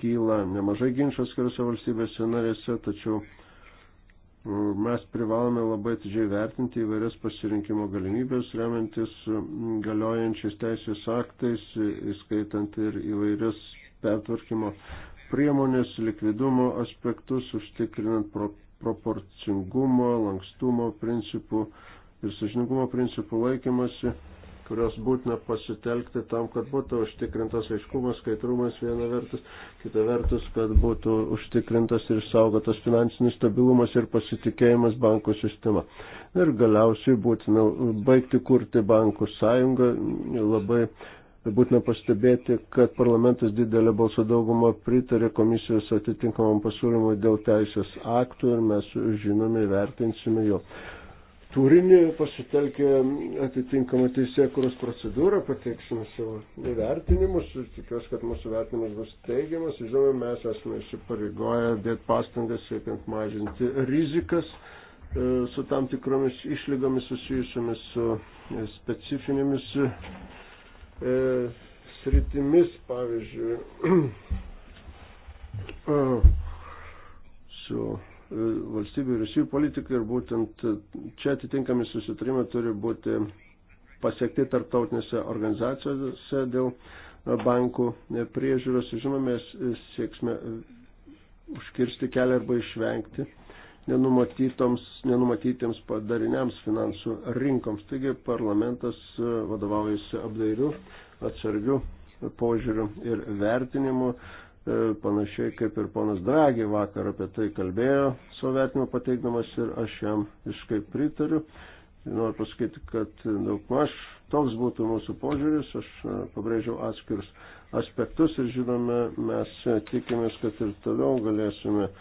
D: kyla nemažai ginčių skiriuose valstybėse narėse, tačiau mm, mes privalome labai atidžiai vertinti įvairias pasirinkimo galimybės, remiantis mm, galiojančiais teisės aktais, įskaitant ir įvairias pertvarkymo priemonės, likvidumo aspektus, užtikrinant proporcingumo, lankstumo principų ir sažiningumo principų laikymasi, kurios būtina pasitelkti tam, kad būtų užtikrintas aiškumas, skaidrumas viena vertus, kita vertus, kad būtų užtikrintas ir saugotas finansinis stabilumas ir pasitikėjimas bankų sistema. Ir galiausiai būtina baigti kurti bankų sąjungą labai Būtina pastebėti, kad parlamentas didelė balsų dauguma pritarė komisijos atitinkamam pasiūlymui dėl teisės aktų ir mes žinome, vertinsime jo turinį, pasitelkę atitinkamą teisėkuros procedūrą, pateiksime savo įvertinimus ir tikiuosi, kad mūsų vertinimas bus teigiamas. Žinoma, mes esame įsipareigoję dėti pastangas siekiant mažinti rizikas e, su tam tikromis išlygomis susijusiamis su specifinėmis e, sritimis, pavyzdžiui, su e, valstybių vyriausybių politikai ir būtent čia atitinkami susitarimai turi būti pasiekti tarptautinėse organizacijose dėl e, bankų e, priežiūros. Žinome, sieksime užkirsti kelią arba išvengti nenumatytiems padariniams finansų rinkoms. Taigi parlamentas e, vadovaujasi apdairių, atsargių požiūrių ir vertinimų. E, panašiai kaip ir ponas Dragi vakar apie tai kalbėjo savo vertinimą pateikdamas ir aš jam iškai pritariu. Noriu pasakyti, kad daugmaž toks būtų mūsų požiūris, aš e, pabrėžiau atskirus aspektus ir žinome, mes tikimės, kad ir toliau galėsime uh,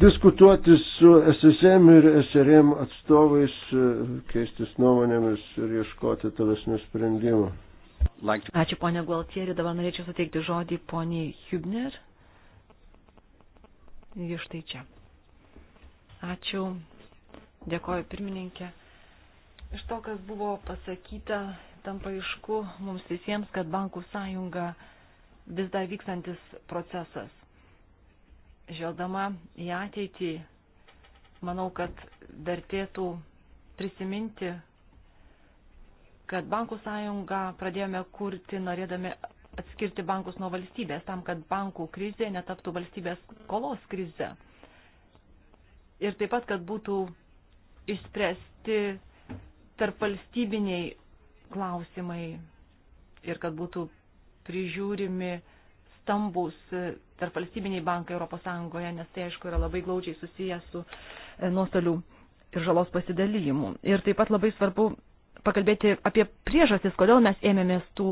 D: diskutuoti su SSM ir SRM atstovais, e, keistis nuomonėmis ir ieškoti tolesnių sprendimų.
B: Ačiū ponia Gualtieri, dabar norėčiau suteikti žodį poniai Hübner. Iš tai čia. Ačiū, dėkoju pirmininkė. Iš to, kas buvo pasakyta, tampa aišku mums visiems, kad bankų sąjunga vis dar vykstantis procesas žvelgdama į ateitį, manau, kad vertėtų prisiminti, kad bankų sąjungą pradėjome kurti norėdami atskirti bankus nuo valstybės, tam, kad bankų krizė netaptų valstybės kolos krize. Ir taip pat, kad būtų išspręsti tarp valstybiniai klausimai ir kad būtų prižiūrimi uh, stambus e, tarp valstybiniai bankai ES, nes tai aišku yra labai glaudžiai susijęs su e, nuostolių ir žalos pasidalymu. Ir taip pat labai svarbu pakalbėti apie priežastis, kodėl mes ėmėmės tų,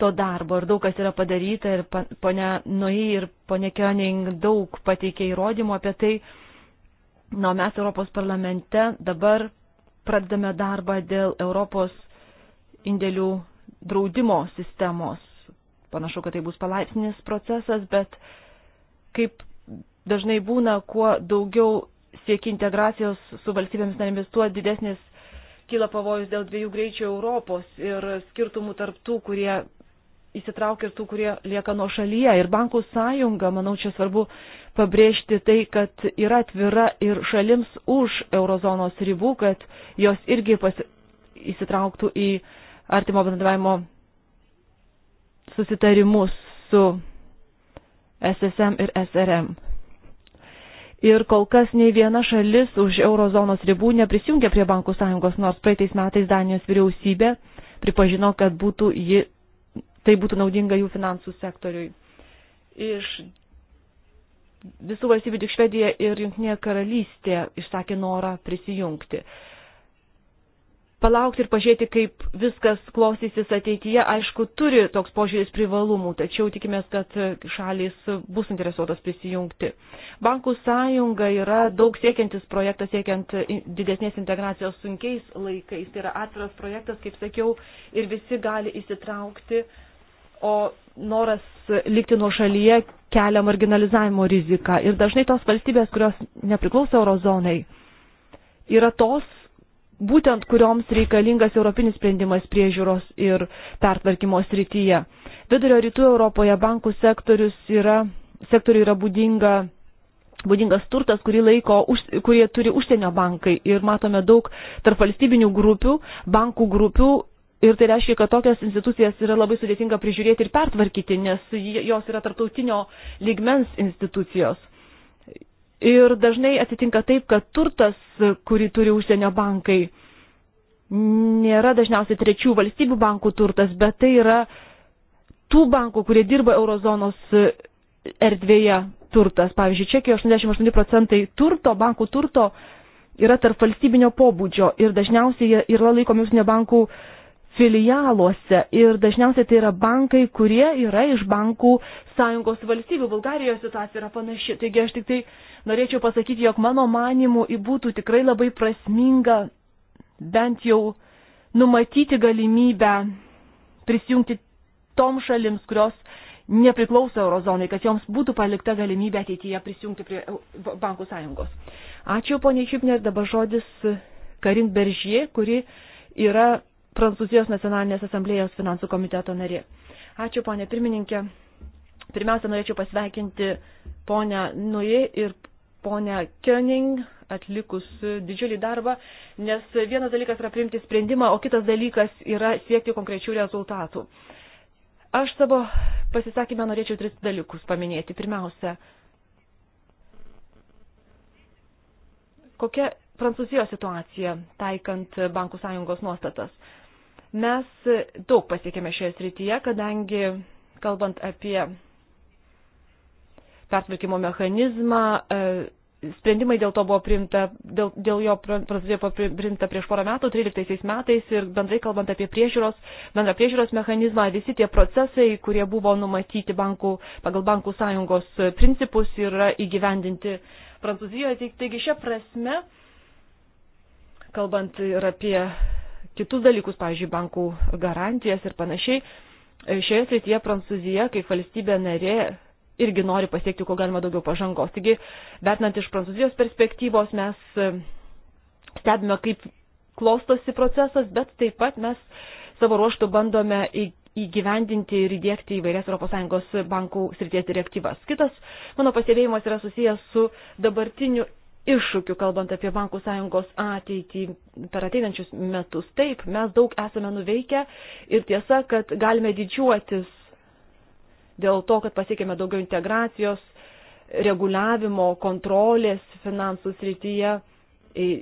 B: to darbo ir daug kas yra padaryta ir ponia Nui ir ponia Kioning daug pateikė įrodymų apie tai. Na, nu, mes Europos parlamente dabar pradedame darbą dėl Europos indėlių draudimo sistemos. Panašu, kad tai bus palaipsnis procesas, bet kaip dažnai būna, kuo daugiau siekia integracijos su valstybėmis narėmis, tuo didesnis kyla pavojus dėl dviejų greičių Europos ir skirtumų tarp tų, kurie įsitraukia ir tų, kurie lieka nuo šalyje. Ir bankų sąjunga, manau, čia svarbu pabrėžti tai, kad yra atvira ir šalims už eurozonos ribų, kad jos irgi pasi... įsitrauktų į artimo bendravimo susitarimus su SSM ir SRM. Ir kol kas nei viena šalis už eurozonos ribų neprisijungia prie bankų sąjungos, nors praeitais metais Danijos vyriausybė pripažino, kad būtų ji, tai būtų naudinga jų finansų sektoriui. Iš visų valstybių tik Švedija ir Junktinė karalystė išsakė norą prisijungti palaukti ir pažiūrėti, kaip viskas klostysis ateityje. Aišku, turi toks požiūris privalumų, tačiau tikimės, kad šalis bus interesuotas prisijungti. Bankų sąjunga yra daug siekiantis projektas, siekiant didesnės integracijos sunkiais laikais. Tai yra atviras projektas, kaip sakiau, ir visi gali įsitraukti, o noras likti nuo šalyje kelia marginalizavimo riziką. Ir dažnai tos valstybės, kurios nepriklauso eurozonai, yra tos, būtent kurioms reikalingas europinis sprendimas priežiūros ir pertvarkymo srityje. Vidurio rytų Europoje bankų sektorius yra, sektoriui yra būdinga, būdingas turtas, kurį laiko, už, kurie turi užsienio bankai ir matome daug tarp valstybinių grupių, bankų grupių. Ir tai reiškia, kad tokias institucijas yra labai sudėtinga prižiūrėti ir pertvarkyti, nes jos yra tarptautinio lygmens institucijos. Ir dažnai atsitinka taip, kad turtas, kurį turi užsienio bankai, nėra dažniausiai trečių valstybių bankų turtas, bet tai yra tų bankų, kurie dirba eurozonos erdvėje turtas. Pavyzdžiui, Čekijoje 88 procentai turto, bankų turto yra tarp valstybinio pobūdžio ir dažniausiai yra laikomi užsienio bankų uh, filialuose ir dažniausiai tai yra bankai, kurie yra iš bankų sąjungos valstybių. Bulgarijos situacija yra panaši. Taigi aš tik tai norėčiau pasakyti, jog mano manimu būtų tikrai labai prasminga bent jau numatyti galimybę prisijungti tom šalims, kurios nepriklauso eurozonai, kad joms būtų palikta galimybė ateityje prisijungti prie bankų sąjungos. Ačiū, ponė Šipner, dabar žodis Karin Beržie, kuri yra Prancūzijos nacionalinės asamblėjos finansų komiteto narė. Ačiū, ponė pirmininkė. Pirmiausia, norėčiau pasveikinti ponę Nui ir ponę König atlikus didžiulį darbą, nes vienas dalykas yra priimti sprendimą, o kitas dalykas yra siekti konkrečių rezultatų. Aš savo pasisakymę norėčiau tris dalykus paminėti. Pirmiausia, kokia Prancūzijos situacija taikant bankų sąjungos nuostatas. Mes daug pasiekėme šioje srityje, kadangi, kalbant apie pertvarkymo mechanizmą, e, sprendimai dėl to buvo priimta, dėl, dėl jo prancūzijoje buvo priimta prieš porą metų, 13 metais ir bendrai kalbant apie priežiūros, bendrą priežiūros mechanizmą, visi tie procesai, kurie buvo numatyti bankų, pagal bankų sąjungos principus, yra įgyvendinti Prancūzijoje. Taigi šia prasme, kalbant ir apie kitus dalykus, pavyzdžiui, bankų garantijas ir panašiai. Šioje srityje Prancūzija, kaip valstybė narė, irgi nori pasiekti kuo galima daugiau pažangos. Taigi, vertinant iš Prancūzijos perspektyvos, mes e, stebime, kaip klostosi procesas, bet taip pat mes savo ruoštų bandome įgyvendinti ir įdėkti įvairias ES bankų srities direktyvas. Kitas mano pastebėjimas yra susijęs su dabartiniu iššūkių, kalbant apie bankų sąjungos ateitį per ateinančius metus. Taip, mes daug esame nuveikę ir tiesa, kad galime didžiuotis dėl to, kad pasiekėme daugiau integracijos, reguliavimo, kontrolės finansų srityje,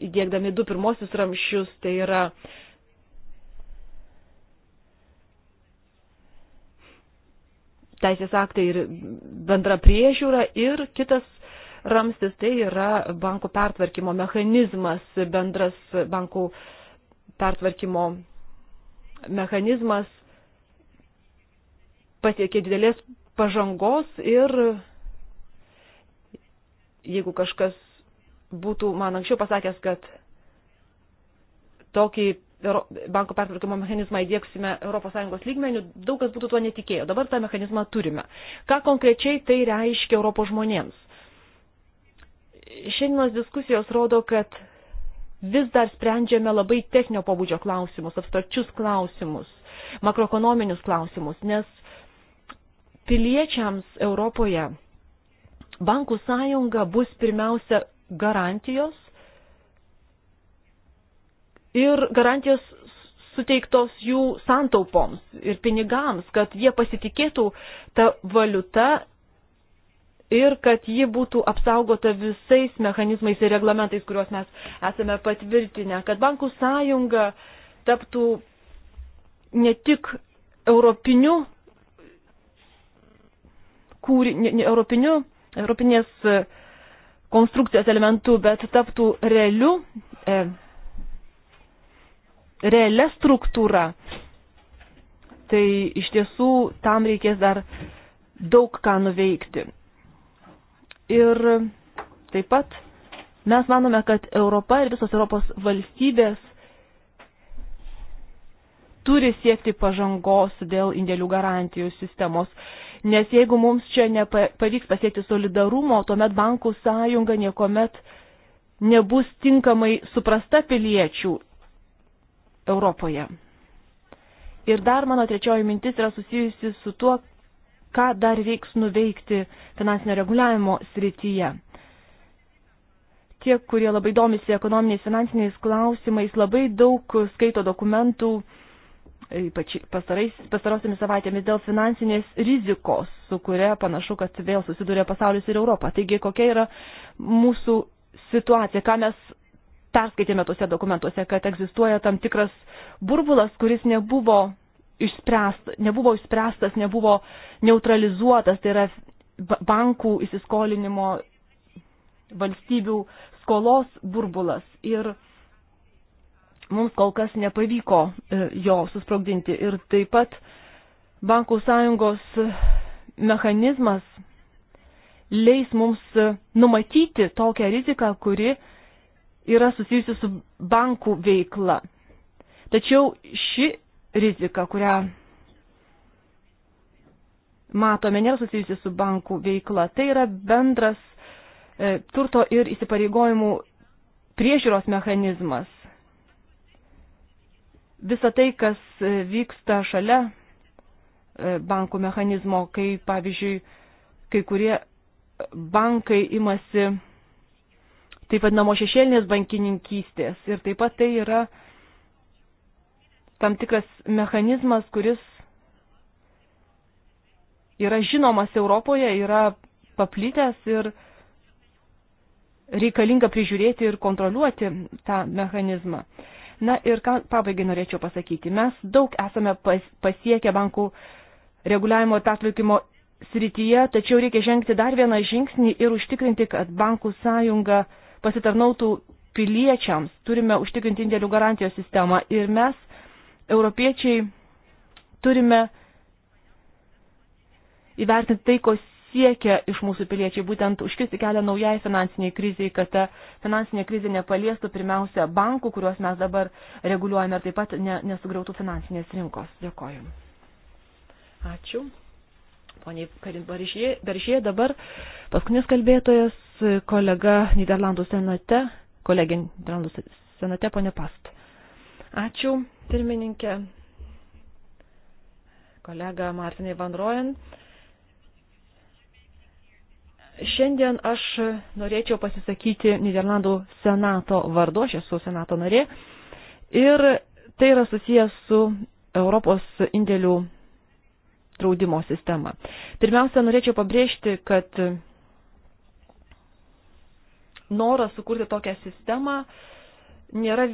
B: įdėkdami du pirmosius ramščius, tai yra teisės aktai ir bendra priežiūra ir kitas ramstis tai yra bankų pertvarkymo mechanizmas, bendras bankų pertvarkymo mechanizmas pasiekė didelės pažangos ir jeigu kažkas būtų man anksčiau pasakęs, kad tokį banko pertvarkymo mechanizmą įdėksime ES lygmenių, daug kas būtų tuo netikėjo. Dabar tą mechanizmą turime. Ką konkrečiai tai reiškia Europos žmonėms? Šiandienos diskusijos rodo, kad vis dar sprendžiame labai techninio pobūdžio klausimus, abstrakčius klausimus, makroekonominius klausimus, nes piliečiams Europoje bankų sąjunga bus pirmiausia garantijos ir garantijos suteiktos jų santaupoms ir pinigams, kad jie pasitikėtų tą valiutą ir kad ji būtų apsaugota visais mechanizmais ir reglamentais, kuriuos mes esame patvirtinę, kad bankų sąjunga taptų ne tik europiniu, kūri, ne, ne, europiniu europinės e, konstrukcijos elementų, bet taptų realiu, e, realia struktūra. Tai iš tiesų tam reikės dar daug ką nuveikti. Ir taip pat mes manome, kad Europa ir visos Europos valstybės turi siekti pažangos dėl indėlių garantijų sistemos. Nes jeigu mums čia nepavyks pasiekti solidarumo, tuomet bankų sąjunga niekuomet nebus tinkamai suprasta piliečių Europoje. Ir dar mano trečioji mintis yra susijusi su tuo, ką dar reiks nuveikti finansinio reguliavimo srityje. Tie, kurie labai domisi ekonominiais finansiniais klausimais, labai daug skaito dokumentų, ypač pastarosiamis savaitėmis dėl finansinės rizikos, su kuria panašu, kad vėl susiduria pasaulis ir Europa. Taigi, kokia yra mūsų situacija, ką mes perskaitėme tuose dokumentuose, kad egzistuoja tam tikras burbulas, kuris nebuvo išspręst, nebuvo išspręstas, nebuvo neutralizuotas, tai yra bankų įsiskolinimo valstybių skolos burbulas ir mums kol kas nepavyko e, jo susprogdinti. Ir taip pat bankų sąjungos e, mechanizmas leis mums e, numatyti tokią riziką, kuri yra susijusi su bankų veikla. Tačiau ši rizika, kurią matome, nėra susijusi su bankų veikla. Tai yra bendras e, turto ir įsipareigojimų priežiūros mechanizmas. Visa tai, kas e, vyksta šalia e, bankų mechanizmo, kai, pavyzdžiui, kai kurie bankai imasi taip vadinamo šešėlinės bankininkystės. Ir taip pat tai yra e, tam tikras mechanizmas, kuris yra žinomas Europoje, yra paplitęs ir reikalinga prižiūrėti ir kontroliuoti tą mechanizmą. Na ir ką pabaigai norėčiau pasakyti. Mes daug esame pas, pasiekę bankų reguliavimo atlikimo srityje, tačiau reikia žengti dar vieną žingsnį ir užtikrinti, kad bankų sąjunga pasitarnautų piliečiams. Turime užtikrinti indėlių garantijos sistemą ir mes europiečiai turime įvertinti tai, ko siekia iš mūsų piliečiai, būtent užkisti kelią naujai finansiniai kriziai, kad ta finansinė krizė nepaliestų pirmiausia bankų, kuriuos mes dabar reguliuojame ir taip pat ne, nesugriautų finansinės rinkos. Dėkoju. Ačiū. Poniai Karin Beržė, dabar paskutinis kalbėtojas, kolega Niderlandų senate, kolegė Niderlandų senate, ponė Past. Ačiū, pirmininkė, kolega Martinai Van Rojen. Šiandien aš norėčiau pasisakyti Niderlandų senato vardu, aš esu senato narė, ir tai yra susijęs su Europos indėlių draudimo sistema. Pirmiausia, norėčiau pabrėžti, kad noras sukurti tokią sistemą uh, nėra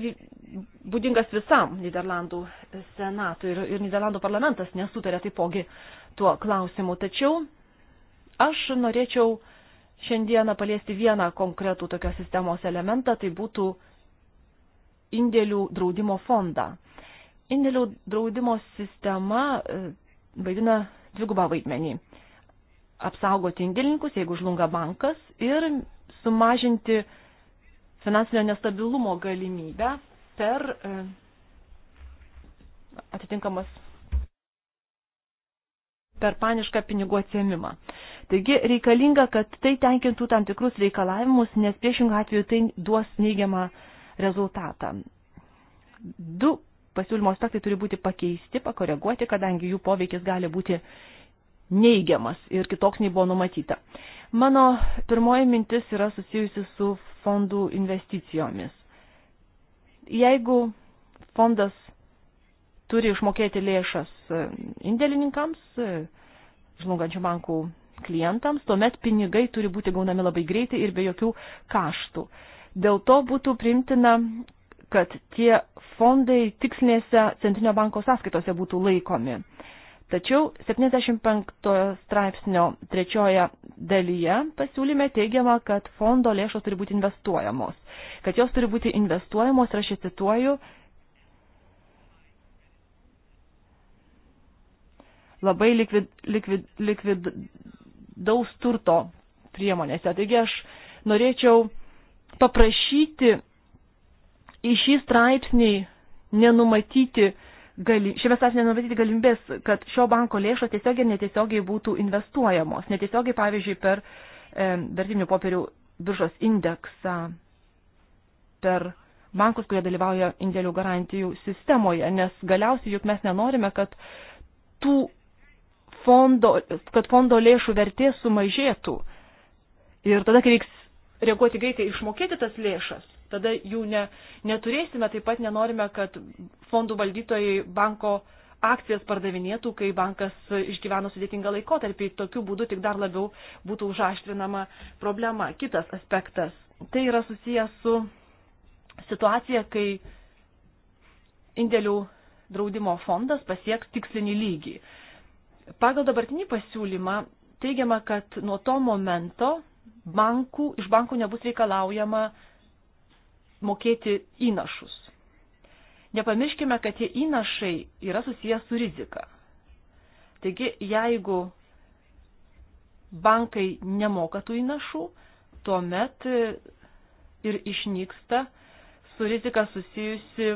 B: būdingas visam Niderlandų senatui ir, ir Niderlandų parlamentas nesutarė taipogi tuo klausimu. Tačiau aš norėčiau šiandieną paliesti vieną konkretų tokios sistemos elementą, tai būtų indėlių draudimo fondą. Indėlių draudimo sistema e, vaidina dvigubą vaidmenį. Apsaugoti indėlininkus, jeigu žlunga bankas, ir sumažinti uh, finansinio nestabilumo galimybę per e, atitinkamas per panišką pinigų atsiemimą. Taigi reikalinga, kad tai tenkintų tam tikrus reikalavimus, nes priešingų atveju tai duos neigiamą rezultatą. Du pasiūlymo aspektai turi būti pakeisti, pakoreguoti, kadangi jų poveikis gali būti neigiamas ir kitoks nei buvo numatyta. Mano pirmoji mintis yra susijusi su fondų investicijomis. Jeigu fondas turi išmokėti lėšas e, indėlininkams, e, žlungančių bankų klientams, tuomet pinigai turi būti gaunami labai greitai ir be jokių kaštų. Dėl to būtų primtina, kad tie fondai tikslinėse Centrinio banko sąskaitose būtų laikomi. Tačiau 75 straipsnio trečioje dalyje pasiūlyme teigiama, kad fondo lėšos turi būti investuojamos. Kad jos turi būti investuojamos, ir aš cituoju, labai likvid, likvid, likvidaus turto priemonėse. Taigi aš norėčiau paprašyti į šį straipsnį nenumatyti gali, šiame straipsnėje numatyti galimybės, kad šio banko lėšos tiesiogiai ir netiesiogiai būtų investuojamos. Netiesiogiai, pavyzdžiui, per e, vertinių popierių biržos indeksą, per bankus, kurie dalyvauja indėlių garantijų sistemoje, nes galiausiai juk mes nenorime, kad tų fondo, kad fondo lėšų vertė sumažėtų. Ir tada, kai reiks reaguoti greitai išmokėti tas lėšas, tada jų ne, neturėsime. Taip pat nenorime, kad fondų valdytojai banko akcijas pardavinėtų, kai bankas išgyveno sudėtingą laikotarpį. Tokiu būdu tik dar labiau būtų užaštrinama problema. Kitas aspektas. Tai yra susijęs su situacija, kai indėlių draudimo fondas pasieks tikslinį lygį. Pagal dabartinį pasiūlymą teigiama, kad nuo to momento bankų, iš bankų nebus reikalaujama mokėti įnašus. Nepamirškime, kad tie įnašai yra susijęs su rizika. Taigi, jeigu bankai nemoka tų įnašų, tuomet ir išnyksta su rizika susijusi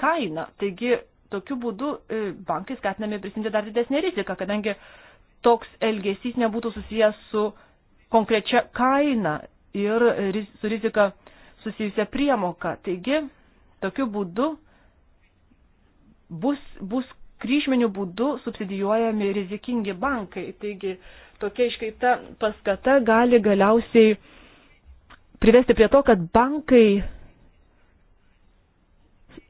B: kaina. Taigi, tokiu būdu e, bankai skatinami prisimti dar didesnį riziką, kadangi toks elgesys nebūtų susijęs su konkrečia kaina ir su rizika susijusią priemoką. Taigi, tokiu būdu bus, bus kryžminių būdų subsidijuojami rizikingi bankai. Taigi, tokia iškreipta paskata gali galiausiai privesti prie to, kad bankai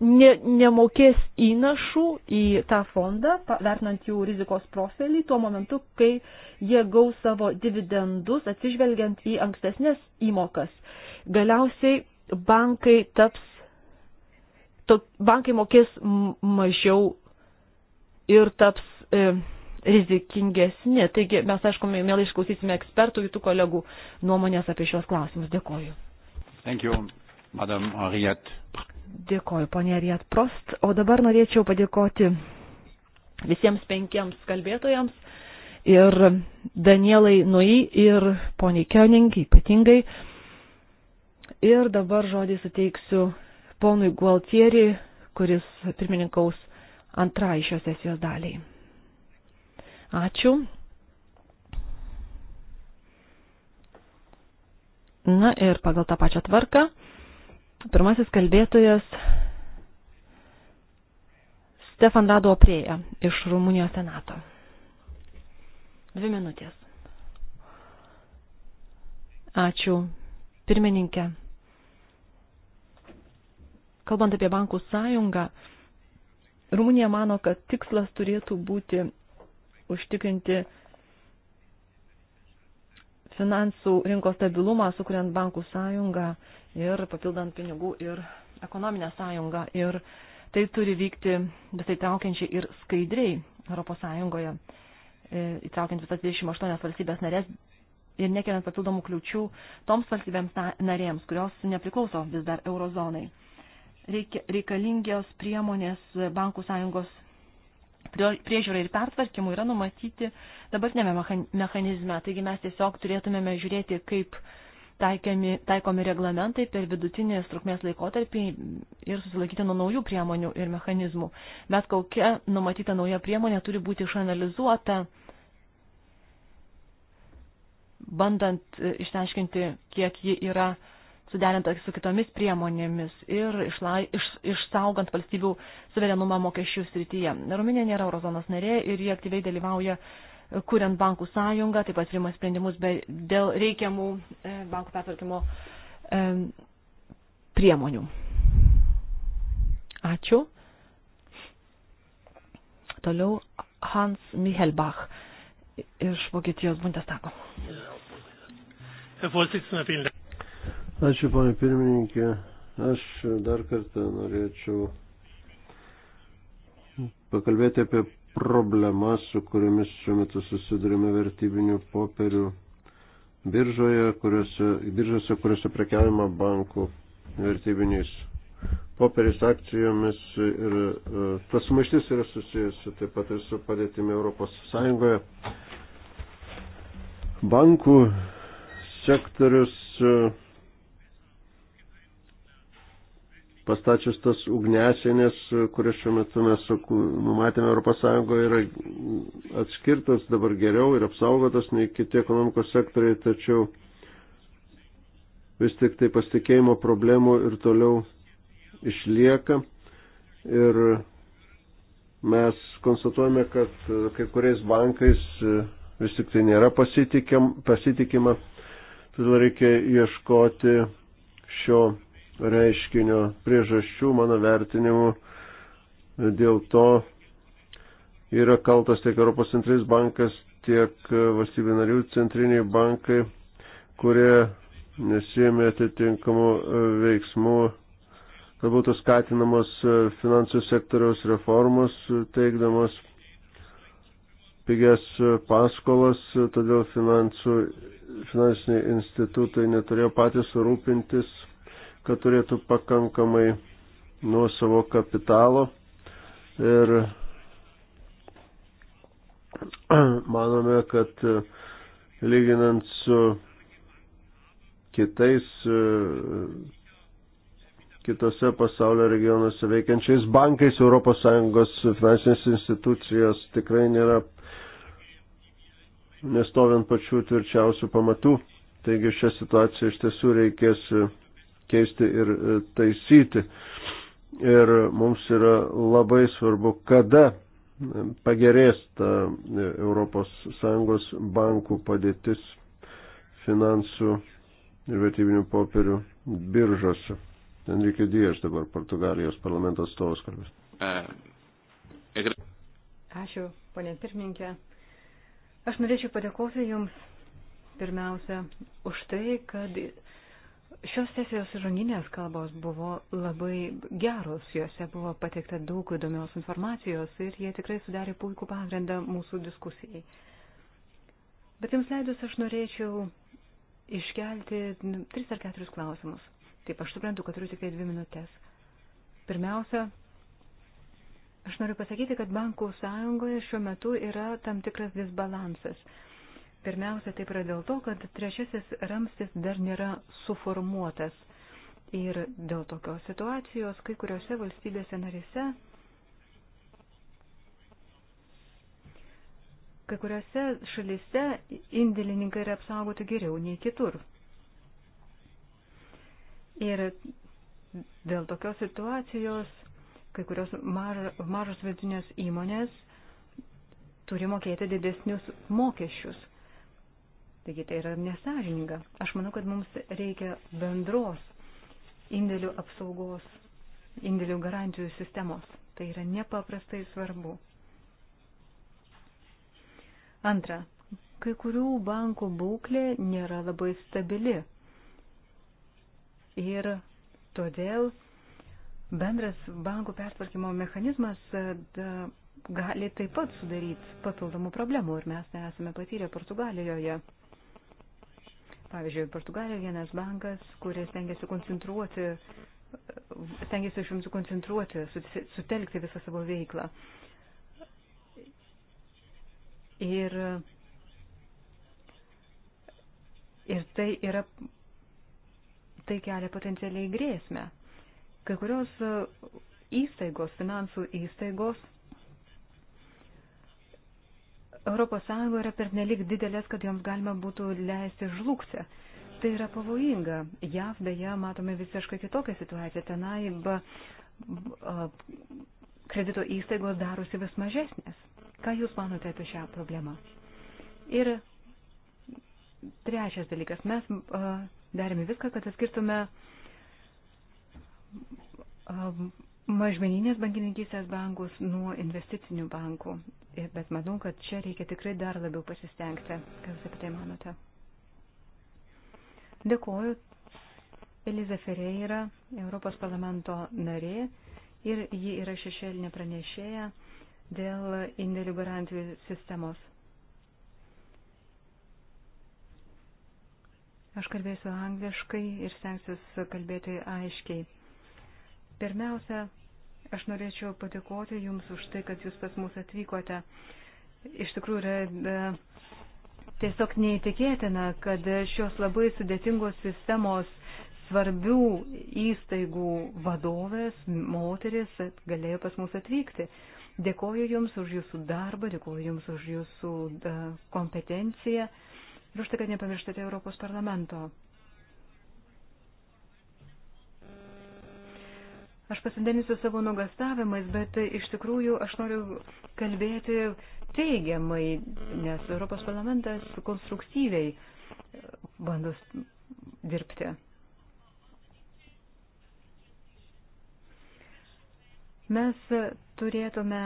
B: ne, nemokės įnašų į tą fondą, vertinant jų rizikos profilį, tuo momentu, kai jie gaus savo dividendus, atsižvelgiant į ankstesnės įmokas. Galiausiai bankai taps, to, bankai mokės mažiau ir taps e, rizikingesni. Taigi mes, aišku, mielai išklausysime ekspertų, kitų kolegų nuomonės apie šios klausimus. Dėkoju.
A: Thank you, Madam Ariat.
B: Dėkoju, ponė Ariat Prost. O dabar norėčiau padėkoti visiems penkiems kalbėtojams ir Danielai Nui ir poniai Kioning ypatingai. Ir dabar žodį suteiksiu ponui Gualtieri, kuris pirmininkaus antrai šios sesijos daliai. Ačiū. Na ir pagal tą pačią tvarką, pirmasis kalbėtojas Stefan Dado Prėja iš Rumunijos senato. Dvi minutės. Ačiū, pirmininkė. Kalbant apie bankų sąjungą, Rumunija mano, kad tikslas turėtų būti užtikrinti finansų rinkos stabilumą, sukuriant bankų sąjungą ir papildant pinigų ir ekonominę sąjungą. Ir tai turi vykti visai traukiančiai ir skaidriai Europos Sąjungoje, e, įtraukiant visas 28 valstybės narės ir nekeliant papildomų kliučių toms valstybėms narėms, kurios nepriklauso vis dar eurozonai reikia, reikalingios priemonės bankų sąjungos priežiūrai ir pertvarkymui yra numatyti dabartinėme mechanizme. Taigi mes tiesiog turėtumėme žiūrėti, kaip taikiami, taikomi reglamentai per vidutinės trukmės laikotarpį ir susilaikyti nuo naujų priemonių ir mechanizmų. Bet kokia numatyta nauja priemonė turi būti išanalizuota, bandant e, išsiaiškinti, kiek ji yra suderinta su kitomis priemonėmis ir išla, iš, išsaugant valstybių suverenumą mokesčių srityje. Rumunija nėra eurozonos narė ir jie aktyviai dalyvauja e, kuriant bankų sąjungą, taip pat priima sprendimus be, dėl reikiamų e, bankų pertvarkymo e, priemonių. Ačiū. Toliau Hans Michelbach iš Vokietijos Bundestago.
A: Herr Vorsitzender,
D: vielen Dank. Ačiū, ponė pirmininkė. Aš dar kartą norėčiau pakalbėti apie problemas, su kuriomis šiuo metu susidurime vertybinių popierių biržoje, kuriuose, biržose, kuriuose prekiaujama bankų vertybiniais popieriais akcijomis ir e, tas sumaištis yra susijusi taip pat ir su padėtimi Europos Sąjungoje. Bankų sektorius e, pastačius tas ugnesienės, kurias šiuo metu mes numatėme Europos Sąjungoje, yra atskirtas dabar geriau ir apsaugotas nei kiti ekonomikos sektoriai, tačiau vis tik tai pasitikėjimo problemų ir toliau išlieka. Ir mes konstatuojame, kad kai kuriais bankais vis tik tai nėra pasitikima, todėl reikia ieškoti šio reiškinio priežasčių, mano vertinimu, dėl to yra kaltas tiek Europos centrinis bankas, tiek valstybių narių centriniai bankai, kurie nesėmė atitinkamų e, veiksmų, kad būtų skatinamos e, finansų sektoriaus reformos, teikdamos pigias e, paskolas, todėl finansų, finansiniai institutai neturėjo patys rūpintis kad turėtų pakankamai nuo savo kapitalo ir manome, kad e, lyginant su kitais e, kitose pasaulio regionuose veikiančiais bankais ES finansinės institucijos tikrai nėra nestovint pačių tvirčiausių pamatų. Taigi šią situaciją iš tiesų reikės e, keisti ir e, taisyti. Ir mums yra labai svarbu, kada e, pagerės ta ES bankų padėtis finansų ir vertybinių popierių biržose. Enrique Dijas dabar Portugalijos parlamento atstovas kalbės.
C: Ačiū, ponė pirmininkė. Aš norėčiau padėkoti Jums pirmiausia už tai, kad Šios sesijos žanginės kalbos buvo labai geros, juose buvo pateikta daug įdomios informacijos ir jie tikrai sudarė puikų pagrindą mūsų diskusijai. Bet jums leidus aš norėčiau iškelti tris ar keturis klausimus. Taip, aš suprantu, kad turiu tik tai dvi minutės. Pirmiausia, aš noriu pasakyti, kad bankų sąjungoje šiuo metu yra tam tikras disbalansas. Pirmiausia, taip yra dėl to, kad trečiasis ramstis dar nėra suformuotas. Ir dėl tokios situacijos kai kuriuose valstybėse narise, kai kuriuose šalise indėlininkai yra apsaugoti geriau nei kitur. Ir dėl tokios situacijos kai kurios maž, mažos vidinės įmonės turi mokėti didesnius mokesčius Taigi tai yra nesažininga. Aš manau, kad mums reikia bendros indėlių apsaugos, indėlių garantijų sistemos. Tai yra nepaprastai svarbu. Antra, kai kurių bankų būklė nėra labai stabili. Ir todėl bendras bankų pertvarkymo mechanizmas e, gali taip pat sudaryti papildomų problemų ir mes nesame patyrę Portugalijoje. Pavyzdžiui, Portugalijoje vienas bankas, kuris stengiasi koncentruoti, stengiasi iš jums koncentruoti, sutelkti visą savo veiklą. Ir, ir tai yra, tai kelia potencialiai grėsmę. Kai kurios įstaigos, finansų įstaigos ES yra pernelik didelės, kad joms galima būtų leisti žlugti. Tai yra pavojinga. JAV beje matome visiškai kitokią situaciją. Tenai ba, ba, kredito įstaigos darosi vis mažesnės. Ką Jūs manote apie šią problemą? Ir trečias dalykas. Mes a, darėme viską, kad atskirtume mažmeninės bankininkystės bankus nuo investicinių bankų bet manau, kad čia reikia tikrai dar labiau pasistengti. Ką Jūs apie tai manote? Dėkuoju. Eliza Ferreira, Europos parlamento narė ir ji yra šešėlinė pranešėja dėl indėlių garantijų sistemos. Aš kalbėsiu angliškai ir stengsiuosi kalbėti aiškiai. Pirmiausia, Aš norėčiau patikoti Jums už tai, kad Jūs pas mus atvykote. Iš tikrųjų yra e, tiesiog neįtikėtina, kad šios labai sudėtingos sistemos svarbių įstaigų vadovės, moteris galėjo pas mus atvykti. Dėkoju Jums už Jūsų darbą, dėkoju Jums už Jūsų e, kompetenciją ir už tai, kad nepamirštate Europos parlamento. Aš pasidalinsiu savo nuogastavimais, bet iš tikrųjų aš noriu kalbėti teigiamai, nes Europos parlamentas konstruktyviai e, bando dirbti. Mes turėtume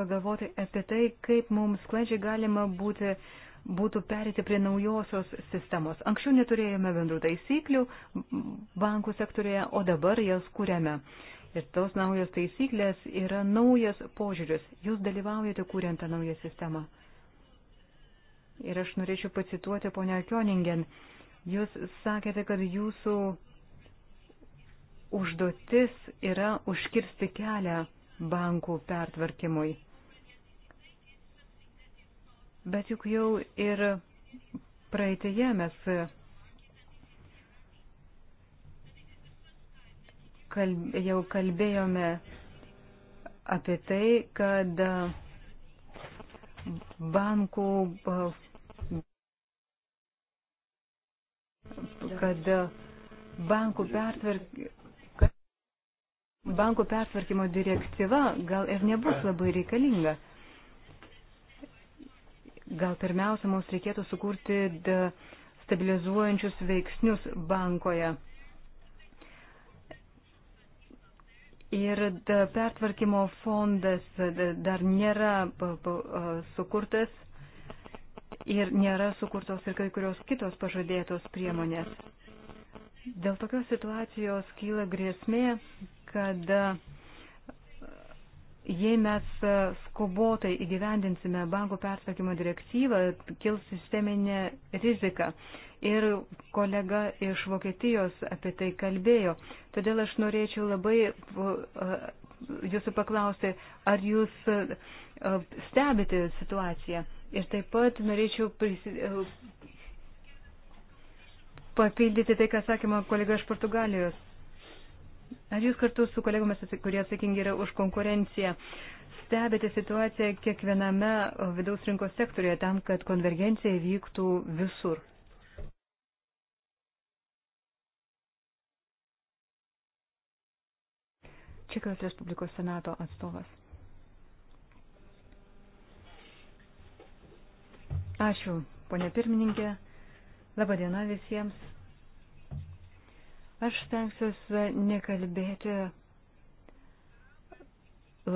C: pagalvoti apie tai, kaip mums sklandžiai galima būti uh, būtų perėti prie naujosios sistemos. Anksčiau neturėjome bendrų taisyklių bankų sektorėje, o dabar jas kūrėme. Ir tos naujos taisyklės yra naujas požiūris. Jūs dalyvaujate kūrent tą naują sistemą. Ir aš norėčiau pacituoti ponia Kioningen. Jūs sakėte, kad jūsų užduotis yra užkirsti kelią bankų pertvarkymui. Bet juk jau ir praeitėje mes kalb, jau kalbėjome apie tai, kad bankų, kad bankų pertvarkymų Bankų pertvarkymo direktyva gal ir nebus labai reikalinga. Gal pirmiausia, mums reikėtų sukurti stabilizuojančius veiksnius bankoje. Ir pertvarkymo fondas dar nėra sukurtas ir nėra sukurtos ir kai kurios kitos pažadėtos priemonės. Dėl tokios situacijos kyla grėsmė, kad uh, jei mes e, skubotai įgyvendinsime bankų pertvarkymo direktyvą, kils sisteminė rizika. Ir kolega iš Vokietijos apie tai kalbėjo. Todėl aš norėčiau labai e, jūsų paklausti, ar jūs e, stebite situaciją. Ir taip pat norėčiau prisi... papildyti tai, ką sakė mano kolega iš Portugalijos. Ar jūs kartu su kolegomis, kurie atsakingi yra už konkurenciją, stebite situaciją kiekviename vidaus rinkos sektorioje tam, kad konvergencija vyktų visur? Čekijos Respublikos Senato atstovas. Ačiū, ponė pirmininkė. Labadiena visiems. Aš stengsiuosi e, nekalbėti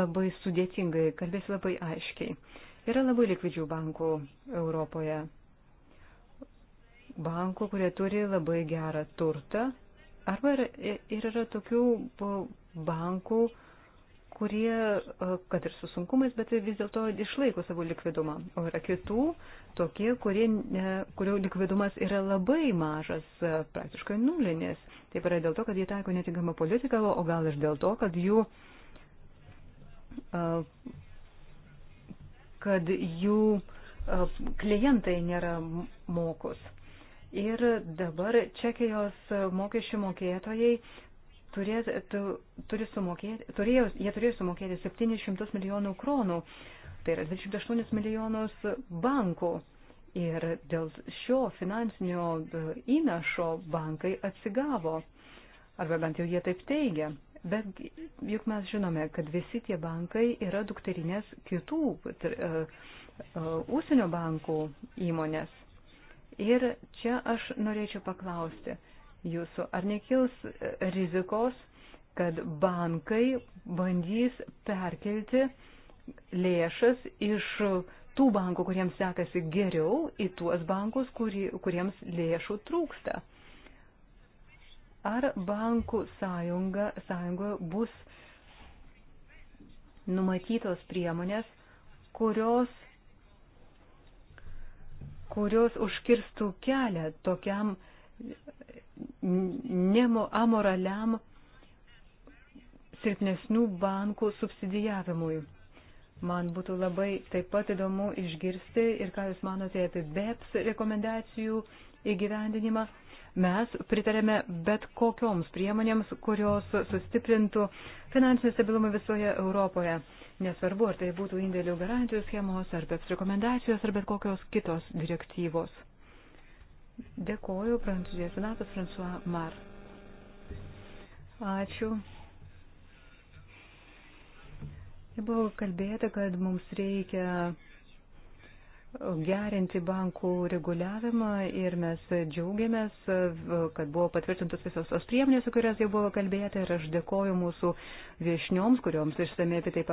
C: labai sudėtingai, kalbėsiu labai aiškiai. Yra labai likvidžių bankų Europoje. Bankų, kurie turi labai gerą turtą. Arba ir yra, yra tokių bankų, kurie, e, kad ir su sunkumais, bet vis dėlto išlaiko savo likvidumą. O yra kitų, tokie, kurie, kurio likvidumas yra labai mažas, e, praktiškai nulinis. Taip yra dėl to, kad jie taiko netinkamą politiką, o gal ir dėl to, kad jų, e, kad jų klientai nėra mokus. Ir dabar Čekijos mokesčių mokėtojai uh, turės, tu, turi sumokėti, turėjo, jie turėjo sumokėti 700 milijonų kronų, tai yra 28 milijonus bankų. Ir dėl šio finansinio e, įnašo bankai atsigavo, arba bent jau jie taip teigia. Bet juk mes žinome, kad visi tie bankai yra dukterinės kitų uh, e, uh, e, ūsienio bankų įmonės. Ir čia aš norėčiau paklausti, uh, jūsų, ar nekils e, rizikos, kad bankai bandys perkelti lėšas iš tų bankų, kuriems sekasi geriau, į tuos bankus, kuri, kuriems lėšų trūksta? Ar bankų sąjunga, sąjungoje bus numatytos priemonės, kurios, kurios užkirstų kelią tokiam nemo amoraliam silpnesnių bankų subsidijavimui. Man būtų labai taip pat įdomu išgirsti ir ką Jūs manote apie BEPS rekomendacijų įgyvendinimą. Mes pritarėme bet kokioms priemonėms, kurios sustiprintų finansinį stabilumą visoje Europoje. Nesvarbu, ar tai būtų indėlių garantijų schemos, ar BEPS rekomendacijos, ar bet kokios kitos direktyvos. Dėkoju, Prancūzijos senatas François Mar. Ačiū. Buvo kalbėta, kad mums reikia gerinti bankų reguliavimą ir mes džiaugiamės, kad buvo patvirtintos visos tos priemonės, kurias jau buvo kalbėta ir aš dėkoju mūsų viešnioms, kurioms išsamei apie tai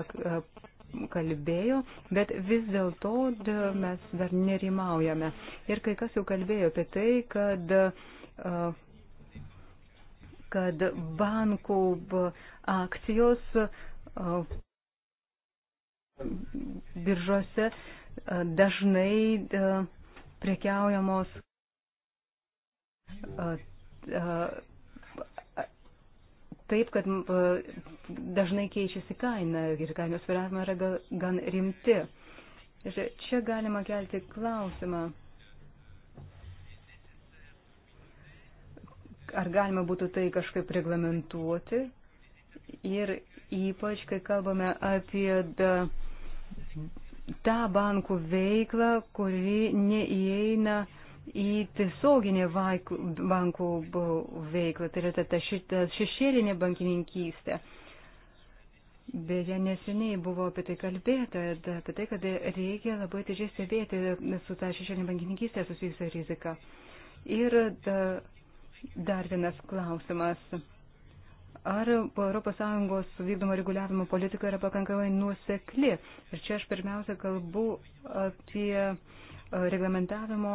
C: kalbėjo, bet vis dėlto mes dar nerimaujame. Ir kai kas jau kalbėjo apie tai, kad kad bankų akcijos biržose uh, dažnai e, prekiaujamos e, e, taip, kad dažnai keičiasi kaina ir kainos sviravimai yra gan rimti. Čia galima kelti klausimą, ar galima būtų tai kažkaip reglamentuoti ir ypač, kai kalbame apie da, tą bankų veiklą, kuri neįeina į tiesioginę bankų veiklą, tai yra ta šešėlinė bankininkystė. Beje, neseniai buvo apie tai kalbėta, apie tai, kad reikia labai atidžiai stebėti su tą šešėlinė bankininkystė susijusią riziką. Ir da, dar vienas klausimas. Ar ES vykdoma reguliavimo politika yra pakankamai nuosekli? Ir čia aš pirmiausia kalbu apie e, reglamentavimo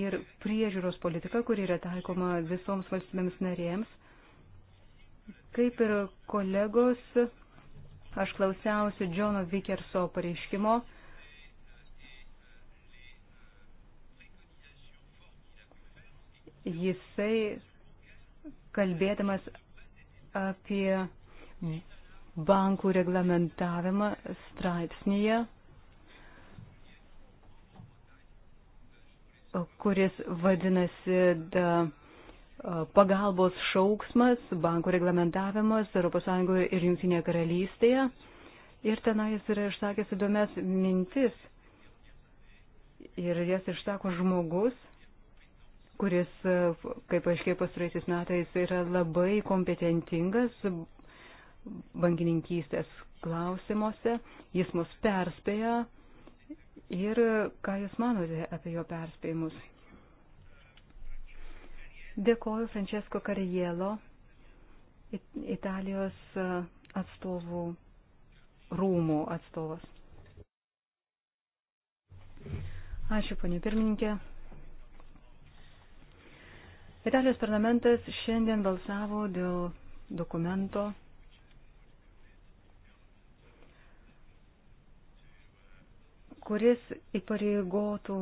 C: ir priežiūros politiką, kuri yra taikoma visoms valstybėms narėms. Kaip ir kolegos, aš klausiausi Džono Vikerso pareiškimo. Jisai kalbėdamas apie bankų reglamentavimą straipsnėje, kuris vadinasi da, pagalbos šauksmas, bankų reglamentavimas ES ir Junktinėje karalystėje. Ir tenai jis yra išsakęs įdomias mintis. Ir jas išsako žmogus, kuris, e, kaip aiškiai pastaraisiais metais, yra labai kompetentingas bankininkystės klausimuose. Jis mus perspėja ir ką Jūs manote apie jo perspėjimus? Dėkoju Francesco Karielo, Italijos e, atstovų rūmų atstovas. Ačiū, ponė pirmininkė. Italijos parlamentas šiandien balsavo dėl dokumento, kuris įpareigotų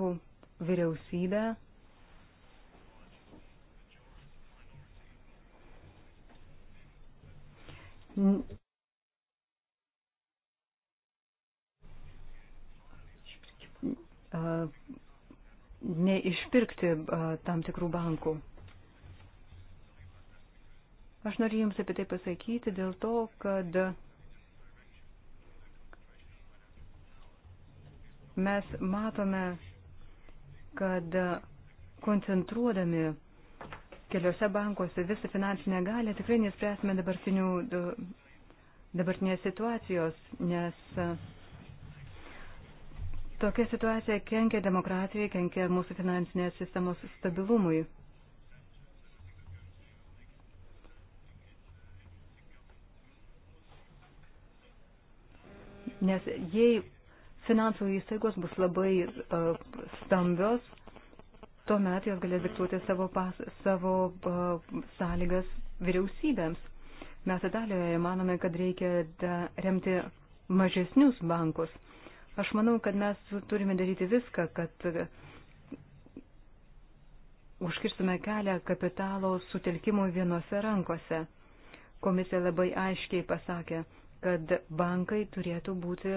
C: vyriausybę neišpirkti tam tikrų bankų. Aš noriu Jums apie tai pasakyti dėl to, kad mes matome, kad koncentruodami keliose bankuose visą finansinę galę tikrai nespręsime dabartinių, dabartinės situacijos, nes tokia situacija kenkia demokratijai, kenkia mūsų finansinės sistemos stabilumui. Nes jei finansų įstaigos bus labai uh, stambios, tuomet jos galės diktuoti savo, pas, savo uh, sąlygas vyriausybėms. Mes Italijoje manome, kad reikia remti mažesnius bankus. Aš manau, kad mes turime daryti viską, kad užkirstume kelią kapitalo sutelkimui vienose rankose. Komisija labai aiškiai pasakė, kad bankai turėtų būti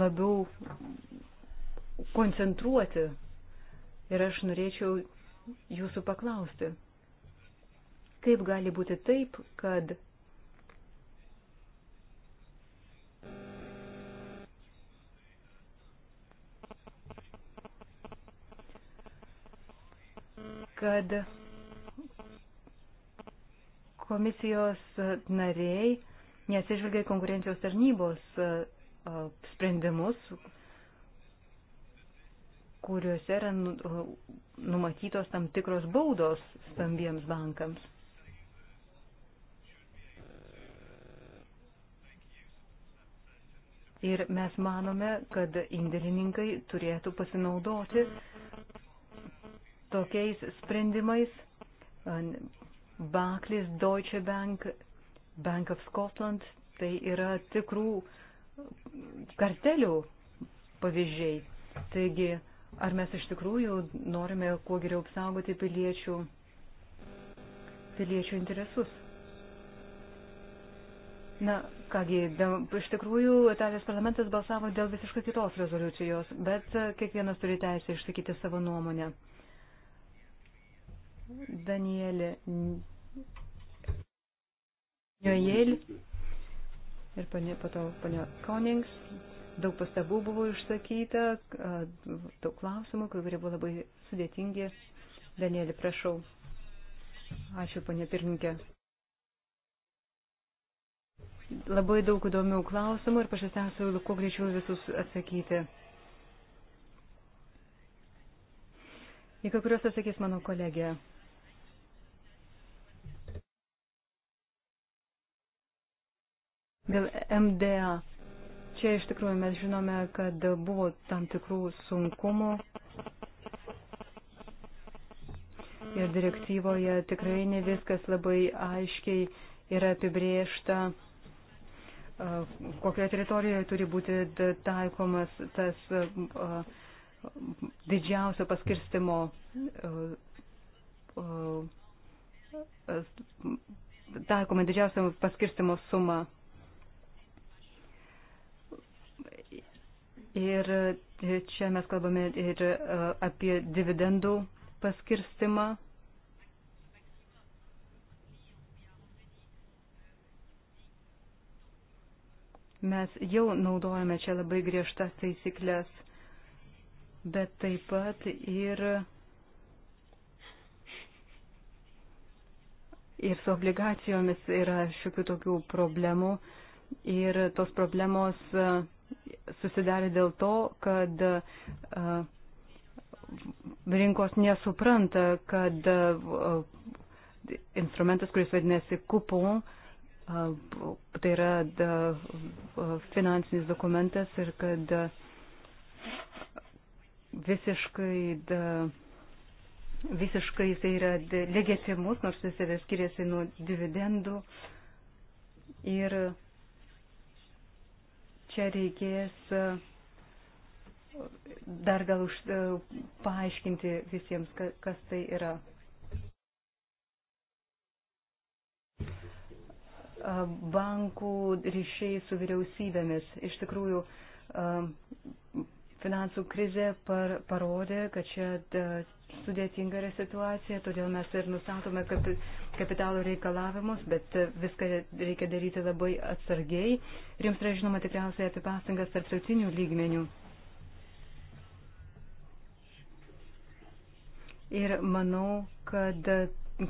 C: labiau koncentruoti. Ir aš norėčiau jūsų paklausti, kaip gali būti taip, kad kad komisijos nariai nesižvelgia konkurencijos tarnybos e, e, sprendimus, kuriuose yra nu, e, numatytos tam tikros baudos stambiems bankams. Ir mes manome, kad indėlininkai turėtų pasinaudoti tokiais sprendimais. Barclays Deutsche Bank Bank of Scotland, tai yra tikrų kartelių pavyzdžiai. Taigi, ar mes iš tikrųjų norime kuo geriau apsaugoti piliečių, piliečių interesus? Na, kągi, da, iš tikrųjų, Italijos parlamentas balsavo dėl visiškai kitos rezoliucijos, bet e, kiekvienas turi teisę išsakyti savo nuomonę. Danielė Joel ir panė, po to panė Konings. Daug pastabų buvo išsakyta, daug klausimų, kurie buvo labai sudėtingi. Danielį, prašau. Ačiū, panė pirmininkė. Labai daug įdomių klausimų ir pašastęsiu, kuo greičiau visus atsakyti. Į kai kuriuos atsakys mano kolegė. Dėl MDA. Čia iš tikrųjų mes žinome, kad buvo tam tikrų sunkumų. Ir direktyvoje tikrai ne viskas labai aiškiai yra apibriešta, kokioje teritorijoje turi būti taikomas tas didžiausio paskirstimo taikoma didžiausia paskirstimo suma. Ir e, čia mes kalbame ir e, apie dividendų paskirstimą. Mes jau naudojame čia labai griežtas taisyklės, bet taip pat ir, ir su obligacijomis yra šiokių tokių problemų ir tos problemos susidarė dėl to, kad e, rinkos nesupranta, kad e, instrumentas, kuris vadinasi kupon, e, tai yra finansinis dokumentas ir kad visiškai da, visiškai jisai yra legitimus, nors jis yra skiriasi nuo dividendų. Ir čia reikės e, dar gal už, e, paaiškinti visiems, kas tai yra. E, bankų ryšiai su vyriausybėmis. Iš tikrųjų, Finansų krizė par, parodė, kad čia e, sudėtinga yra situacija, todėl mes ir nustatome kap, kapitalo reikalavimus, bet e, viską reikia daryti labai atsargiai. Ir jums yra žinoma tikriausiai apie pastangas tarptautinių lygmenių. Ir manau, kad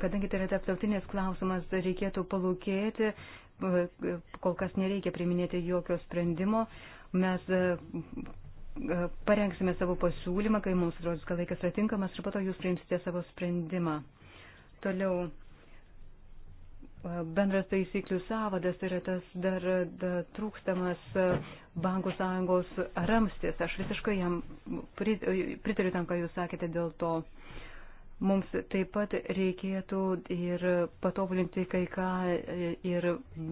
C: kadangi tai yra tarptautinis klausimas, reikėtų palūkėti, e, kol kas nereikia priminėti jokio sprendimo. Mes E, parengsime savo pasiūlymą, kai mums atrodys, kad laikas yra tinkamas ir po to jūs priimsite savo sprendimą. Toliau e, bendras taisyklių savadas tai yra tas dar da, trūkstamas e, bankų sąjungos ramstis. Aš visiškai jam pritariu tam, ką jūs sakėte dėl to. Mums taip pat reikėtų ir patobulinti kai ką ir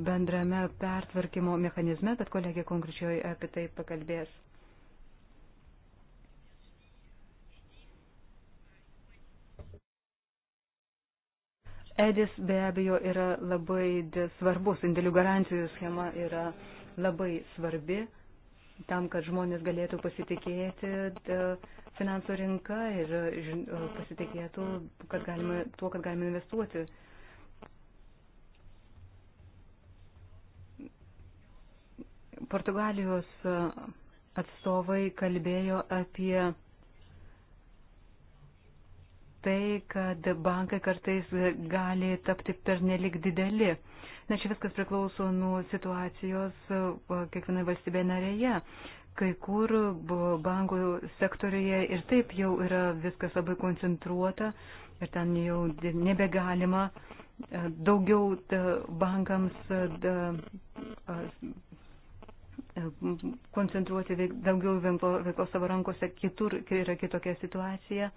C: bendrame pertvarkymo mechanizme, bet kolegė konkrečiai apie tai pakalbės. Edis be abejo yra labai svarbus, indėlių garantijų schema yra labai svarbi tam, kad žmonės galėtų pasitikėti finansų rinką ir pasitikėtų kad galima, tuo, kad galime investuoti. Portugalijos atstovai kalbėjo apie tai, kad bankai kartais gali tapti pernelik dideli. Na, čia viskas priklauso nuo situacijos e, kiekvienoje valstybėje narėje. Kai kur bankų sektoriuje ir taip jau yra viskas labai koncentruota ir ten jau nebegalima e, daugiau e, bankams koncentruoti daugiau veiklos savo rankose, kitur yra kitokia situacija.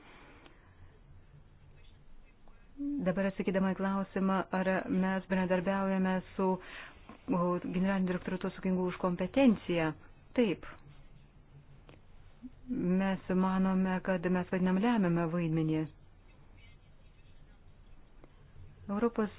C: Dabar atsakydama į klausimą, ar mes bendradarbiaujame su generaliniu direktoriu atsakingu už kompetenciją. Taip. Mes manome, kad mes vadinam lemiamą vaidmenį. Europos,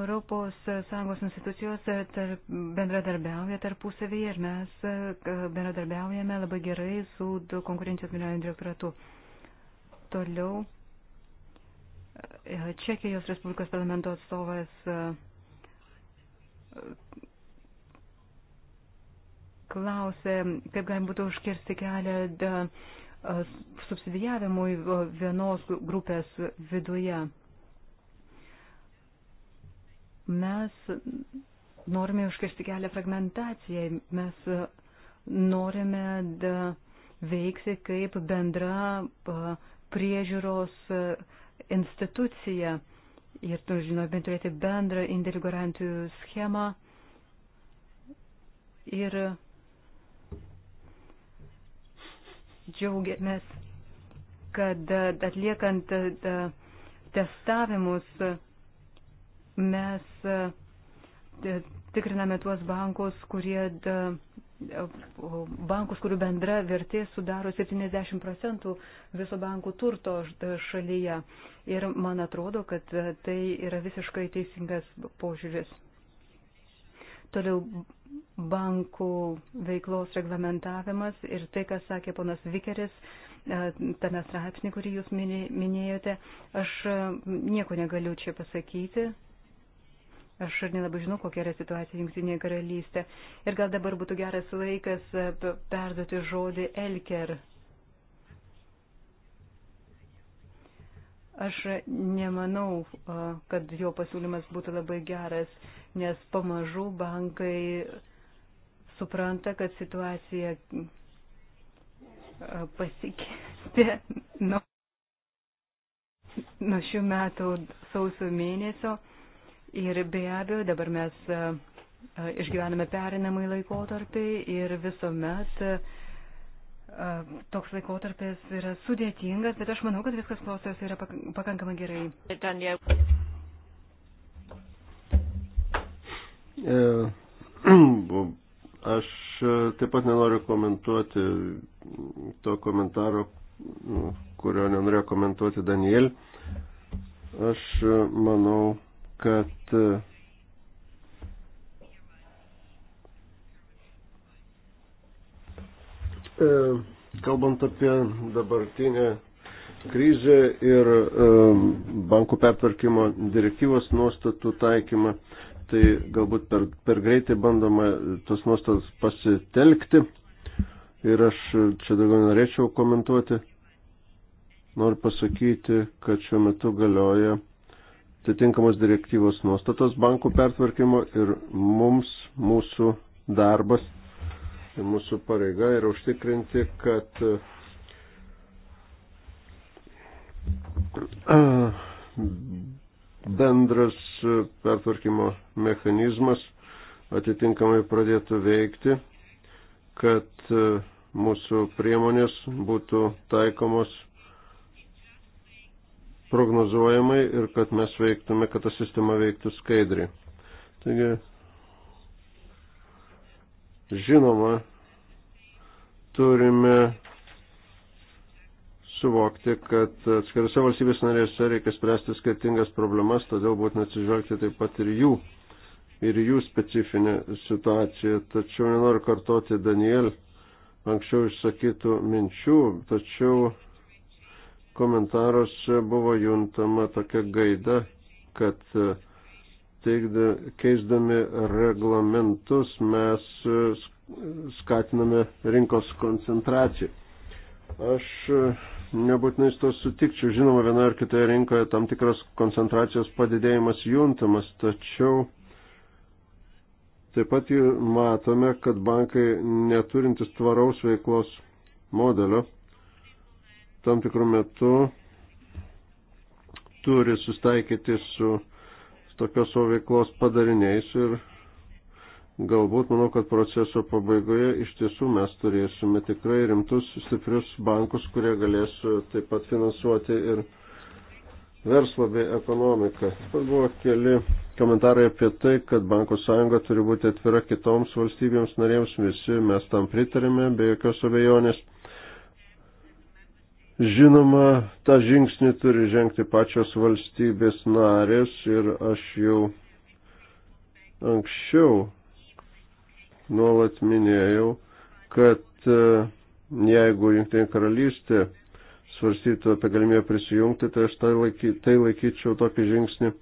C: Europos Sąjungos institucijos tarp, bendradarbiauja tarpusavyje ir mes e, bendradarbiaujame labai gerai su konkurencijos generaliniu direktoratu. Toliau e, Čekijos Respublikos parlamento atstovas e, klausė, kaip galima būtų užkirsti kelią e, subsidijavimui vienos grupės viduje. Mes norime užkirsti kelią fragmentacijai, mes norime veikti kaip bendra priežiūros e, institucija ir žinome turėti bendrą indėlių garantijų schemą. Ir džiaugiamės, kad e, atliekant e, testavimus mes tikriname tuos bankus, kurie bankus, kurių bendra vertė sudaro 70 procentų viso bankų turto šalyje. Ir man atrodo, kad tai yra visiškai teisingas požiūris. Toliau bankų veiklos reglamentavimas ir tai, kas sakė ponas Vikeris, e, tame straipsnį, kurį jūs minėjote, aš e, nieko negaliu čia pasakyti. Aš nelabai žinau, kokia yra situacija Junktinėje karalystė. Ir gal dabar būtų geras laikas e, perduoti žodį Elker. Aš nemanau, kad jo pasiūlymas būtų labai geras, nes pamažu bankai supranta, kad situacija pasikeitė nuo, nuo šių metų sausio mėnesio. Ir be abejo, dabar mes e, e, išgyvename perinamai laikotarpį ir visuomet e, toks laikotarpis yra sudėtingas, bet aš manau, kad viskas klausosi yra pakankamai gerai.
D: Aš taip pat nenoriu komentuoti to komentaro, kurio nenorėjo komentuoti Daniel. Aš manau, kad e, kalbant apie dabartinę krizę ir e, bankų pertvarkymo direktyvos nuostatų taikymą, tai galbūt per, per greitai bandoma tos nuostatas pasitelkti ir aš čia daugiau norėčiau komentuoti. Noriu pasakyti, kad šiuo metu galioja atitinkamos direktyvos nuostatos bankų pertvarkymo ir mums, mūsų darbas ir mūsų pareiga yra užtikrinti, kad e, bendras pertvarkymo mechanizmas atitinkamai pradėtų veikti, kad e, mūsų priemonės būtų taikomos prognozuojamai ir kad mes veiktume, kad ta sistema veiktų skaidriai. Taigi, žinoma, turime suvokti, kad atskirose valstybės narėse reikia spręsti skirtingas problemas, todėl būtina atsižvelgti taip pat ir jų, ir jų specifinę situaciją. Tačiau nenoriu kartoti Daniel anksčiau išsakytų minčių, tačiau komentaruose buvo juntama tokia gaida, kad e, teikda, keisdami reglamentus mes e, skatiname rinkos koncentraciją. Aš e, nebūtinai su to sutikčiau, žinoma, vienoje ar kitoje rinkoje tam tikras koncentracijos padidėjimas juntamas, tačiau taip pat matome, kad bankai neturintis tvaraus veiklos modelio tam tikrų metų turi sustaikyti su tokios savo veiklos padariniais ir galbūt manau, kad proceso pabaigoje iš tiesų mes turėsime tikrai rimtus, stiprius bankus, kurie galės taip pat finansuoti ir verslą bei ekonomiką. Taip buvo keli komentarai apie tai, kad bankų sąjunga turi būti atvira kitoms valstybėms narėms, visi mes tam pritarėme, be jokios abejonės. Žinoma, tą žingsnį turi žengti pačios valstybės narės ir aš jau anksčiau nuolat minėjau, kad e, jeigu Junktinė karalystė svarstytų apie galimybę prisijungti, tai aš tai, laiky, tai laikyčiau tokį žingsnį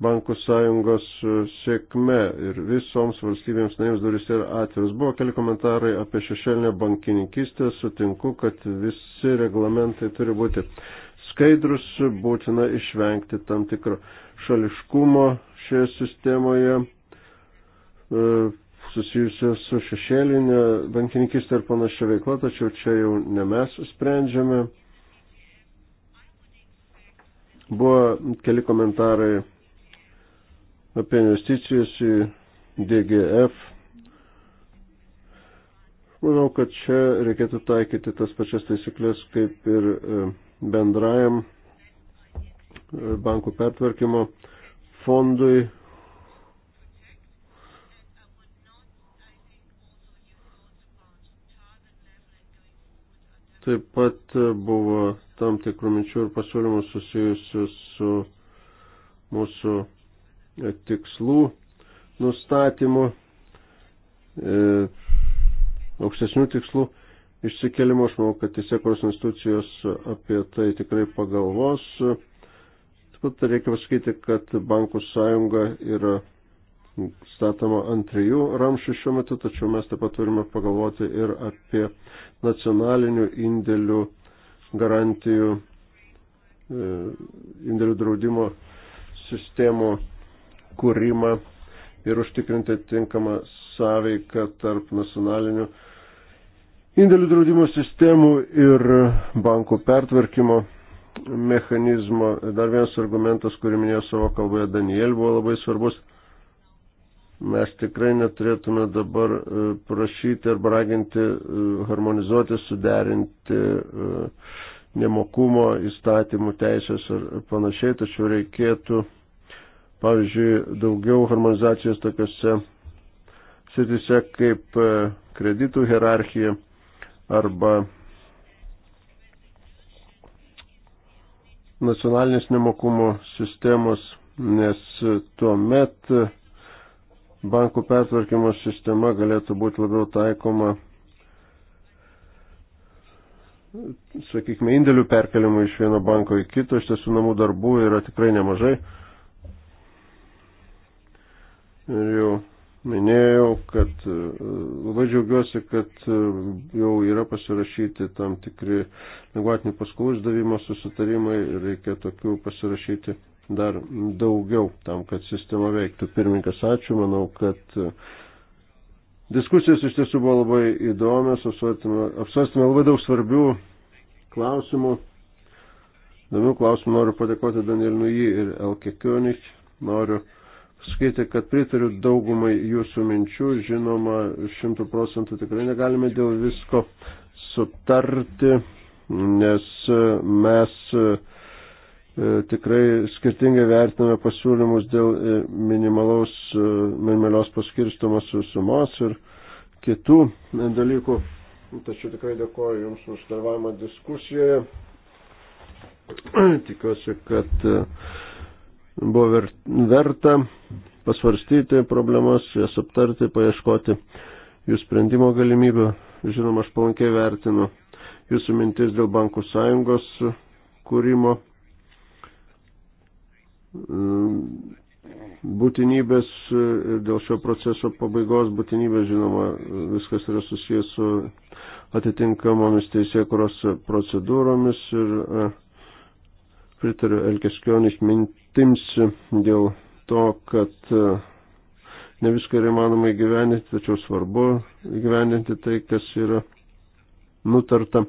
D: bankų sąjungos e, sėkme ir visoms valstybėms narėms duris yra atviras. Buvo keli komentarai apie šešėlinę bankininkystę, sutinku, kad visi reglamentai turi būti skaidrus, būtina išvengti tam tikro šališkumo šioje sistemoje e, susijusio su šešėlinė bankininkistė ir panašia veikla, tačiau čia jau ne mes sprendžiame. Buvo keli komentarai apie investicijas į DGF. Manau, kad čia reikėtų taikyti tas pačias taisyklės kaip ir e, bendrajam e, bankų pertvarkymo fondui. Taip pat e, buvo tam tikrų minčių ir pasiūlymų susijusių su mūsų tikslų nustatymu, e, aukštesnių tikslų išsikelimo. Aš manau, kad teisėkos institucijos apie tai tikrai pagalvos. Taip pat reikia pasakyti, kad bankų sąjunga yra statoma ant trijų ramšių šiuo metu, tačiau mes taip pat turime pagalvoti ir apie nacionalinių indėlių garantijų, e, indėlių draudimo sistemų kūrimą ir užtikrinti tinkamą sąveiką tarp nacionalinių indėlių draudimo sistemų ir bankų pertvarkymo mechanizmo. Dar vienas argumentas, kurį minėjo savo kalboje Daniel, buvo labai svarbus. Mes tikrai neturėtume dabar e, prašyti arba raginti e, harmonizuoti, suderinti e, nemokumo įstatymų teisės ir panašiai, tačiau reikėtų Pavyzdžiui, daugiau harmonizacijos tokiuose sritise kaip e, kreditų hierarchija arba nacionalinės nemokumo sistemos, nes tuo met bankų pertvarkymo sistema galėtų būti labiau taikoma, sakykime, indėlių perkelimui iš vieno banko į kitą, iš tiesų namų darbų yra tikrai nemažai ir jau minėjau, kad e, labai džiaugiuosi, kad e, jau yra pasirašyti tam tikri lengvatinių paskolų išdavimo susitarimai ir reikia tokių pasirašyti dar daugiau tam, kad sistema veiktų. Pirmininkas, ačiū, manau, kad e, diskusijos iš tiesų buvo labai įdomios, apsvarstėme labai daug svarbių klausimų. Įdomių klausimų noriu padėkoti Danielinui ir Elke Kionič. Noriu sakyti, kad pritariu daugumai jūsų minčių, žinoma, šimtų procentų tikrai negalime dėl visko sutarti, nes mes e, tikrai skirtingai vertiname pasiūlymus dėl e, minimalaus, e, minimalios paskirstomos sumos ir kitų dalykų. Tačiau tikrai dėkoju Jums už dalyvavimą diskusijoje. Tikiuosi, kad uh, buvo verta pasvarstyti problemas, jas aptarti, paieškoti jų sprendimo galimybių. Žinoma, aš palankiai vertinu jūsų mintis dėl bankų sąjungos kūrimo e, būtinybės ir dėl šio proceso pabaigos būtinybės, žinoma, viskas yra susijęs su atitinkamomis teisėkuros procedūromis ir uh, Pritariu Elkeskionis mintims dėl to, kad e, ne viską yra įmanoma įgyveninti, tačiau svarbu įgyveninti tai, kas yra nutarta.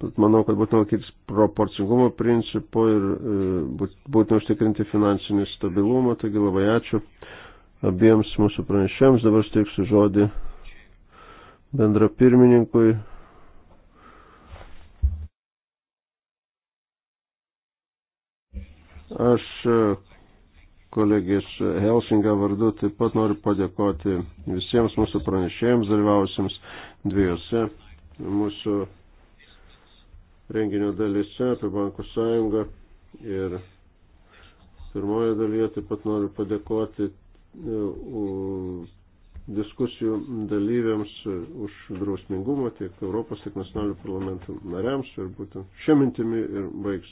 D: Tad manau, kad būtina laikytis proporcingumo principo ir e, būtina užtikrinti finansinį stabilumą. Taigi labai ačiū abiems mūsų pranešėms. Dabar steiksiu žodį bendra pirmininkui Aš e, kolegės Helsinga vardu taip pat noriu padėkoti visiems mūsų pranešėjams dalyvausiems dviejose mūsų renginio dalyse apie Bankų sąjungą ir pirmoje dalyje taip pat noriu padėkoti e, diskusijų dalyviams už drausmingumą tiek Europos, tiek nacionalinių parlamentų nariams ir būtent šią mintimį ir baigs.